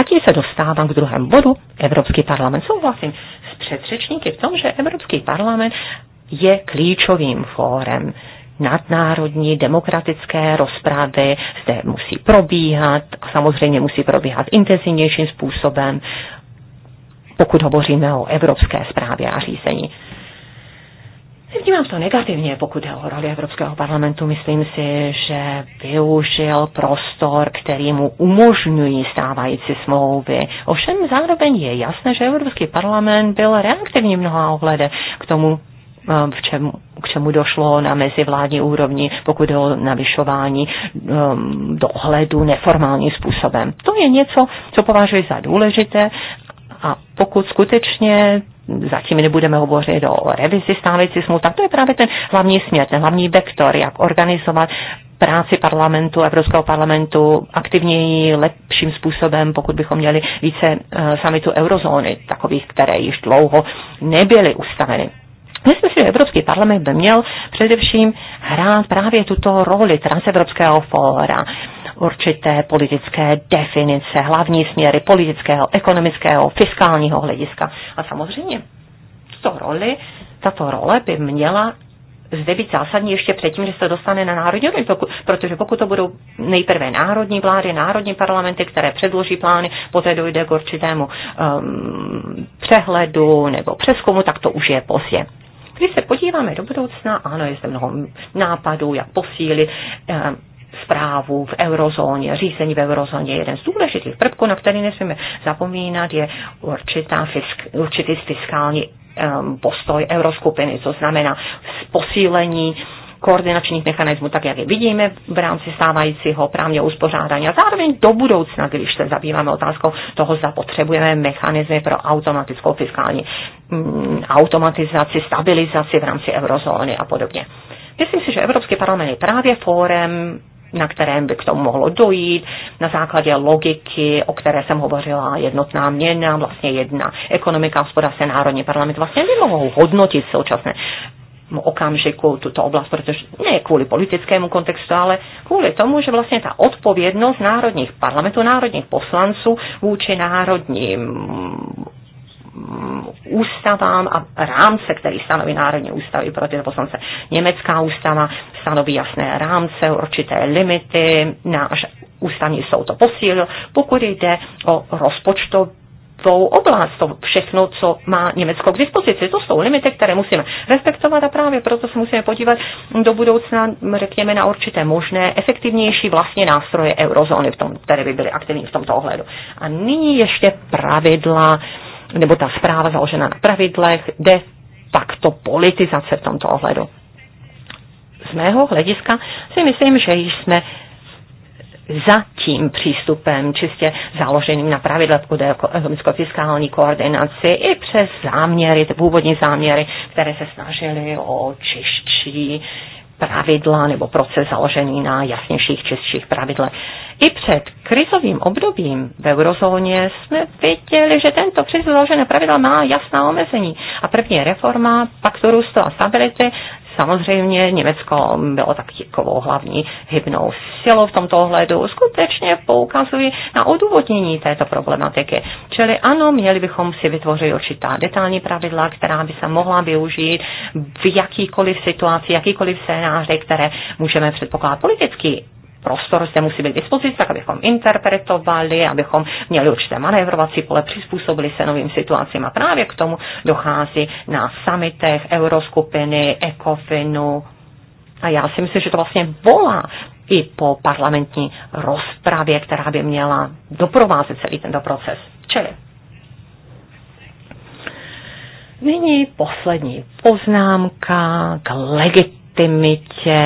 A tím se dostávám k druhému bodu. Evropský parlament. Souhlasím s předřečníky v tom, že Evropský parlament je klíčovým fórem nadnárodní demokratické rozpravy zde musí probíhat a samozřejmě musí probíhat intenzivnějším způsobem pokud hovoříme o evropské zprávě a řízení. Vnímám to negativně, pokud je o roli Evropského parlamentu. Myslím si, že využil prostor, který mu umožňují stávající smlouvy. Ovšem zároveň je jasné, že Evropský parlament byl reaktivní v mnoha ohledech k tomu, eh, v čemu, k čemu došlo na mezivládní úrovni, pokud je o navyšování um, dohledu neformálním způsobem. To je něco, co považuji za důležité a pokud skutečně zatím nebudeme hovořit o revizi stávající smluv, tak to je právě ten hlavní směr, ten hlavní vektor, jak organizovat práci parlamentu, Evropského parlamentu aktivněji, lepším způsobem, pokud bychom měli více eh, samitu eurozóny, takových, které již dlouho nebyly ustaveny. Myslím si, že Evropský parlament by měl především hrát právě tuto roli transevropského fóra určité politické definice, hlavní směry politického, ekonomického, fiskálního hlediska. A samozřejmě tato role, tato role by měla zde být zásadní ještě předtím, že se dostane na národní úroveň, protože pokud to budou nejprve národní vlády, národní parlamenty, které předloží plány, poté dojde k určitému um, přehledu nebo přeskumu, tak to už je pozdě. Když se podíváme do budoucna, ano, je zde mnoho nápadů, jak posílit um, zprávu v eurozóně, řízení v eurozóně. Jeden z důležitých prvků, na který nesmíme zapomínat, je určitá fisk, určitý fiskální um, postoj euroskupiny, co znamená posílení koordinačních mechanismů, tak jak je vidíme v rámci stávajícího právního uspořádání a zároveň do budoucna, když se zabýváme otázkou toho, zda potřebujeme mechanismy pro automatickou fiskální mm, automatizaci, stabilizaci v rámci eurozóny a podobně. Myslím si, že Evropský parlament je právě fórem na kterém by k tomu mohlo dojít, na základě logiky, o které jsem hovořila, jednotná měna, vlastně jedna ekonomika, hospodářství, národní parlament, vlastně nemohou hodnotit současné okamžiku tuto oblast, protože ne kvůli politickému kontextu, ale kvůli tomu, že vlastně ta odpovědnost národních parlamentů, národních poslanců vůči národním Mm, ústavám a rámce, který stanoví Národní ústavy pro tyto poslance. Německá ústava stanoví jasné rámce, určité limity, náš ústavní soud to posílil, pokud jde o rozpočtovou tou oblast, to všechno, co má Německo k dispozici. To jsou limity, které musíme respektovat a právě proto se musíme podívat do budoucna, řekněme, na určité možné efektivnější vlastně nástroje eurozóny, v tom, které by byly aktivní v tomto ohledu. A nyní ještě pravidla nebo ta zpráva založena na pravidlech, de facto politizace v tomto ohledu. Z mého hlediska si myslím, že již jsme za tím přístupem, čistě založeným na pravidle ekonomicko-fiskální koordinaci, i přes záměry, původní záměry, které se snažily o čistší pravidla nebo proces založený na jasnějších, čistších pravidlech. I před krizovým obdobím v eurozóně jsme viděli, že tento přes založené pravidla má jasná omezení. A první reforma pak růstu a stability samozřejmě Německo bylo takovou jako hlavní hybnou silou v tomto ohledu, skutečně poukazují na odůvodnění této problematiky. Čili ano, měli bychom si vytvořit určitá detailní pravidla, která by se mohla využít v jakýkoliv situaci, jakýkoliv scénáři, které můžeme předpokládat politický prostor zde musí být k dispozici, tak abychom interpretovali, abychom měli určité manévrovací pole, přizpůsobili se novým situacím. A právě k tomu dochází na samitech euroskupiny, ECOFINu. A já si myslím, že to vlastně volá i po parlamentní rozpravě, která by měla doprovázet celý tento proces. Čili Nyní poslední poznámka k legit legitimitě,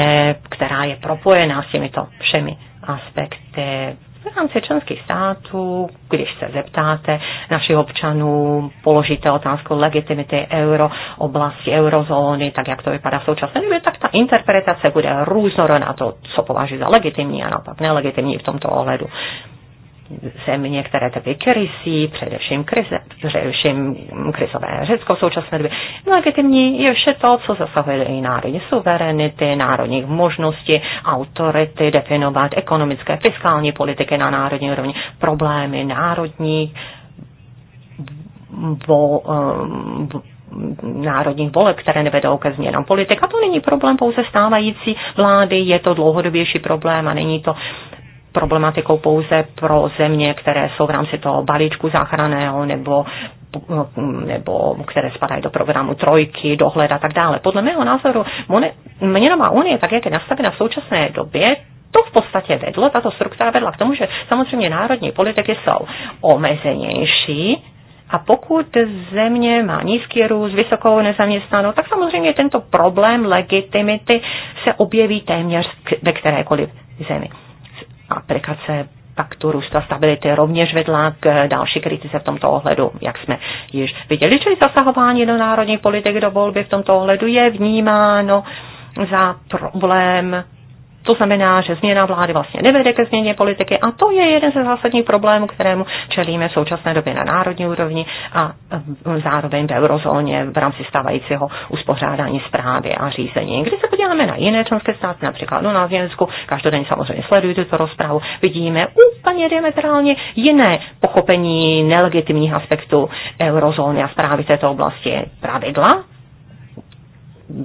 která je propojená s těmito všemi aspekty v rámci členských států, když se zeptáte našich občanů, položíte otázku legitimity euro, oblasti eurozóny, tak jak to vypadá v současné době, tak ta interpretace bude různorodá to, co považuji za legitimní a naopak nelegitimní v tomto ohledu země, které trpí krysí, především, krize, především krizové Řecko v současné době. Legitimní je vše to, co zasahuje i národní suverenity, národních možností, autority, definovat ekonomické, fiskální politiky na národní úrovni, problémy národních bo, eh, národních voleb, které nevedou ke změnám politik. A to není problém pouze stávající vlády, je to dlouhodobější problém a není to problematikou pouze pro země, které jsou v rámci toho balíčku záchraného nebo nebo které spadají do programu trojky, dohled a tak dále. Podle mého názoru měnová unie, tak jak je nastavena v současné době, to v podstatě vedlo, tato struktura vedla k tomu, že samozřejmě národní politiky jsou omezenější, a pokud země má nízký růst, vysokou nezaměstnanost, tak samozřejmě tento problém legitimity se objeví téměř ve kterékoliv zemi aplikace paktu růsta stability rovněž vedla k další kritice v tomto ohledu, jak jsme již viděli, že zasahování do národní politiky, do volby v tomto ohledu je vnímáno za problém to znamená, že změna vlády vlastně nevede ke změně politiky a to je jeden ze zásadních problémů, kterému čelíme v současné době na národní úrovni a e, zároveň v eurozóně v rámci stávajícího uspořádání zprávy a řízení. Když se podíváme na jiné členské státy, například no, na nás Německu, každodenně samozřejmě sledují tuto rozpravu, vidíme úplně diametrálně jiné pochopení nelegitimních aspektů eurozóny a zprávy této oblasti. Pravidla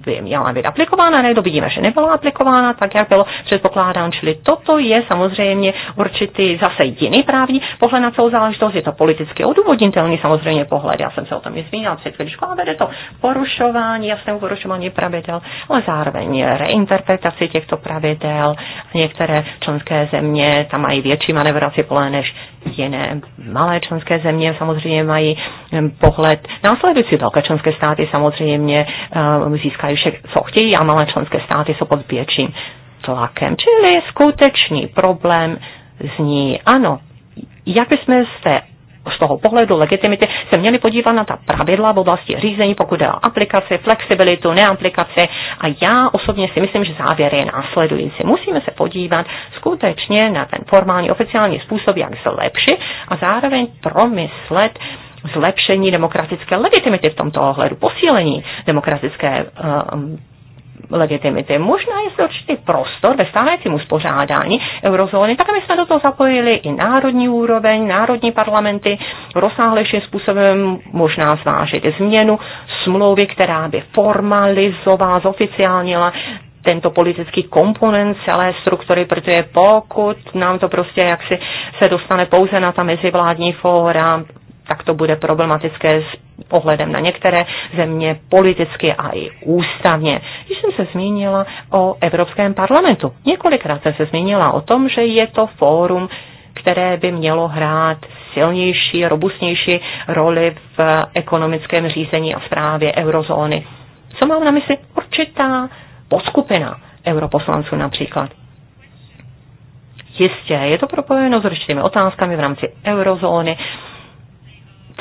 by měla být aplikována, najednou vidíme, že nebyla aplikována tak, jak bylo předpokládán. Čili toto je samozřejmě určitý zase jiný právní pohled na celou záležitost, je to politicky odůvodnitelný samozřejmě pohled, já jsem se o tom zmínila před chvíličkou, ale vede to porušování, jasnému porušování pravidel, ale zároveň reinterpretaci těchto pravidel. Některé členské země tam mají větší manevraci pole než jiné malé členské země samozřejmě mají eh, pohled. Následující velké členské státy samozřejmě eh, získají vše, co chtějí a malé členské státy jsou pod větším tlakem. Čili skutečný problém zní, ano, jak bychom z té z toho pohledu legitimity se měli podívat na ta pravidla v oblasti řízení, pokud je o aplikaci, flexibilitu, neaplikaci. A já osobně si myslím, že závěr je následující. Musíme se podívat skutečně na ten formální, oficiální způsob, jak zlepšit a zároveň promyslet, zlepšení demokratické legitimity v tomto ohledu, posílení demokratické uh, legitimity. Možná je určitý prostor ve stávajícím uspořádání eurozóny, tak aby jsme do toho zapojili i národní úroveň, národní parlamenty, rozsáhlejším způsobem možná zvážit změnu smlouvy, která by formalizovala, zoficiálnila tento politický komponent celé struktury, protože pokud nám to prostě jaksi se dostane pouze na ta mezivládní fóra, tak to bude problematické z ohledem na některé země politicky a i ústavně. Když jsem se zmínila o Evropském parlamentu, několikrát jsem se zmínila o tom, že je to fórum, které by mělo hrát silnější, robustnější roli v ekonomickém řízení a správě eurozóny. Co mám na mysli? Určitá podskupina europoslanců například. Jistě, je to propojeno s určitými otázkami v rámci eurozóny,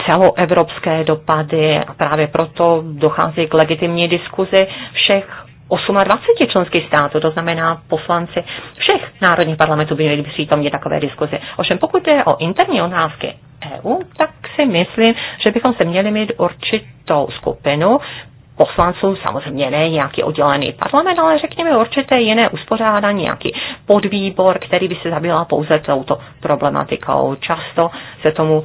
celoevropské dopady a právě proto dochází k legitimní diskuzi všech 28 členských států, to znamená poslanci všech národních parlamentů by měli přítomně takové diskuzi. Ovšem pokud je o interní otázky EU, tak si myslím, že bychom se měli mít určitou skupinu poslanců, samozřejmě ne nějaký oddělený parlament, ale řekněme určité jiné uspořádání, nějaký podvýbor, který by se zabýval pouze touto problematikou. Často se tomu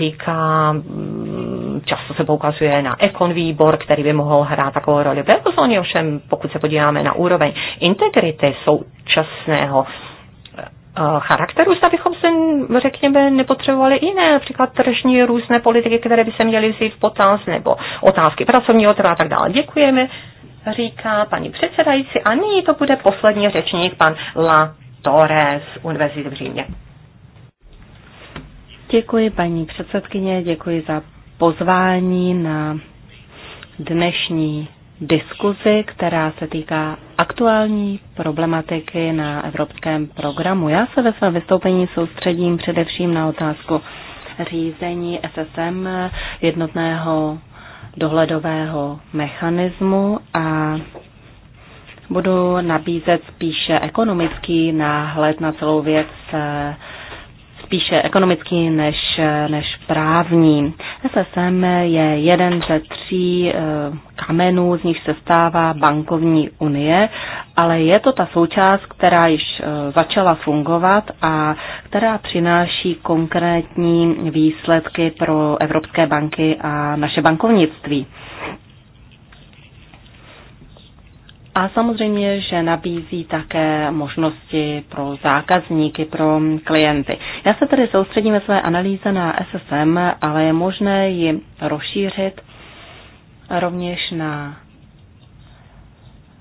říká, mm, často se poukazuje na ekon výbor, který by mohl hrát takovou roli. V eurozóně ovšem, pokud se podíváme na úroveň integrity současného eh, eh, charakteru, zda bychom se, řekněme, nepotřebovali jiné, například tržní různé politiky, které by se měly vzít v potaz, nebo otázky pracovního trhu a tak dále. Děkujeme, říká paní předsedající. A nyní to bude poslední řečník, pan La Torres, Univerzity v Římě. Děkuji paní předsedkyně, děkuji za pozvání na dnešní diskuzi, která se týká aktuální problematiky na evropském programu. Já se ve svém vystoupení soustředím především na otázku řízení SSM jednotného dohledového mechanismu a budu nabízet spíše ekonomický náhled na celou věc spíše ekonomický než, než právní. SSM je jeden ze tří eh, kamenů, z nich se stává bankovní unie, ale je to ta součást, která již eh, začala fungovat a která přináší konkrétní výsledky pro evropské banky a naše bankovnictví. A samozřejmě, že nabízí také možnosti pro zákazníky, pro klienty. Já se tedy soustředím ve své analýze na SSM, ale je možné ji rozšířit rovněž na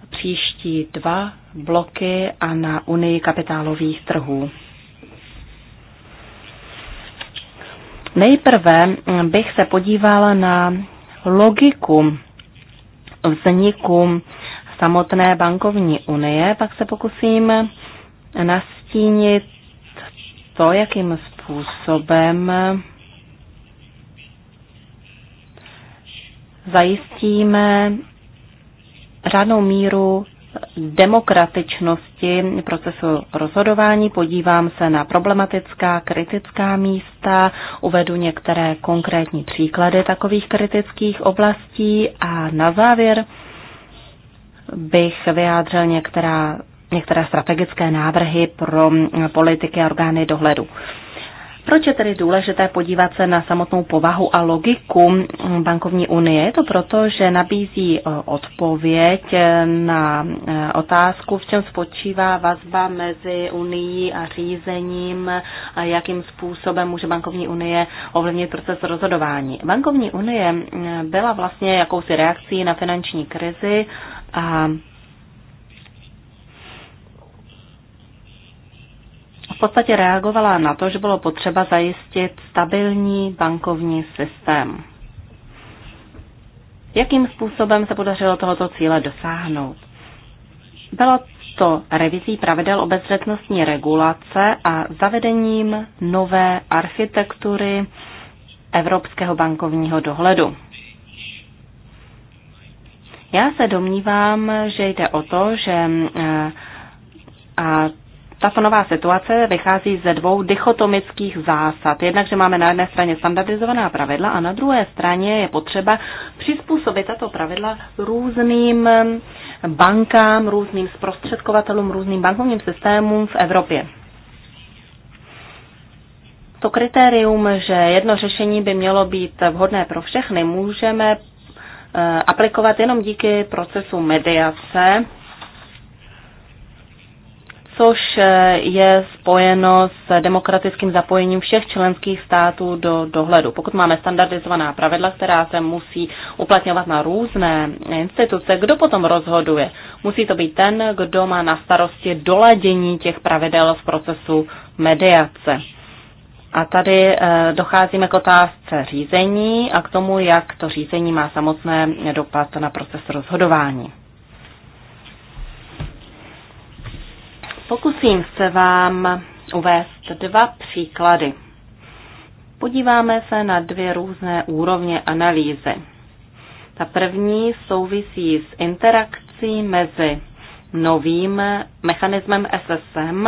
příští dva bloky a na Unii kapitálových trhů. Nejprve bych se podívala na logiku vzniku samotné bankovní unie, pak se pokusím nastínit to, jakým způsobem zajistíme řádnou míru demokratičnosti procesu rozhodování, podívám se na problematická, kritická místa, uvedu některé konkrétní příklady takových kritických oblastí a na závěr bych vyjádřil některá, některé strategické návrhy pro politiky a orgány dohledu. Proč je tedy důležité podívat se na samotnou povahu a logiku bankovní unie? Je to proto, že nabízí e, odpověď e, na e, otázku, v čem spočívá vazba mezi unii a řízením a jakým způsobem může bankovní unie ovlivnit proces rozhodování. Bankovní unie byla vlastně jakousi reakcí na finanční krizi a v podstatě reagovala na to, že bylo potřeba zajistit stabilní bankovní systém. Jakým způsobem se podařilo tohoto cíle dosáhnout? Bylo to revizí pravidel obezřetnostní regulace a zavedením nové architektury Evropského bankovního dohledu. Já se domnívám, že jde o to, že eh, a tato nová situace vychází ze dvou dichotomických zásad. Jednak, že máme na jedné straně standardizovaná pravidla a na druhé straně je potřeba přizpůsobit tato pravidla různým eh, bankám, různým zprostředkovatelům, různým bankovním systémům v Evropě. To kritérium, že jedno řešení by mělo být vhodné pro všechny, můžeme Eh, aplikovat jenom díky procesu mediace, což eh, je spojeno s demokratickým zapojením všech členských států do dohledu. Pokud máme standardizovaná pravidla, která se musí uplatňovat na různé instituce, kdo potom rozhoduje? Musí to být ten, kdo má na starosti doladění těch pravidel v procesu mediace. A tady eh, docházíme k otázce řízení a k tomu, jak to řízení má samotné dopad na proces rozhodování. Pokusím se vám uvést dva příklady. Podíváme se na dvě různé úrovně analýzy. Ta první souvisí s interakcí mezi novým mechanismem SSM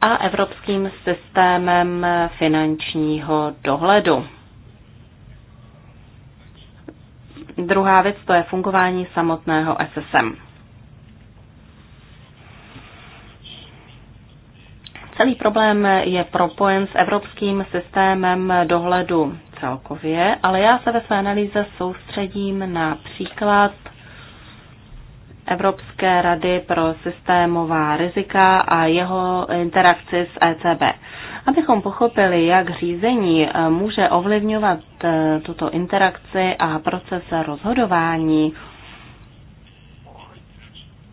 a evropským systémem finančního dohledu. Druhá věc to je fungování samotného SSM. Celý problém je propojen s evropským systémem dohledu celkově, ale já se ve své analýze soustředím na příklad Evropské rady pro systémová rizika a jeho interakci s ECB. Abychom pochopili, jak řízení eh, může ovlivňovat eh, tuto interakci a proces rozhodování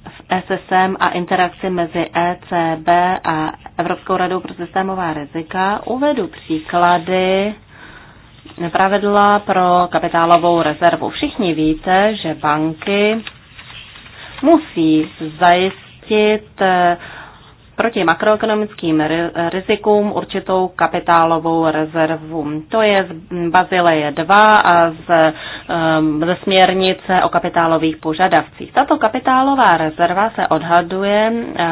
v SSM a interakci mezi ECB a Evropskou radou pro systémová rizika, uvedu příklady pravidla pro kapitálovou rezervu. Všichni víte, že banky musí zajistit eh, proti makroekonomickým rizikům určitou kapitálovou rezervu. To je z Bazileje 2 a z, ehm, ze směrnice o kapitálových požadavcích. Tato kapitálová rezerva se odhaduje eh,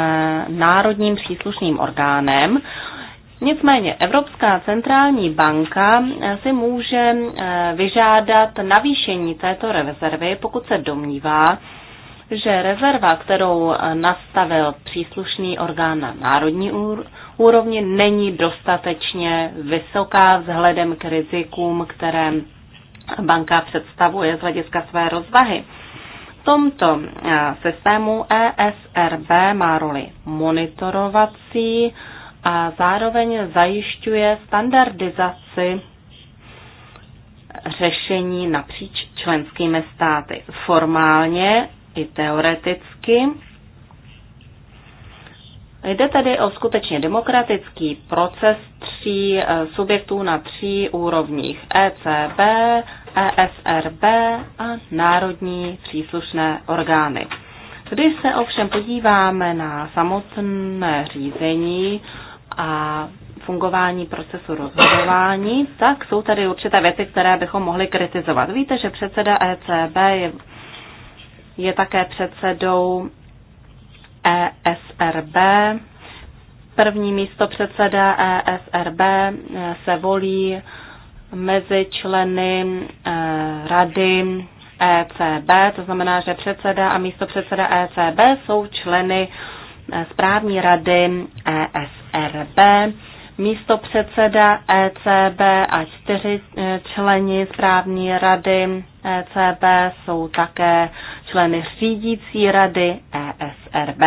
národním příslušným orgánem. Nicméně Evropská centrální banka eh, si může vyžádat navýšení této rezervy, pokud se domnívá, že rezerva, kterou nastavil příslušný orgán na národní úrovni, není dostatečně vysoká vzhledem k rizikům, které banka představuje z hlediska své rozvahy. V tomto eh, systému ESRB má roli monitorovací a zároveň zajišťuje standardizaci řešení napříč členskými státy. Formálně i teoreticky. Jde tedy o skutečně demokratický proces tří eh, subjektů na tří úrovních ECB, ESRB a národní příslušné orgány. Když se ovšem podíváme na samotné řízení a fungování procesu rozhodování, tak jsou tady určité věci, které bychom mohli kritizovat. Víte, že předseda ECB je je také předsedou ESRB. První místo předseda ESRB se volí mezi členy eh, rady ECB, to znamená, že předseda a místo předseda ECB jsou členy eh, správní rady ESRB. Místo předseda ECB a čtyři eh, členi správní rady ECB jsou také členy řídící rady ESRB.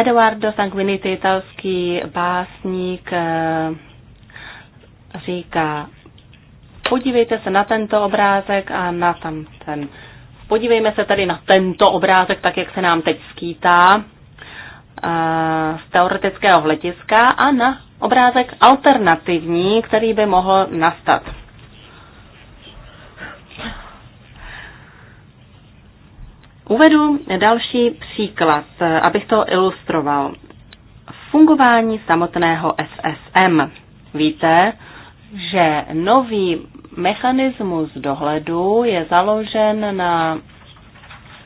Eduardo Sanguinity, italský básník, e, říká, podívejte se na tento obrázek a na tam ten. Podívejme se tady na tento obrázek, tak jak se nám teď skýtá e, z teoretického hlediska a na obrázek alternativní, který by mohl nastat. Uvedu další příklad, abych to ilustroval. Fungování samotného SSM. Víte, že nový mechanismus dohledu je založen na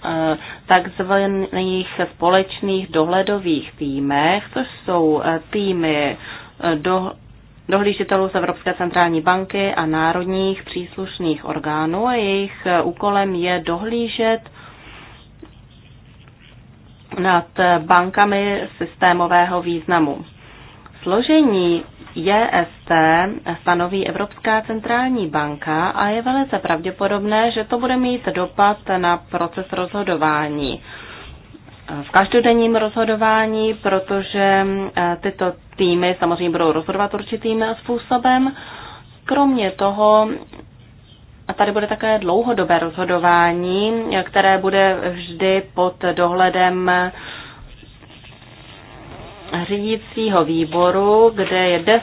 eh, takzvaných společných dohledových týmech, což jsou eh, týmy eh, do, dohlížitelů z Evropské centrální banky a národních příslušných orgánů a jejich úkolem je dohlížet nad bankami systémového významu. Složení JST stanoví Evropská centrální banka a je velice pravděpodobné, že to bude mít dopad na proces rozhodování. V každodenním rozhodování, protože eh, tyto týmy samozřejmě budou rozhodovat určitým způsobem. Kromě toho a tady bude také dlouhodobé rozhodování, které bude vždy pod dohledem řídícího výboru, kde je 10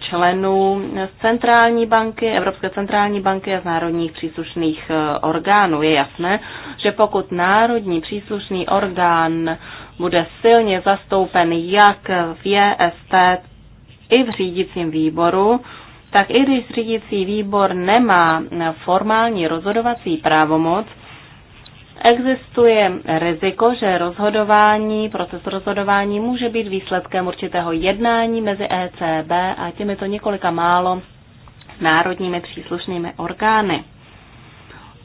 členů z centrální banky, Evropské centrální banky a z národních příslušných eh, orgánů. Je jasné, že pokud národní příslušný orgán bude silně zastoupen jak v JST, i v řídícím výboru, tak i když řídící výbor nemá formální rozhodovací právomoc, existuje riziko, že rozhodování, proces rozhodování může být výsledkem určitého jednání mezi ECB a těmito několika málo národními příslušnými orgány.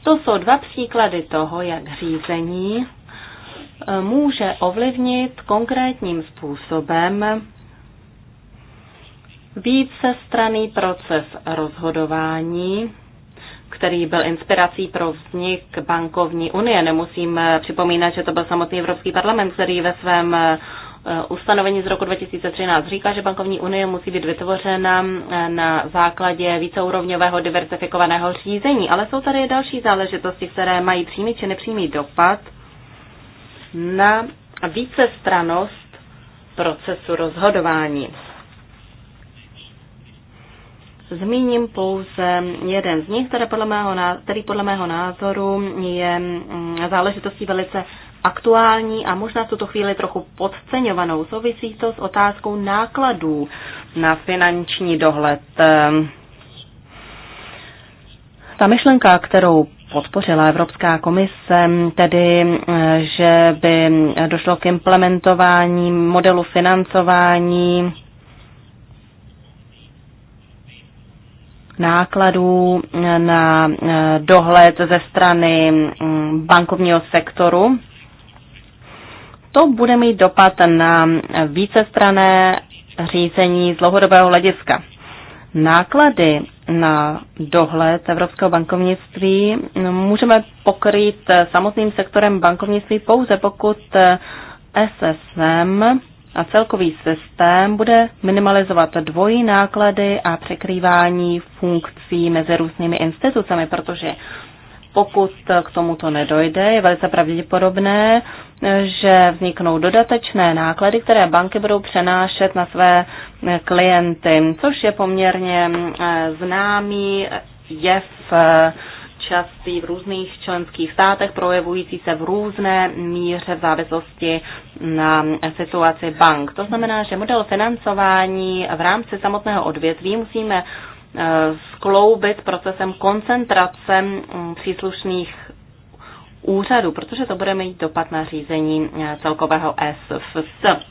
To jsou dva příklady toho, jak řízení e, může ovlivnit konkrétním způsobem vícestraný proces rozhodování, který byl inspirací pro vznik bankovní unie. Nemusím připomínat, že to byl samotný Evropský parlament, který ve svém eh, ustanovení z roku 2013 říká, že bankovní unie musí být vytvořena eh, na základě víceúrovňového diversifikovaného řízení. Ale jsou tady další záležitosti, které mají přímý či nepřímý dopad na vícestranost procesu rozhodování. Zmíním pouze jeden z nich, který podle mého, který podle mého názoru je mm, záležitostí velice aktuální a možná v tuto chvíli trochu podceňovanou. Souvisí to s otázkou nákladů na finanční dohled. Ehm, ta myšlenka, kterou podpořila Evropská komise, tedy eh, že by došlo k implementování modelu financování nákladů eh, na eh, dohled ze strany mm, bankovního sektoru. To bude mít dopad na vícestrané řízení z dlouhodobého hlediska. Náklady na dohled evropského bankovnictví no, můžeme pokrýt eh, samotným sektorem bankovnictví pouze pokud SSM a celkový systém bude minimalizovat dvojí náklady a překrývání funkcí mezi různými institucemi, protože pokud k tomuto nedojde, je velice pravděpodobné, že vzniknou dodatečné náklady, které banky budou přenášet na své klienty, což je poměrně eh, známý jev eh, častý v různých členských státech, projevující se v různé míře v závislosti na situaci bank. To znamená, že model financování v rámci samotného odvětví musíme eh, skloubit procesem koncentrace mm, příslušných úřadů, protože to bude mít dopad na řízení eh, celkového SFS.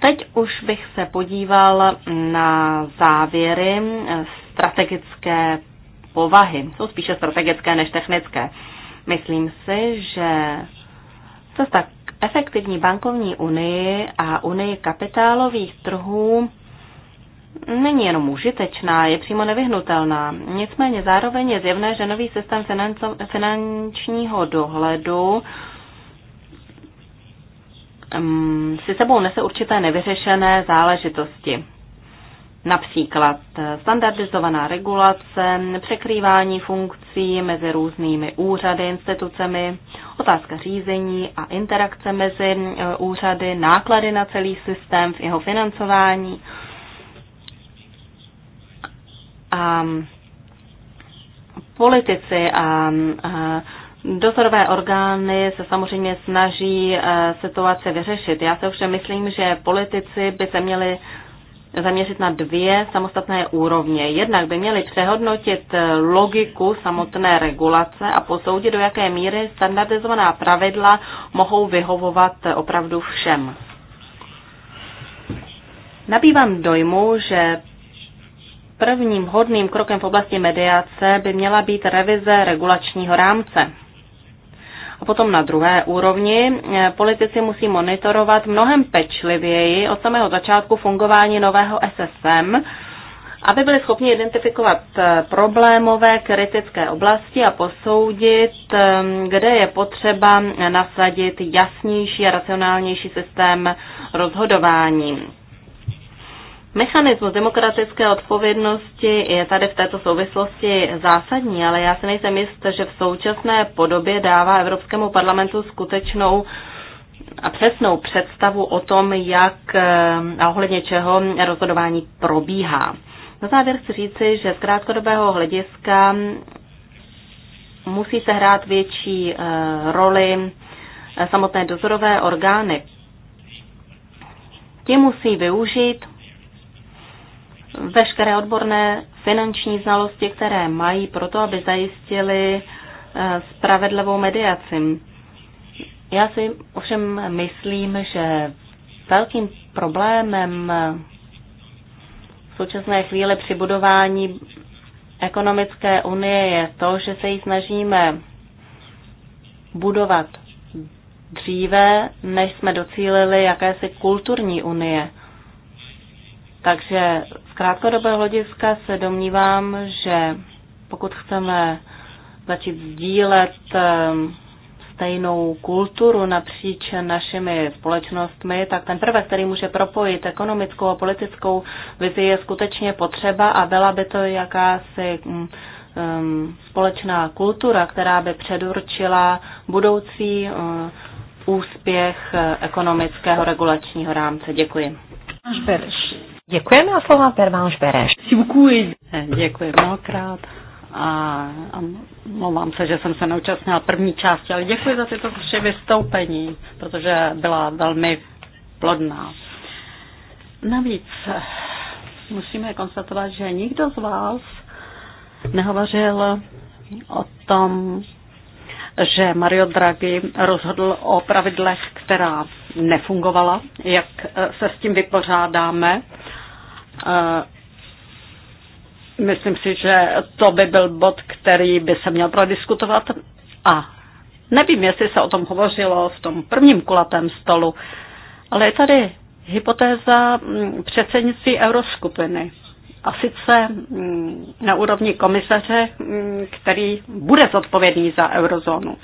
Teď už bych se podíval na závěry eh, strategické povahy. Jsou spíše strategické než technické. Myslím si, že cesta k efektivní bankovní unii a unii kapitálových trhů není jenom užitečná, je přímo nevyhnutelná. Nicméně zároveň je zjevné, že nový systém finančního dohledu um, si sebou nese určité nevyřešené záležitosti. Například standardizovaná regulace, překrývání funkcí mezi různými úřady, institucemi, otázka řízení a interakce mezi eh, úřady, náklady na celý systém v jeho financování. A mm, politici mm, a, Dozorové orgány se samozřejmě snaží eh, situace vyřešit. Já se ovšem myslím, že politici by se měli zaměřit na dvě samostatné úrovně. Jednak by měli přehodnotit eh, logiku samotné regulace a posoudit, do jaké míry standardizovaná pravidla mohou vyhovovat eh, opravdu všem. Nabývám dojmu, že prvním hodným krokem v oblasti mediace by měla být revize regulačního rámce. A potom na druhé úrovni eh, politici musí monitorovat mnohem pečlivěji od samého začátku fungování nového SSM, aby byli schopni identifikovat eh, problémové kritické oblasti a posoudit, eh, kde je potřeba nasadit jasnější a racionálnější systém rozhodování. Mechanismus demokratické odpovědnosti je tady v této souvislosti zásadní, ale já si nejsem jist, že v současné podobě dává Evropskému parlamentu skutečnou a přesnou představu o tom, jak eh, a ohledně čeho rozhodování probíhá. Na závěr chci říci, že z krátkodobého hlediska musí se hrát větší eh, roli eh, samotné dozorové orgány. Ti musí využít veškeré odborné finanční znalosti, které mají pro to, aby zajistili eh, spravedlivou mediaci. Já si ovšem myslím, že velkým problémem v současné chvíli při budování ekonomické unie je to, že se ji snažíme budovat dříve, než jsme docílili jakési kulturní unie. Takže krátkodobého hlediska se domnívám, že pokud chceme začít sdílet ehm, stejnou kulturu napříč našimi společnostmi, tak ten prvek, který může propojit ekonomickou a politickou vizi, je skutečně potřeba a byla by to jakási um, společná kultura, která by předurčila budoucí um, úspěch eh, ekonomického regulačního rámce. Děkuji. Až Děkujeme a slova Pervánš Bereš. Děkuji. Děkuji mnohokrát. A, a mluvám se, že jsem se neúčastnila první části, ale děkuji za tyto tři vystoupení, protože byla velmi plodná. Navíc musíme konstatovat, že nikdo z vás nehovořil o tom, že Mario Draghi rozhodl o pravidlech, která nefungovala, jak se s tím vypořádáme Eh, myslím si, že to by byl bod, který by se měl prodiskutovat. A nevím, jestli se o tom hovořilo v tom prvním kulatém stolu, ale je tady hypotéza mm, předsednictví euroskupiny. A sice mm, na úrovni komisaře, mm, který bude zodpovědný za eurozónu.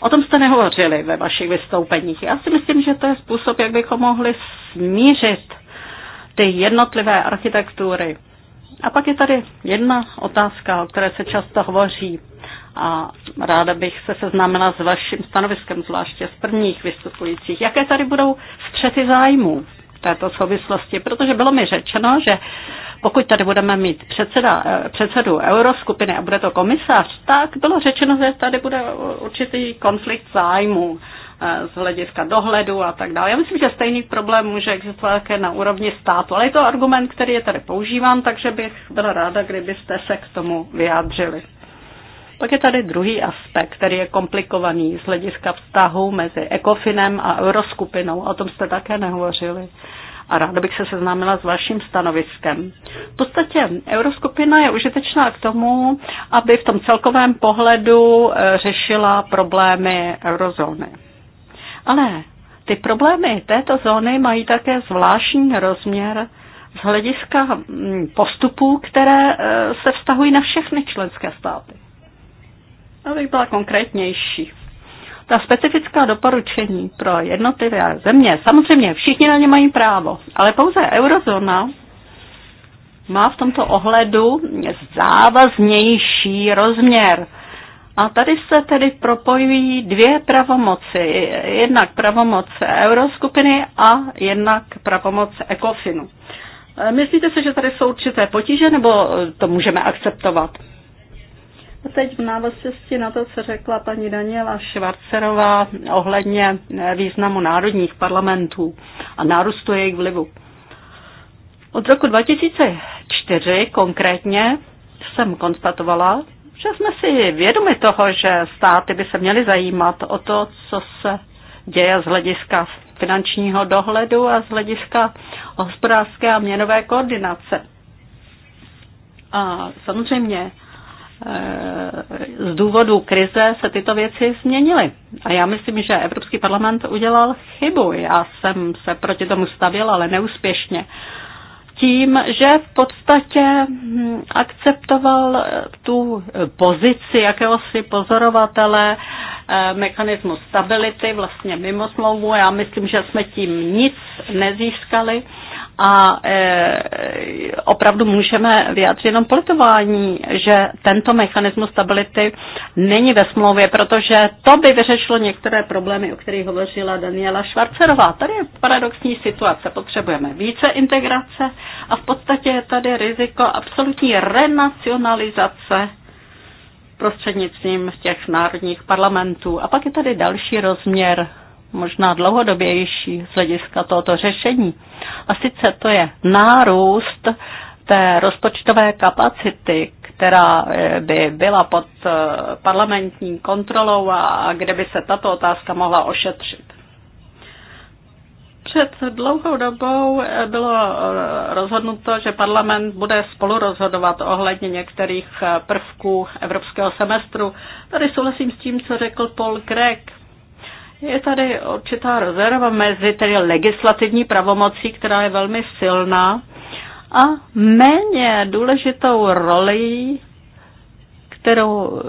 O tom jste nehovořili ve vašich vystoupeních. Já si myslím, že to je způsob, jak bychom mohli smířit ty jednotlivé architektury. A pak je tady jedna otázka, o které se často hovoří a ráda bych se seznámila s vaším stanoviskem, zvláště z prvních vystupujících. Jaké tady budou střety zájmů v této souvislosti? Protože bylo mi řečeno, že pokud tady budeme mít předseda, předsedu euroskupiny a bude to komisař, tak bylo řečeno, že tady bude určitý konflikt zájmů. Eh, z hlediska dohledu a tak dále. Já myslím, že stejný problém může existovat také na úrovni státu, ale je to argument, který je tady používán, takže bych byla ráda, kdybyste se k tomu vyjádřili. Pak je tady druhý aspekt, který je komplikovaný z hlediska vztahu mezi ECOFINem a Euroskupinou. O tom jste také nehovořili. A ráda bych se seznámila s vaším stanoviskem. V podstatě Euroskupina je užitečná k tomu, aby v tom celkovém pohledu eh, řešila problémy eurozóny. Ale ty problémy této zóny mají také zvláštní rozměr z hlediska mm, postupů, které e, se vztahují na všechny členské státy. Abych byla konkrétnější. Ta specifická doporučení pro jednotlivé země, samozřejmě všichni na ně mají právo, ale pouze eurozóna má v tomto ohledu závaznější rozměr a tady se tedy propojují dvě pravomoci. Jednak pravomoc euroskupiny a jednak pravomoc ECOFINu. E, myslíte si, že tady jsou určité potíže, nebo to můžeme akceptovat? A teď v návaznosti na to, co řekla paní Daniela Švarcerová ohledně e, významu národních parlamentů a nárůstu jejich vlivu. Od roku 2004 konkrétně jsem konstatovala, že jsme si vědomi toho, že státy by se měly zajímat o to, co se děje z hlediska finančního dohledu a z hlediska hospodářské a měnové koordinace. A samozřejmě e, z důvodu krize se tyto věci změnily. A já myslím, že Evropský parlament udělal chybu. Já jsem se proti tomu stavil, ale neúspěšně tím, že v podstatě hm, akceptoval eh, tu eh, pozici jakéhosi pozorovatele eh, mechanismu stability vlastně mimo smlouvu. Já myslím, že jsme tím nic nezískali a e, opravdu můžeme vyjádřit jenom politování, že tento mechanismus stability není ve smlouvě, protože to by vyřešilo některé problémy, o kterých hovořila Daniela Švarcerová. Tady je paradoxní situace, potřebujeme více integrace a v podstatě je tady riziko absolutní renacionalizace prostřednictvím těch národních parlamentů. A pak je tady další rozměr, možná dlouhodobější z hlediska tohoto řešení a sice to je nárůst té rozpočtové kapacity, která eh, by byla pod eh, parlamentní kontrolou a kde by se tato otázka mohla ošetřit. Před dlouhou dobou eh, bylo rozhodnuto, že parlament bude spolu rozhodovat ohledně některých prvků evropského semestru. Tady souhlasím s tím, co řekl Paul Craig je tady určitá rezerva mezi tedy legislativní pravomocí, která je velmi silná, a méně důležitou roli, kterou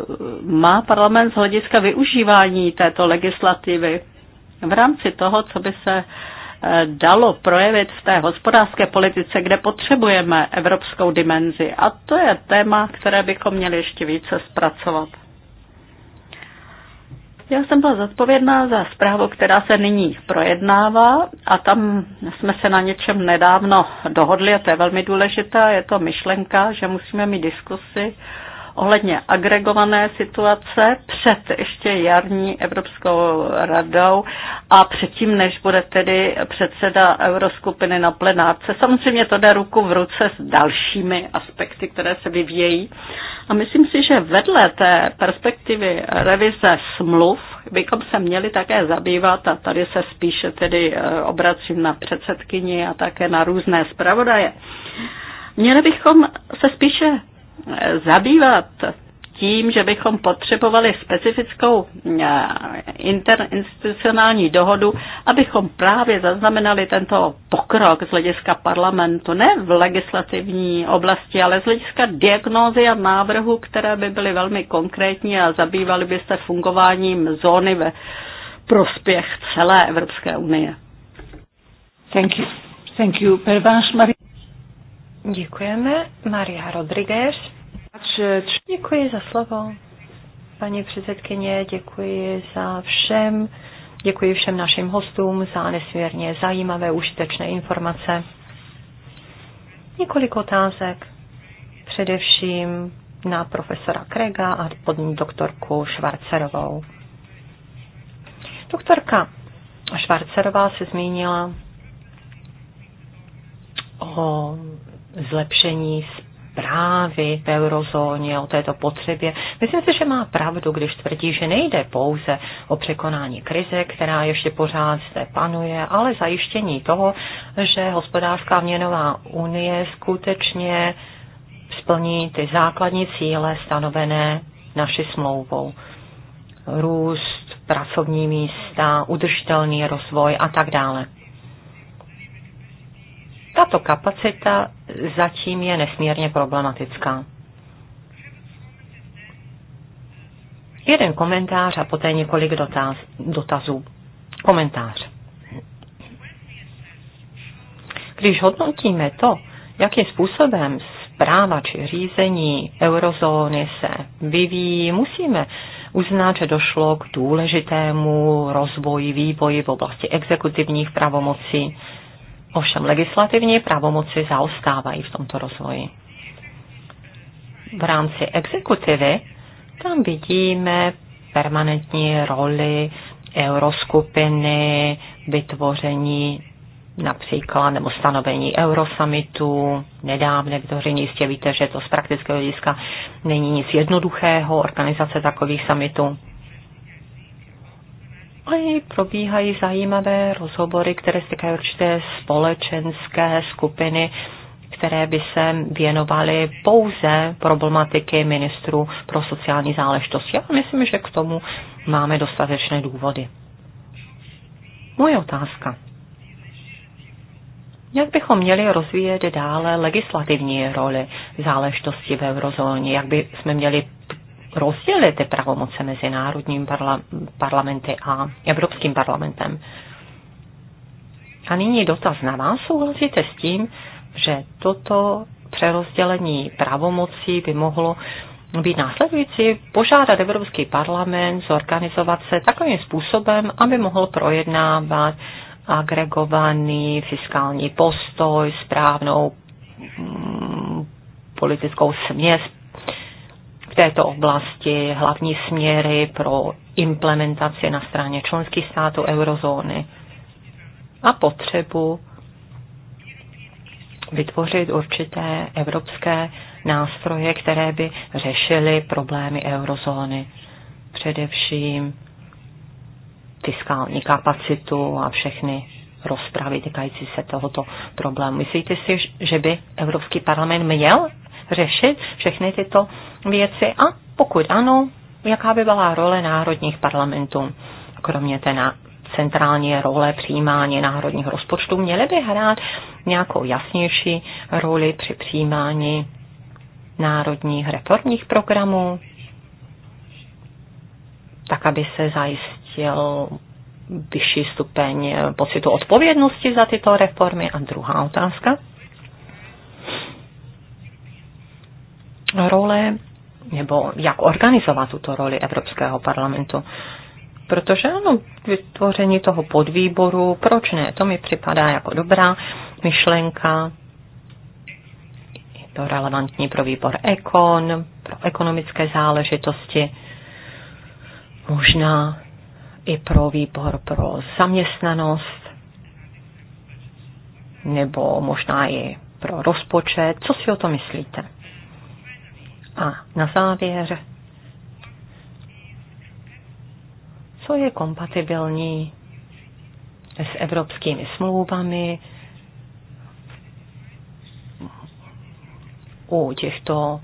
má parlament z hlediska využívání této legislativy v rámci toho, co by se eh, dalo projevit v té hospodářské politice, kde potřebujeme evropskou dimenzi. A to je téma, které bychom měli ještě více zpracovat. Já jsem byla zodpovědná za zprávu, která se nyní projednává a tam jsme se na něčem nedávno dohodli a to je velmi důležité. Je to myšlenka, že musíme mít diskusy ohledně agregované situace před ještě jarní Evropskou radou a předtím, než bude tedy předseda Euroskupiny na plenárce. Samozřejmě to jde ruku v ruce s dalšími aspekty, které se vyvíjejí. A myslím si, že vedle té perspektivy revize smluv bychom se měli také zabývat, a tady se spíše tedy eh, obracím na předsedkyni a také na různé zpravodaje, měli bychom se spíše eh, zabývat tím, že bychom potřebovali specifickou eh, interinstitucionální dohodu, abychom právě zaznamenali tento pokrok z hlediska parlamentu, ne v legislativní oblasti, ale z hlediska diagnózy a návrhu, které by byly velmi konkrétní a zabývaly by se fungováním zóny ve prospěch celé Evropské unie. Thank you. Thank you. Děkujeme. Maria Rodriguez. Děkuji za slovo. Paní předsedkyně, děkuji za všem, děkuji všem našim hostům za nesmírně zajímavé, užitečné informace. Několik otázek, především na profesora Krega a pod doktorku Švarcerovou. Doktorka Švarcerová se zmínila o zlepšení zprávy v eurozóně, o této potřebě. Myslím si, že má pravdu, když tvrdí, že nejde pouze o překonání krize, která ještě pořád zde panuje, ale zajištění toho, že hospodářská měnová unie skutečně splní ty základní cíle stanovené naši smlouvou. Růst, pracovní místa, udržitelný rozvoj a tak dále. Tato kapacita zatím je nesmírně problematická. Jeden komentář a poté několik dotaz, dotazů. Komentář. Když hodnotíme to, jakým způsobem zpráva či řízení eurozóny se vyvíjí, musíme uznat, že došlo k důležitému rozvoji, vývoji v oblasti exekutivních pravomocí. Ovšem legislativní pravomoci zaostávají v tomto rozvoji. V rámci exekutivy tam vidíme permanentní roli euroskupiny, vytvoření například nebo stanovení eurosamitu, nedávné vytvoření, jistě víte, že to z praktického hlediska není nic jednoduchého, organizace takových samitů. Ale probíhají zajímavé rozhovory, které se týkají určité společenské skupiny, které by se věnovaly pouze problematiky ministrů pro sociální záležitosti. Já myslím, že k tomu máme dostatečné důvody. Moje otázka. Jak bychom měli rozvíjet dále legislativní roli záležitosti v eurozóně? Jak by jsme měli rozdělili ty pravomoce mezi národním parla- parlamenty a Evropským parlamentem. A nyní dotaz na vás. Souhlasíte s tím, že toto přerozdělení pravomocí by mohlo být následující, požádat Evropský parlament zorganizovat se takovým způsobem, aby mohl projednávat agregovaný fiskální postoj, správnou mm, politickou směs této oblasti, hlavní směry pro implementaci na straně členských států eurozóny a potřebu vytvořit určité evropské nástroje, které by řešily problémy eurozóny. Především fiskální kapacitu a všechny rozpravy týkající se tohoto problému. Myslíte si, že by Evropský parlament měl řešit všechny tyto věci a pokud ano, jaká by byla role národních parlamentů, kromě té na centrální role přijímání národních rozpočtů, měly by hrát nějakou jasnější roli při přijímání národních reformních programů, tak aby se zajistil vyšší stupeň pocitu odpovědnosti za tyto reformy. A druhá otázka. Role nebo jak organizovat tuto roli Evropského parlamentu. Protože ano, vytvoření toho podvýboru, proč ne, to mi připadá jako dobrá myšlenka. Je to relevantní pro výbor ekon, pro ekonomické záležitosti, možná i pro výbor pro zaměstnanost, nebo možná i pro rozpočet. Co si o to myslíte? A na závěr, co je kompatibilní s evropskými smlouvami u těchto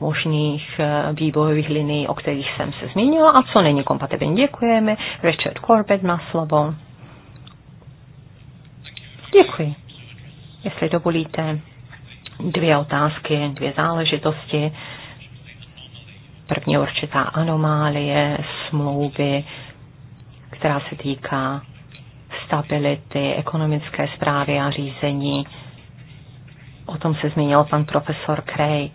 možných eh, vývojových linií, o kterých jsem se zmínila a co není kompatibilní. Děkujeme. Richard Corbett má slovo. Děkuji. Jestli dovolíte, dvě otázky, dvě záležitosti první určitá anomálie smlouvy, která se týká stability, ekonomické zprávy a řízení. O tom se zmínil pan profesor Craig.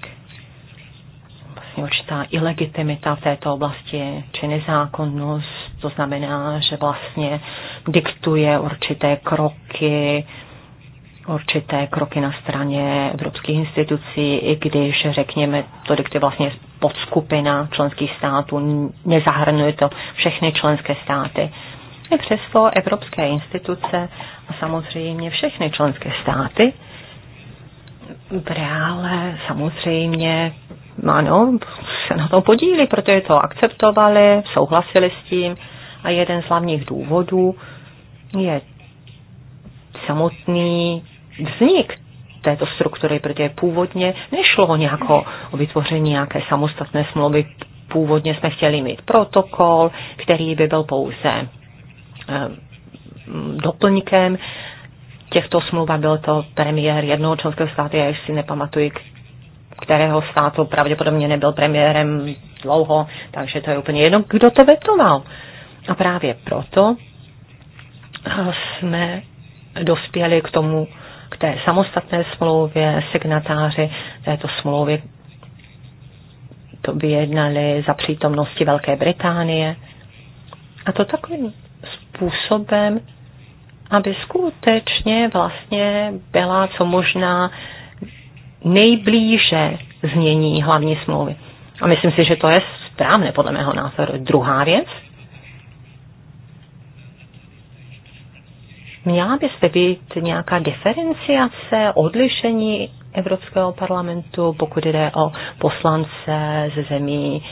Vlastně určitá ilegitimita v této oblasti, či nezákonnost, to znamená, že vlastně diktuje určité kroky, určité kroky na straně evropských institucí, i když, řekněme, to je vlastně podskupina členských států, nezahrnuje to všechny členské státy. I přesto evropské instituce a samozřejmě všechny členské státy v reále samozřejmě ano, se na tom podíli, protože to akceptovali, souhlasili s tím a jeden z hlavních důvodů je samotný vznik této struktury, protože původně nešlo o nějako o vytvoření nějaké samostatné smlouvy. Původně jsme chtěli mít protokol, který by byl pouze eh, doplňkem těchto smluv a byl to premiér jednoho členského státu, já si nepamatuji, kterého státu pravděpodobně nebyl premiérem dlouho, takže to je úplně jedno, kdo to vetoval. A právě proto eh, jsme dospěli k tomu té samostatné smlouvě, signatáři této smlouvy to vyjednali za přítomnosti Velké Británie. A to takovým způsobem, aby skutečně vlastně byla co možná nejblíže znění hlavní smlouvy. A myslím si, že to je správné podle mého názoru. Druhá věc, Měla byste být nějaká diferenciace, odlišení Evropského parlamentu, pokud jde o poslance ze zemí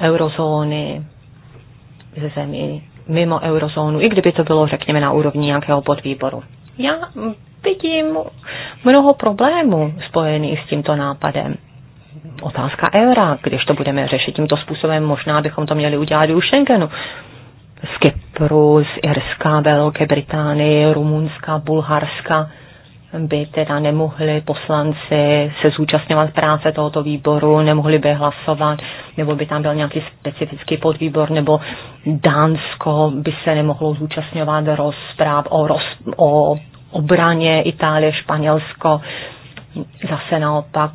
eurozóny, ze zemí mimo eurozónu, i kdyby to bylo, řekněme, na úrovni nějakého podvýboru. Já vidím mnoho problémů spojených s tímto nápadem. Otázka eura, když to budeme řešit tímto způsobem, možná bychom to měli udělat i u Schengenu z Kypru, z Irska, Velké Británie, Rumunska, Bulharska by teda nemohli poslanci se zúčastňovat práce tohoto výboru, nemohli by hlasovat, nebo by tam byl nějaký specifický podvýbor, nebo Dánsko by se nemohlo zúčastňovat rozpráv o, roz, o obraně Itálie, Španělsko, zase naopak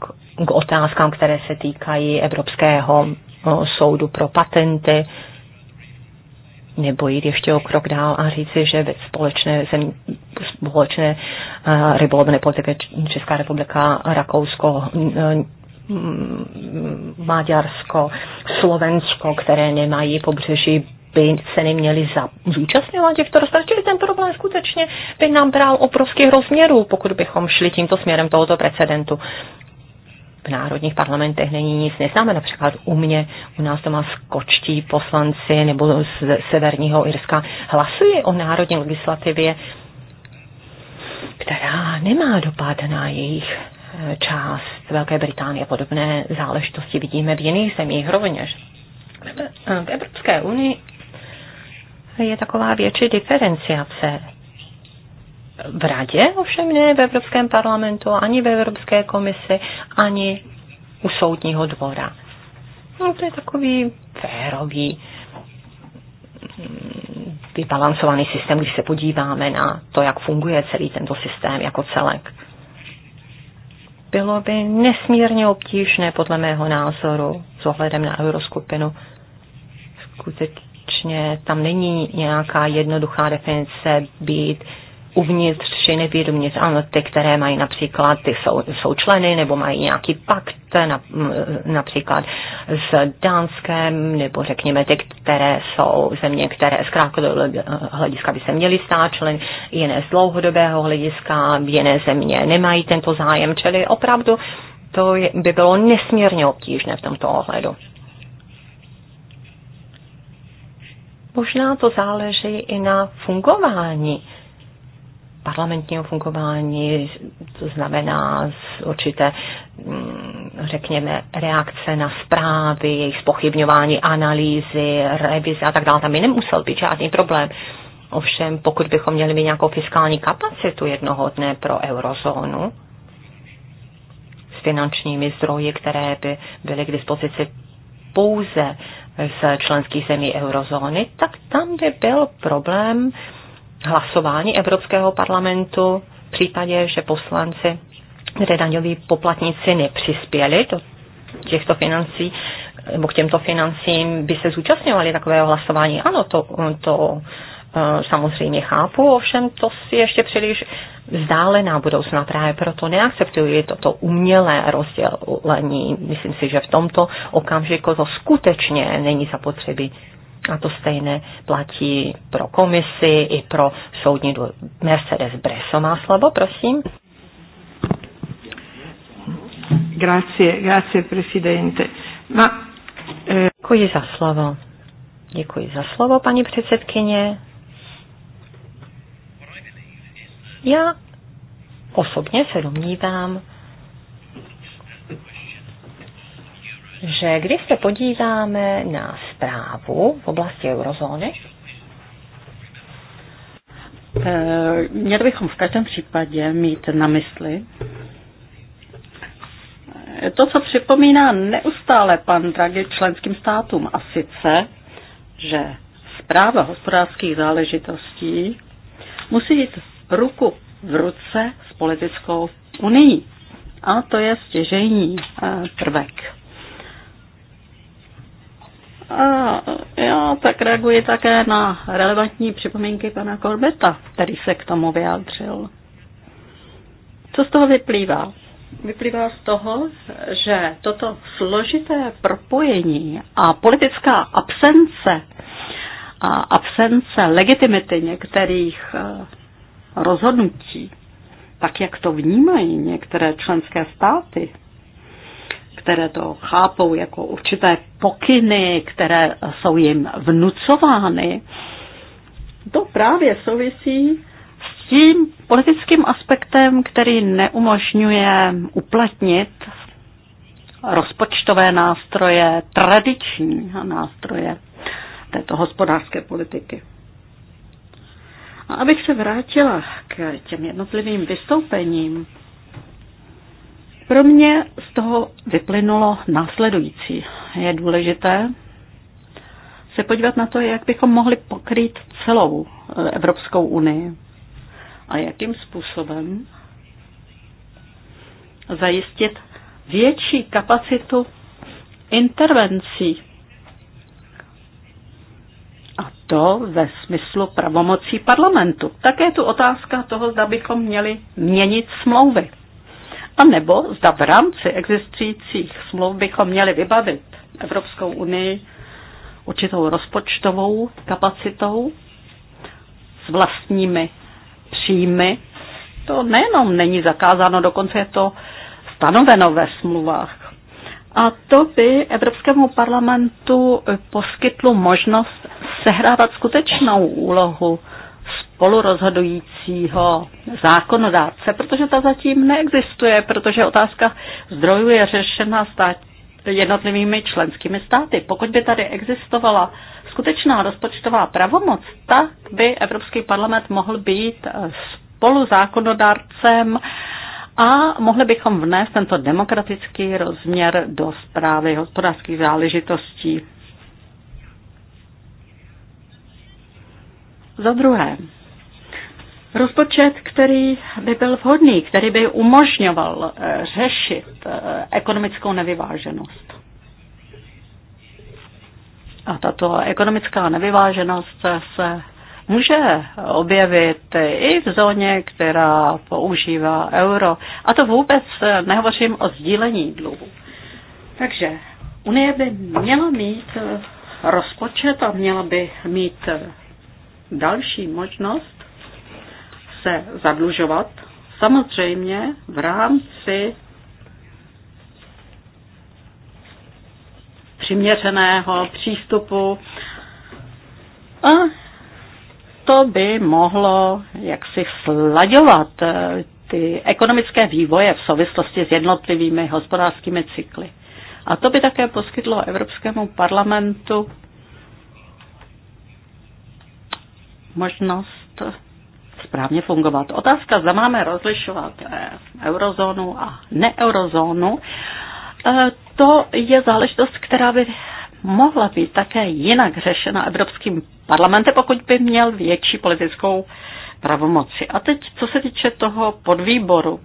k otázkám, které se týkají Evropského soudu pro patenty, nebo jít ještě o krok dál a říci, že ve společné, zem, společné eh, rybolovné politiky Česká republika, Rakousko, mm, mm, Maďarsko, Slovensko, které nemají pobřeží, by se neměli za, zúčastňovat těchto rozprav, čili ten problém skutečně by nám bral obrovských rozměrů, pokud bychom šli tímto směrem tohoto precedentu v národních parlamentech není nic neznáme. Například u mě, u nás doma skočtí poslanci nebo z Severního Irska hlasuje o národní legislativě, která nemá dopad na jejich eh, část Velké Británie. Podobné záležitosti vidíme v jiných zemích rovněž. V Evropské unii je taková větší diferenciace v radě, ovšem ne v Evropském parlamentu, ani v Evropské komisi, ani u soudního dvora. No, to je takový férový mm, vybalancovaný systém, když se podíváme na to, jak funguje celý tento systém jako celek. Bylo by nesmírně obtížné, podle mého názoru, s ohledem na euroskupinu, skutečně tam není nějaká jednoduchá definice být uvnitř či nevědomě. Ano, ty, které mají například, ty jsou, jsou členy nebo mají nějaký pakt na, například s Dánskem, nebo řekněme ty, které jsou země, které z hlediska by se měly stát člen, jiné z dlouhodobého hlediska, jiné země nemají tento zájem, čili opravdu to je, by bylo nesmírně obtížné v tomto ohledu. Možná to záleží i na fungování parlamentního fungování, to znamená z určité, mm, řekněme, reakce na zprávy, jejich spochybňování, analýzy, revize a tak dále. Tam by nemusel být žádný problém. Ovšem, pokud bychom měli mít nějakou fiskální kapacitu jednoho dne pro eurozónu, s finančními zdroji, které by byly k dispozici pouze z členských zemí eurozóny, tak tam by byl problém hlasování Evropského parlamentu v případě, že poslanci, tedy daňoví poplatníci, nepřispěli do těchto financí, nebo k těmto financím by se zúčastňovali takového hlasování. Ano, to, to eh, samozřejmě chápu, ovšem to si ještě příliš vzdálená budoucna. Právě proto neakceptuji toto umělé rozdělení. Myslím si, že v tomto okamžiku to skutečně není zapotřebí. A to stejné platí pro komisi i pro soudní dvůr. Mercedes Breso má slovo, prosím. Grazie, grazie presidente. Ma, eh... Děkuji za slovo. Děkuji za slovo, paní předsedkyně. Já osobně se domnívám, že když se podíváme na zprávu v oblasti eurozóny, eh, Měli bychom v každém případě mít na mysli to, co připomíná neustále pan Draghi členským státům, a sice, že zpráva hospodářských záležitostí musí jít ruku v ruce s politickou unii. A to je stěžejní eh, prvek. A já tak reaguji také na relevantní připomínky pana Korbeta, který se k tomu vyjádřil. Co z toho vyplývá? Vyplývá z toho, že toto složité propojení a politická absence a absence legitimity některých eh, rozhodnutí, tak jak to vnímají některé členské státy, které to chápou jako určité pokyny, které jsou jim vnucovány, to právě souvisí s tím politickým aspektem, který neumožňuje uplatnit rozpočtové nástroje, tradiční nástroje této hospodářské politiky. A abych se vrátila k těm jednotlivým vystoupením, pro mě z toho vyplynulo následující. Je důležité se podívat na to, jak bychom mohli pokrýt celou eh, Evropskou unii a jakým způsobem zajistit větší kapacitu intervencí. A to ve smyslu pravomocí parlamentu. Také je tu otázka toho, zda bychom měli měnit smlouvy. A nebo zda v rámci existujících smluv bychom měli vybavit Evropskou unii určitou rozpočtovou kapacitou s vlastními příjmy. To nejenom není zakázáno, dokonce je to stanoveno ve smluvách. A to by Evropskému parlamentu poskytlo možnost sehrávat skutečnou úlohu spolurozhodujícího zákonodárce, protože ta zatím neexistuje, protože otázka zdrojů je řešena stát, jednotlivými členskými státy. Pokud by tady existovala skutečná rozpočtová pravomoc, tak by Evropský parlament mohl být spoluzákonodárcem a mohli bychom vnést tento demokratický rozměr do zprávy hospodářských záležitostí. Za druhé, Rozpočet, který by byl vhodný, který by umožňoval eh, řešit eh, ekonomickou nevyváženost. A tato ekonomická nevyváženost se může objevit i v zóně, která používá euro. A to vůbec eh, nehovořím o sdílení dluhu. Takže Unie by měla mít rozpočet a měla by mít další možnost se zadlužovat, samozřejmě v rámci přiměřeného přístupu a to by mohlo jaksi slaďovat eh, ty ekonomické vývoje v souvislosti s jednotlivými hospodářskými cykly. A to by také poskytlo Evropskému parlamentu možnost správně fungovat. Otázka, zda máme rozlišovat eh, eurozónu a neeurozónu, eh, to je záležitost, která by mohla být také jinak řešena Evropským parlamentem, pokud by měl větší politickou pravomoci. A teď, co se týče toho podvýboru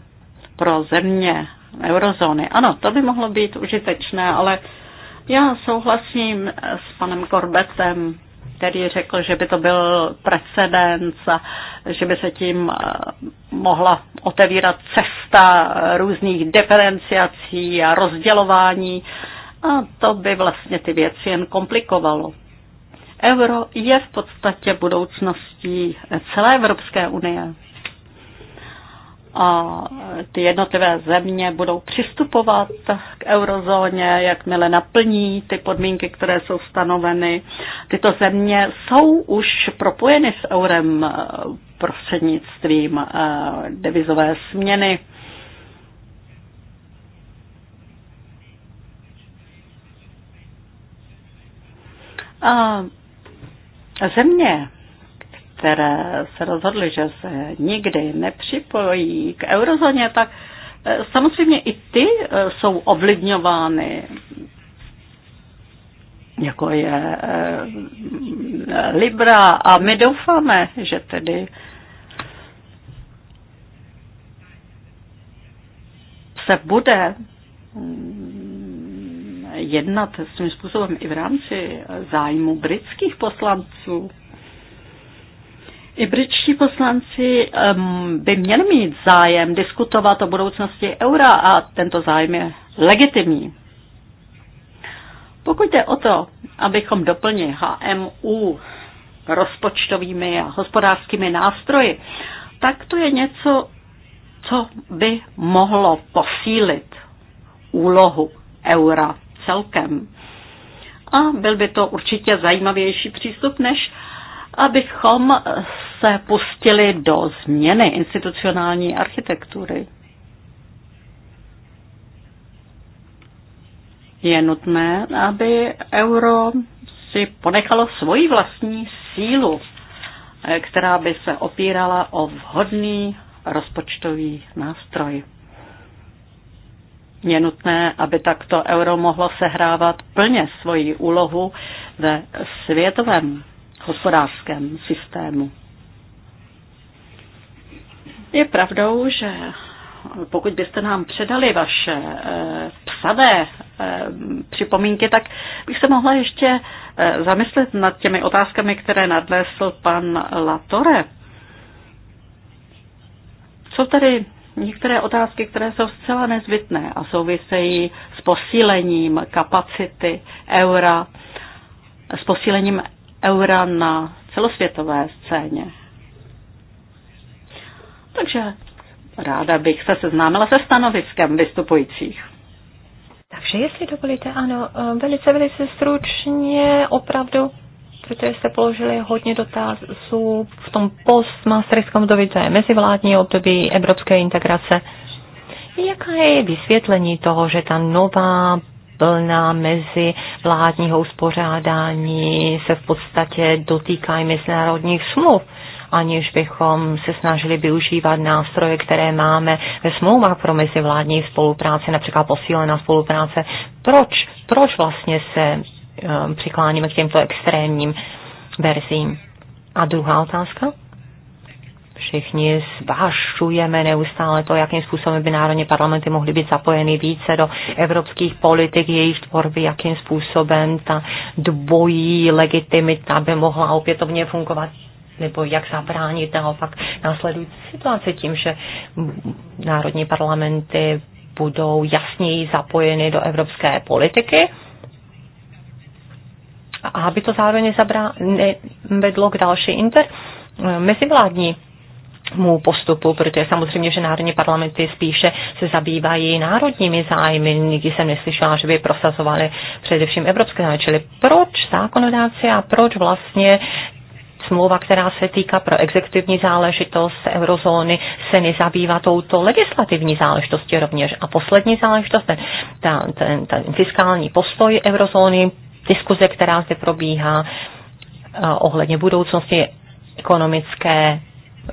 pro země eurozóny, ano, to by mohlo být užitečné, ale já souhlasím s panem Korbetem který řekl, že by to byl precedens a že by se tím eh, mohla otevírat cesta různých diferenciací a rozdělování a to by vlastně ty věci jen komplikovalo. Euro je v podstatě budoucností celé Evropské unie a ty jednotlivé země budou přistupovat k eurozóně, jakmile naplní ty podmínky, které jsou stanoveny. Tyto země jsou už propojeny s eurem prostřednictvím eh, devizové směny. A země, které se rozhodly, že se nikdy nepřipojí k eurozóně, tak eh, samozřejmě i ty eh, jsou ovlivňovány jako je eh, Libra a my doufáme, že tedy se bude mm, jednat svým způsobem i v rámci zájmu britských poslanců. I britští poslanci um, by měli mít zájem diskutovat o budoucnosti eura a tento zájem je legitimní. Pokud je o to, abychom doplnili HMU rozpočtovými a hospodářskými nástroji, tak to je něco, co by mohlo posílit úlohu eura celkem. A byl by to určitě zajímavější přístup, než abychom se pustili do změny institucionální architektury, je nutné, aby euro si ponechalo svoji vlastní sílu, eh, která by se opírala o vhodný rozpočtový nástroj. Je nutné, aby takto euro mohlo sehrávat plně svoji úlohu ve světovém hospodářském systému. Je pravdou, že pokud byste nám předali vaše e, eh, psavé e, eh, připomínky, tak bych se mohla ještě e, zamyslet nad těmi otázkami, které nadlesl pan Latore. Jsou tady některé otázky, které jsou zcela nezbytné a souvisejí s posílením kapacity eura, s posílením eura na celosvětové scéně. Takže ráda bych se seznámila se stanoviskem vystupujících. Takže jestli dovolíte, ano, eh, velice, velice stručně, opravdu, protože jste položili hodně dotazů v tom postmasterském období, to je mezivládní období evropské integrace. Jaká je vysvětlení toho, že ta nová plná mezi vládního uspořádání se v podstatě dotýká i mezinárodních smluv? aniž bychom se snažili využívat nástroje, které máme ve smlouvách pro mezivládní spolupráce, například posílená spolupráce. Proč, proč vlastně se eh, přikláníme k těmto extrémním verzím? A druhá otázka? všichni zvážujeme neustále to, jakým způsobem by národní parlamenty mohly být zapojeny více do evropských politik, jejich tvorby, jakým způsobem ta dvojí legitimita by mohla opětovně fungovat nebo jak zabránit naopak následující situace tím, že národní parlamenty budou jasněji zapojeny do evropské politiky a aby to zároveň vedlo k další inter mezivládní mu postupu, protože samozřejmě, že národní parlamenty spíše se zabývají národními zájmy. Nikdy jsem neslyšela, že by prosazovali především evropské zájmy. Čili proč zákonodáci a proč vlastně smlouva, která se týká pro exekutivní záležitost eurozóny, se nezabývá touto legislativní záležitostí rovněž. A poslední záležitost, ten, ten, ten, ten fiskální postoj eurozóny, diskuze, která zde probíhá eh, ohledně budoucnosti ekonomické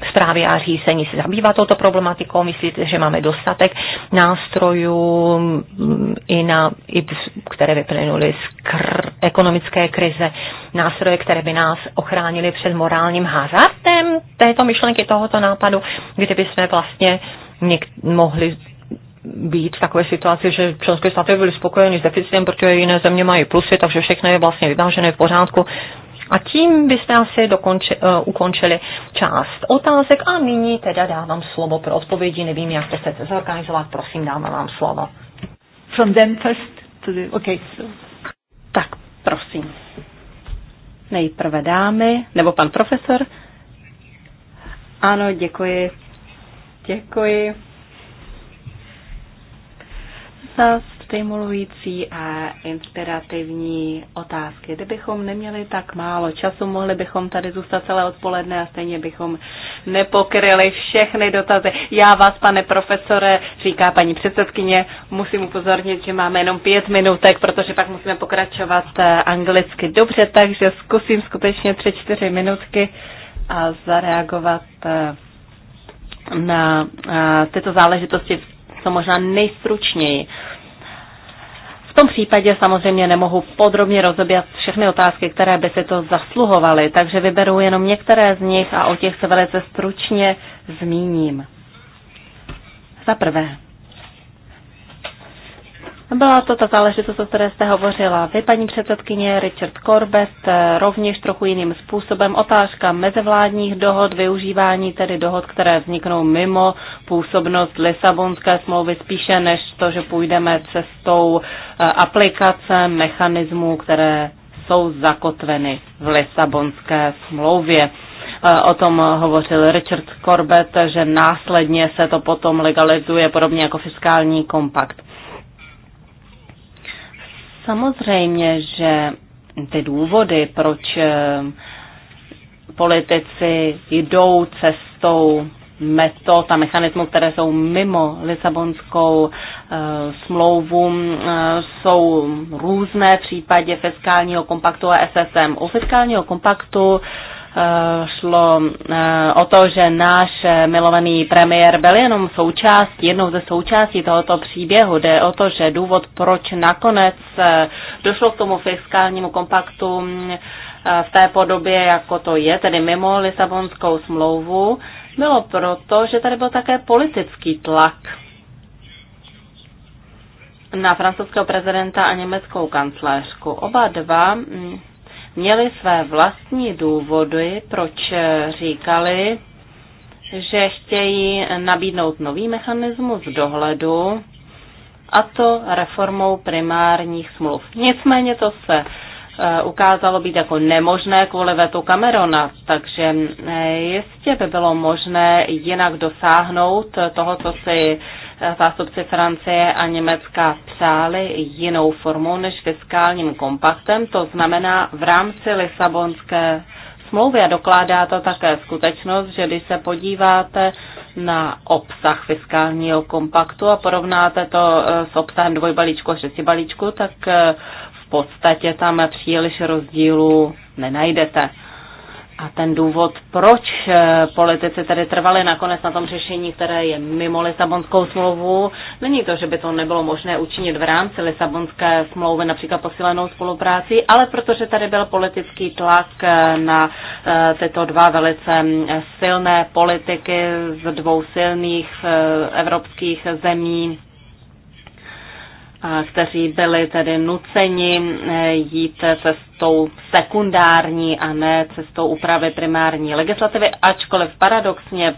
zprávy a řízení se zabývá touto problematikou. Myslíte, že máme dostatek nástrojů, mm, i na, i, které vyplynuly z kr- ekonomické krize, nástroje, které by nás ochránily před morálním hazardem této myšlenky, tohoto nápadu, kdyby jsme vlastně něk- mohli být v takové situaci, že členské státy byly spokojeny s deficitem, protože jiné země mají plusy, takže všechno je vlastně vyvážené v pořádku. A tím byste asi dokonči, uh, eh, ukončili část otázek a nyní teda dávám slovo pro odpovědi. Nevím, jak to chcete zorganizovat, prosím, dáme vám slovo. From them first to the... Okay, so. Tak, prosím. Nejprve dámy, nebo pan profesor. Ano, děkuji. Děkuji Zas stimulující a inspirativní otázky. Kdybychom neměli tak málo času, mohli bychom tady zůstat celé odpoledne a stejně bychom nepokryli všechny dotazy. Já vás, pane profesore, říká paní předsedkyně, musím upozornit, že máme jenom pět minutek, protože pak musíme pokračovat eh, anglicky. Dobře, takže zkusím skutečně tři, čtyři minutky a zareagovat eh, na eh, tyto záležitosti co možná nejstručněji. V tom případě samozřejmě nemohu podrobně rozobět všechny otázky, které by si to zasluhovaly, takže vyberu jenom některé z nich a o těch se velice stručně zmíním. Za prvé, byla to ta záležitost, o které jste hovořila vy, paní předsedkyně, Richard Corbett, eh, rovněž trochu jiným způsobem. Otázka mezevládních dohod, využívání tedy dohod, které vzniknou mimo působnost Lisabonské smlouvy, spíše než to, že půjdeme cestou eh, aplikace mechanismů, které jsou zakotveny v Lisabonské smlouvě. Eh, o tom hovořil Richard Corbett, že následně se to potom legalizuje podobně jako fiskální kompakt. Samozřejmě, že ty důvody, proč eh, politici jdou cestou metod a mechanismů, které jsou mimo Lisabonskou eh, smlouvu, eh, jsou různé v případě fiskálního kompaktu a SSM. U fiskálního kompaktu Eh, šlo eh, o to, že náš eh, milovaný premiér byl jenom součást, jednou ze součástí tohoto příběhu. Jde o to, že důvod, proč nakonec došlo k tomu fiskálnímu kompaktu mm, v té podobě, jako to je, tedy mimo Lisabonskou smlouvu, bylo proto, že tady byl také politický tlak na francouzského prezidenta a německou kancléřku. Oba dva mm, měli své vlastní důvody, proč říkali, že chtějí nabídnout nový mechanismus dohledu, a to reformou primárních smluv. Nicméně to se eh, ukázalo být jako nemožné kvůli vetu Camerona, takže eh, jistě by bylo možné jinak dosáhnout toho, co si zástupci Francie a Německa přáli jinou formou než fiskálním kompaktem, to znamená v rámci Lisabonské smlouvy a dokládá to také skutečnost, že když se podíváte na obsah fiskálního kompaktu a porovnáte to eh, s obsahem dvojbalíčku a šestibalíčku, tak eh, v podstatě tam příliš rozdílu nenajdete. A ten důvod, proč eh, politici tedy trvali nakonec na tom řešení, které je mimo Lisabonskou smlouvu, není to, že by to nebylo možné učinit v rámci Lisabonské smlouvy, například posílenou spolupráci, ale protože tady byl politický tlak eh, na eh, tyto dva velice silné politiky z dvou silných evropských zemí kteří byli tedy nuceni eh, jít cestou sekundární a ne cestou úpravy primární legislativy, ačkoliv paradoxně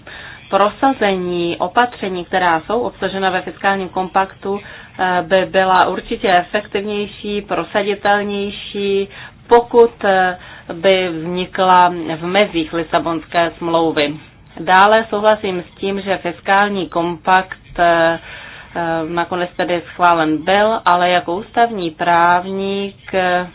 prosazení opatření, která jsou obsažena ve fiskálním kompaktu, eh, by byla určitě efektivnější, prosaditelnější, pokud eh, by vznikla v mezích Lisabonské smlouvy. Dále souhlasím s tím, že fiskální kompakt Eh, nakonec tedy schválen byl, ale jako ústavní právník eh,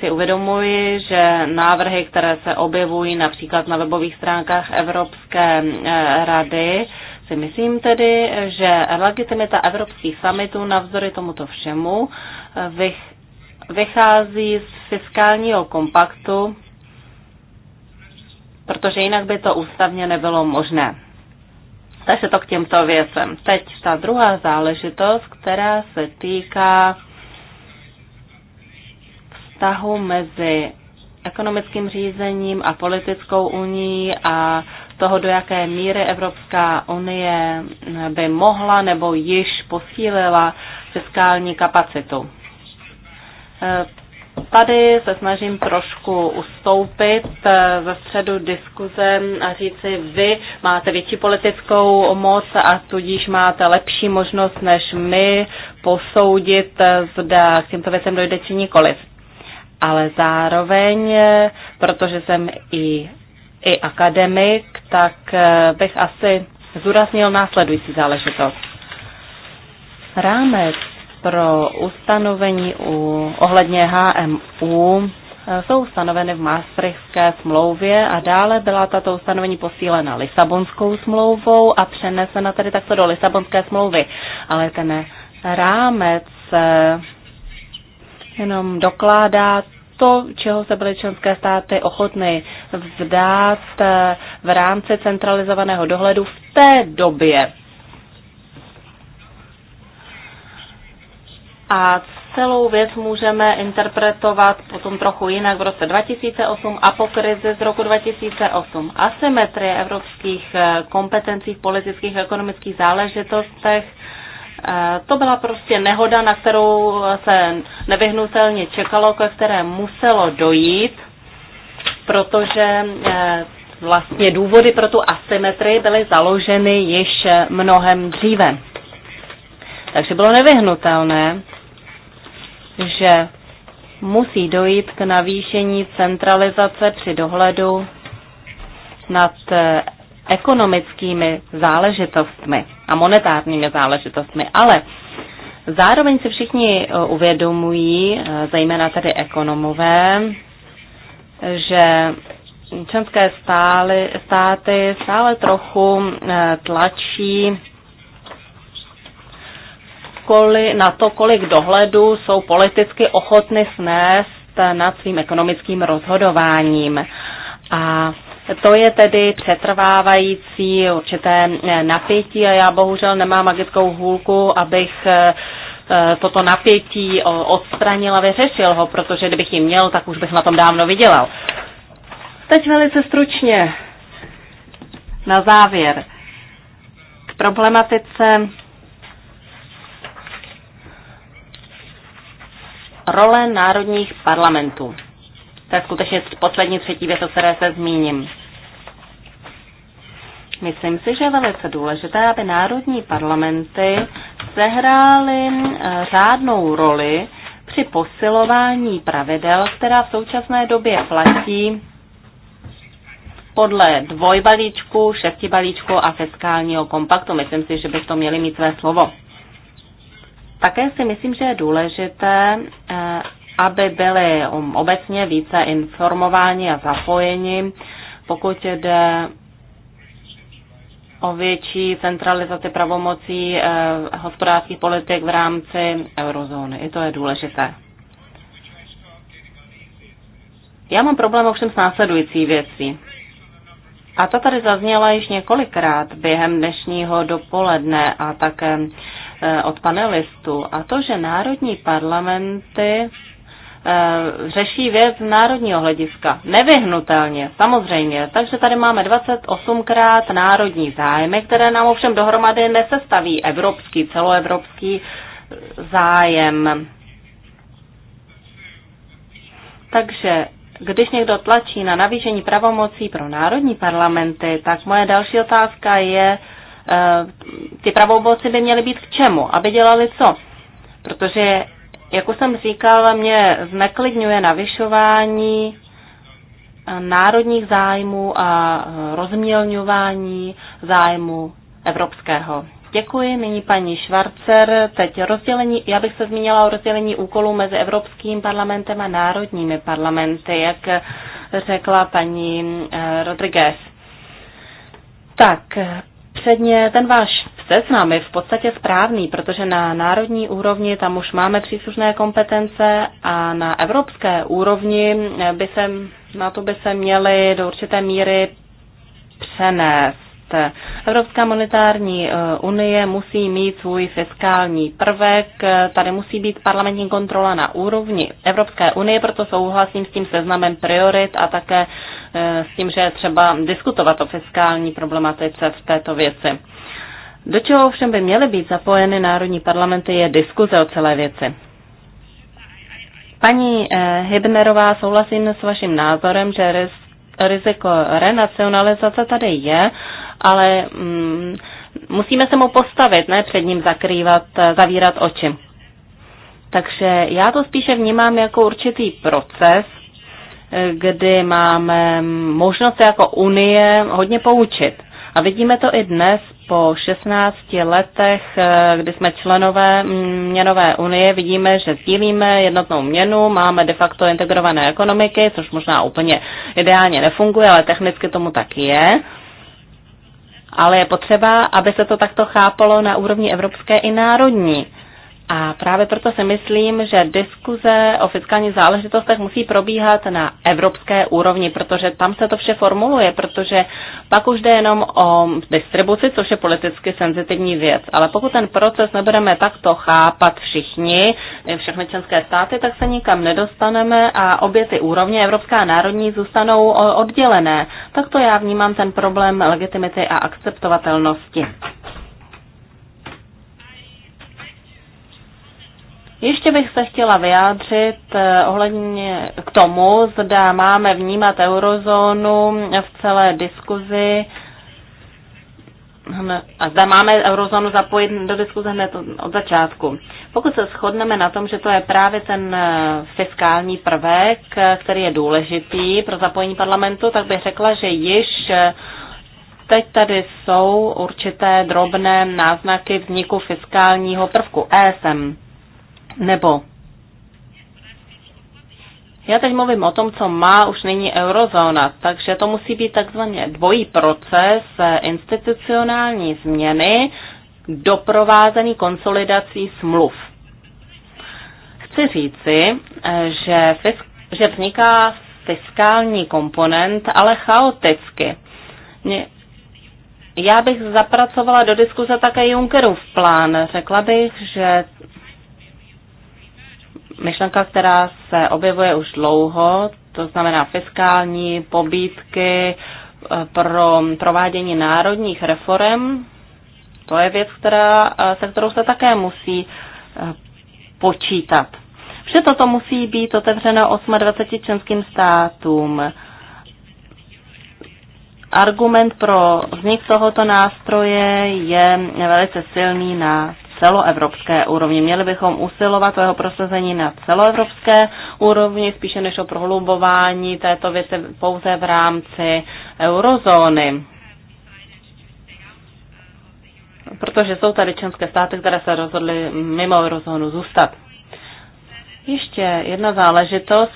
si uvědomuji, že návrhy, které se objevují například na webových stránkách Evropské eh, rady, si myslím tedy, že legitimita evropských summitů navzory tomuto všemu vychází z fiskálního kompaktu, protože jinak by to ústavně nebylo možné. Takže to k těmto věcem. Teď ta druhá záležitost, která se týká vztahu mezi ekonomickým řízením a politickou unii a toho, do jaké míry Evropská unie by mohla nebo již posílila fiskální kapacitu. Tady se snažím trošku ustoupit eh, ve středu diskuze a říci, vy máte větší politickou moc a tudíž máte lepší možnost než my posoudit, eh, zda k těmto věcem dojde či nikoliv. Ale zároveň, eh, protože jsem i, i akademik, tak bych asi zúraznil následující záležitost. Rámec pro ustanovení u, ohledně HMU eh, jsou ustanoveny v Maastrichtské smlouvě a dále byla tato ustanovení posílena Lisabonskou smlouvou a přenesena tedy takto do Lisabonské smlouvy. Ale ten rámec eh, jenom dokládá to, čeho se byly členské státy ochotny vzdát eh, v rámci centralizovaného dohledu v té době. a celou věc můžeme interpretovat potom trochu jinak v roce 2008 a po krizi z roku 2008. Asymetrie evropských eh, kompetencí v politických a ekonomických záležitostech eh, to byla prostě nehoda, na kterou se nevyhnutelně čekalo, ke které muselo dojít, protože eh, vlastně důvody pro tu asymetrii byly založeny již mnohem dříve. Takže bylo nevyhnutelné, že musí dojít k navýšení centralizace při dohledu nad eh, ekonomickými záležitostmi a monetárními záležitostmi. Ale zároveň si všichni eh, uvědomují, eh, zejména tedy ekonomové, že členské státy stále trochu tlačí koli, na to, kolik dohledu jsou politicky ochotny snést nad svým ekonomickým rozhodováním. A to je tedy přetrvávající určité eh, napětí a já bohužel nemám magickou hůlku, abych eh, eh, toto napětí odstranil a vyřešil ho, protože kdybych ji měl, tak už bych na tom dávno vydělal. Teď velice stručně na závěr k problematice Role národních parlamentů. To je skutečně poslední třetí věc, o které se zmíním. Myslím si, že je velice důležité, aby národní parlamenty sehrály eh, řádnou roli při posilování pravidel, která v současné době platí podle dvojbalíčku, šestibalíčku a fiskálního kompaktu. Myslím si, že by to měli mít své slovo. Také si myslím, že je důležité, eh, aby byli um, obecně více informováni a zapojeni, pokud jde o větší centralizaci pravomocí eh, hospodářských politik v rámci eurozóny. I to je důležité. Já mám problém ovšem s následující věcí. A to tady zazněla již několikrát během dnešního dopoledne a také Eh, od panelistů. A to, že národní parlamenty eh, řeší věc z národního hlediska. Nevyhnutelně, samozřejmě. Takže tady máme 28krát národní zájmy, které nám ovšem dohromady nesestaví evropský, celoevropský eh, zájem. Takže když někdo tlačí na navýšení pravomocí pro národní parlamenty, tak moje další otázka je, Eh, ty pravomoci by měly být k čemu? Aby dělali co? Protože, jak už jsem říkala, mě zneklidňuje navyšování eh, národních zájmů a eh, rozmělňování zájmu evropského. Děkuji. Nyní paní Švarcer. Teď rozdělení, já bych se zmínila o rozdělení úkolů mezi Evropským parlamentem a národními parlamenty, jak řekla paní Rodriguez. Tak, předně ten váš seznam je v podstatě správný, protože na národní úrovni tam už máme příslušné kompetence a na evropské úrovni by se, na to by se měly do určité míry přenést. Evropská monetární e, unie musí mít svůj fiskální prvek, e, tady musí být parlamentní kontrola na úrovni Evropské unie, proto souhlasím s tím seznamem priorit a také Eh, s tím, že je třeba diskutovat o fiskální problematice v této věci. Do čeho ovšem by měly být zapojeny národní parlamenty je diskuze o celé věci. Paní Hibnerová, eh, souhlasím s vaším názorem, že riziko renacionalizace tady je, ale mm, musíme se mu postavit, ne před ním zakrývat, eh, zavírat oči. Takže já to spíše vnímám jako určitý proces, kdy máme možnost jako Unie hodně poučit. A vidíme to i dnes po 16 letech, eh, kdy jsme členové měnové unie, vidíme, že sdílíme jednotnou měnu, máme de facto integrované ekonomiky, což možná úplně ideálně nefunguje, ale technicky tomu tak je. Ale je potřeba, aby se to takto chápalo na úrovni evropské i národní. A právě proto si myslím, že diskuze o fiskálních záležitostech musí probíhat na evropské úrovni, protože tam se to vše formuluje, protože pak už jde jenom o distribuci, což je politicky senzitivní věc. Ale pokud ten proces nebudeme takto chápat všichni, všechny členské státy, tak se nikam nedostaneme a obě ty úrovně, evropská a národní, zůstanou oddělené. Tak to já vnímám ten problém legitimity a akceptovatelnosti. Ještě bych se chtěla vyjádřit eh, ohledně k tomu, zda máme vnímat eurozónu v celé diskuzi hm, a zda máme eurozónu zapojit do diskuze hned od začátku. Pokud se shodneme na tom, že to je právě ten eh, fiskální prvek, eh, který je důležitý pro zapojení parlamentu, tak bych řekla, že již teď tady jsou určité drobné náznaky vzniku fiskálního prvku ESM. Nebo já teď mluvím o tom, co má už nyní eurozóna, takže to musí být takzvaně dvojí proces eh, institucionální změny doprovázený konsolidací smluv. Chci říci, eh, že, fisk, že vzniká fiskální komponent, ale chaoticky. Mě, já bych zapracovala do diskuze také Junckerův plán. Řekla bych, že myšlenka, která se objevuje už dlouho, to znamená fiskální pobídky eh, pro provádění národních reform. To je věc, která, eh, se kterou se také musí eh, počítat. Vše toto musí být otevřeno 28 členským státům. Argument pro vznik tohoto nástroje je velice silný na celoevropské úrovni. Měli bychom usilovat o jeho prosazení na celoevropské úrovni, spíše než o prohlubování této věci pouze v rámci eurozóny. Protože jsou tady členské státy, které se rozhodly mimo eurozónu zůstat. Ještě jedna záležitost,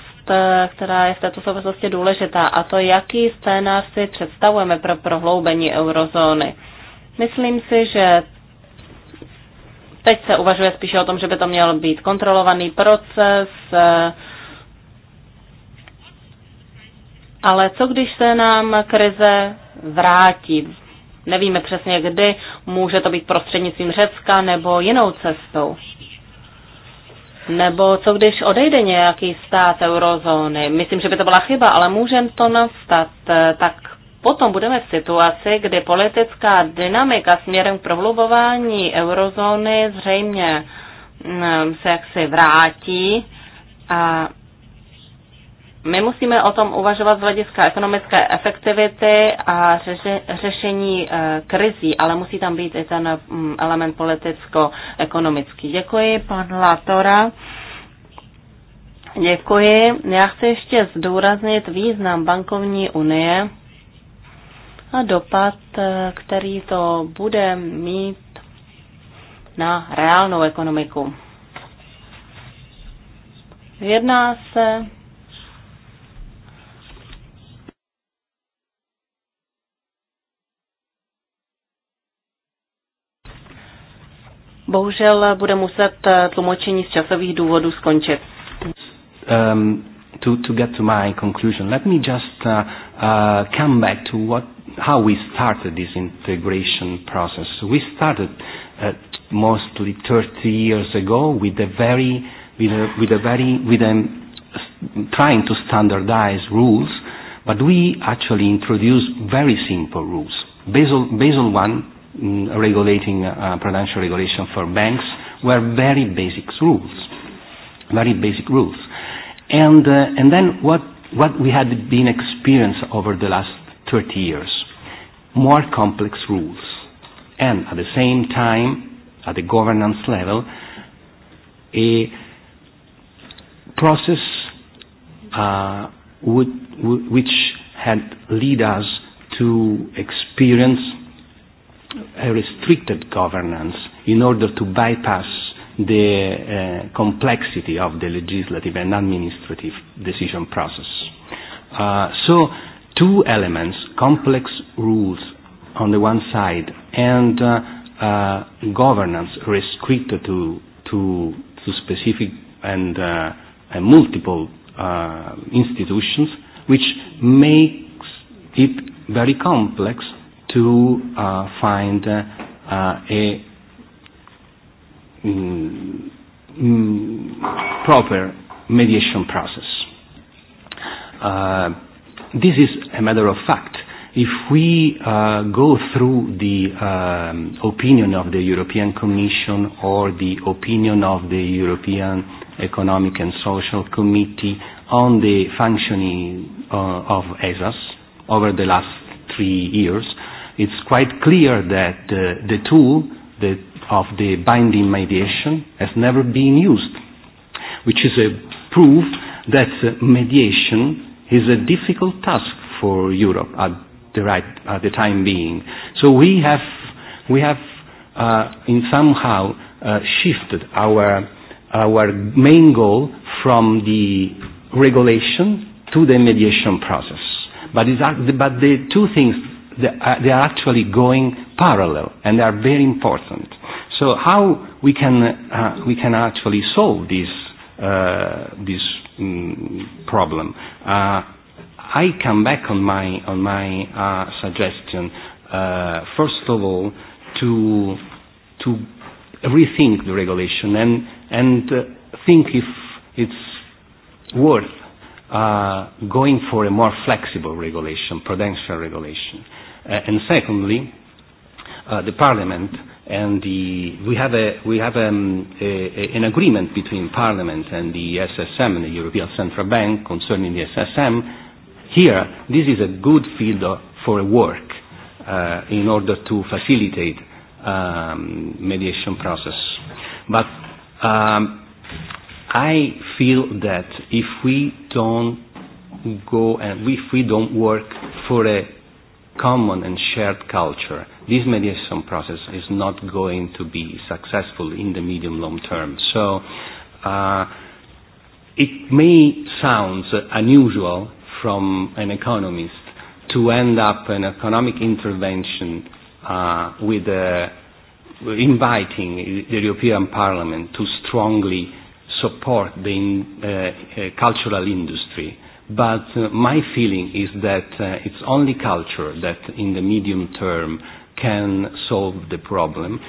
která je v této souvislosti důležitá, a to, jaký scénář si představujeme pro prohloubení eurozóny. Myslím si, že Teď se uvažuje spíše o tom, že by to měl být kontrolovaný proces, ale co když se nám krize vrátí? Nevíme přesně kdy, může to být prostřednictvím Řecka nebo jinou cestou. Nebo co když odejde nějaký stát eurozóny? Myslím, že by to byla chyba, ale může to nastat. Tak potom budeme v situaci, kdy politická dynamika směrem k prohlubování eurozóny zřejmě mm, se jaksi vrátí a my musíme o tom uvažovat z hlediska ekonomické efektivity a řeši, řešení eh, krizí, ale musí tam být i ten mm, element politicko-ekonomický. Děkuji, pan Latora. Děkuji. Já chci ještě zdůraznit význam bankovní unie a dopad, eh, který to bude mít na reálnou ekonomiku. Jedná se Bohužel bude muset tlumočení z časových důvodů skončit. Um, to, to get to my conclusion, let me just uh, uh, come back to what how we started this integration process. We started uh, mostly 30 years ago with a very, with a, with a very, with a, trying to standardize rules, but we actually introduced very simple rules. Basel, Basel one mm, regulating uh, uh, prudential regulation for banks were very basic rules, very basic rules. And, uh, and then what, what we had been experienced over the last 30 years more complex rules and at the same time, at the governance level, a process uh, would, which had lead us to experience a restricted governance in order to bypass the uh, complexity of the legislative and administrative decision process. Uh, so two elements, complex rules on the one side and uh, uh, governance restricted to, to, to specific and, uh, and multiple uh, institutions, which makes it very complex to uh, find uh, uh, a mm, mm, proper mediation process. Uh, this is a matter of fact. If we uh, go through the um, opinion of the European Commission or the opinion of the European Economic and Social Committee on the functioning uh, of ESAS over the last three years, it's quite clear that uh, the tool the, of the binding mediation has never been used, which is a proof that uh, mediation is a difficult task for Europe at the right at the time being. So we have we have uh, in somehow uh, shifted our our main goal from the regulation to the mediation process. But it's, but the two things they are, they are actually going parallel and they are very important. So how we can uh, we can actually solve this uh, this mm, problem. Uh, I come back on my on my uh, suggestion. Uh, first of all, to to rethink the regulation and and uh, think if it's worth uh, going for a more flexible regulation, prudential regulation. Uh, and secondly, uh, the Parliament and the, we have, a, we have um, a, a, an agreement between Parliament and the SSM, the European Central Bank, concerning the SSM. Here, this is a good field for work uh, in order to facilitate um, mediation process. But um, I feel that if we don't go and if we don't work for a common and shared culture, this mediation process is not going to be successful in the medium long term. So uh, it may sound unusual from an economist to end up an economic intervention uh, with a, uh, inviting the European Parliament to strongly support the in, uh, uh, cultural industry But uh, my feeling is that uh, it's only culture that in the medium term can solve the problem,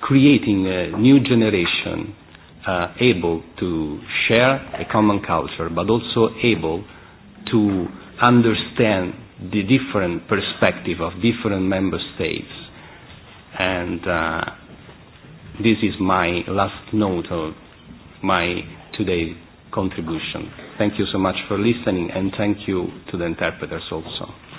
creating a new generation uh, able to share a common culture, but also able to understand the different perspective of different member states. And uh, this is my last note of my today contribution. Thank you so much for listening and thank you to the interpreters also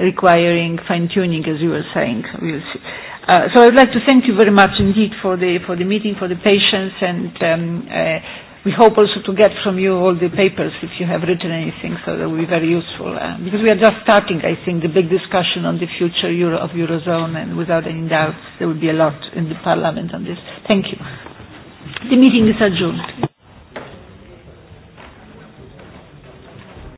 requiring fine-tuning, as you were saying. We'll see. Uh, so I'd like to thank you very much indeed for the, for the meeting, for the patience, and um, uh, we hope also to get from you all the papers if you have written anything, so that will be very useful. Uh, because we are just starting, I think, the big discussion on the future Euro of Eurozone, and without any doubt, there will be a lot in the Parliament on this. Thank you. The meeting is adjourned.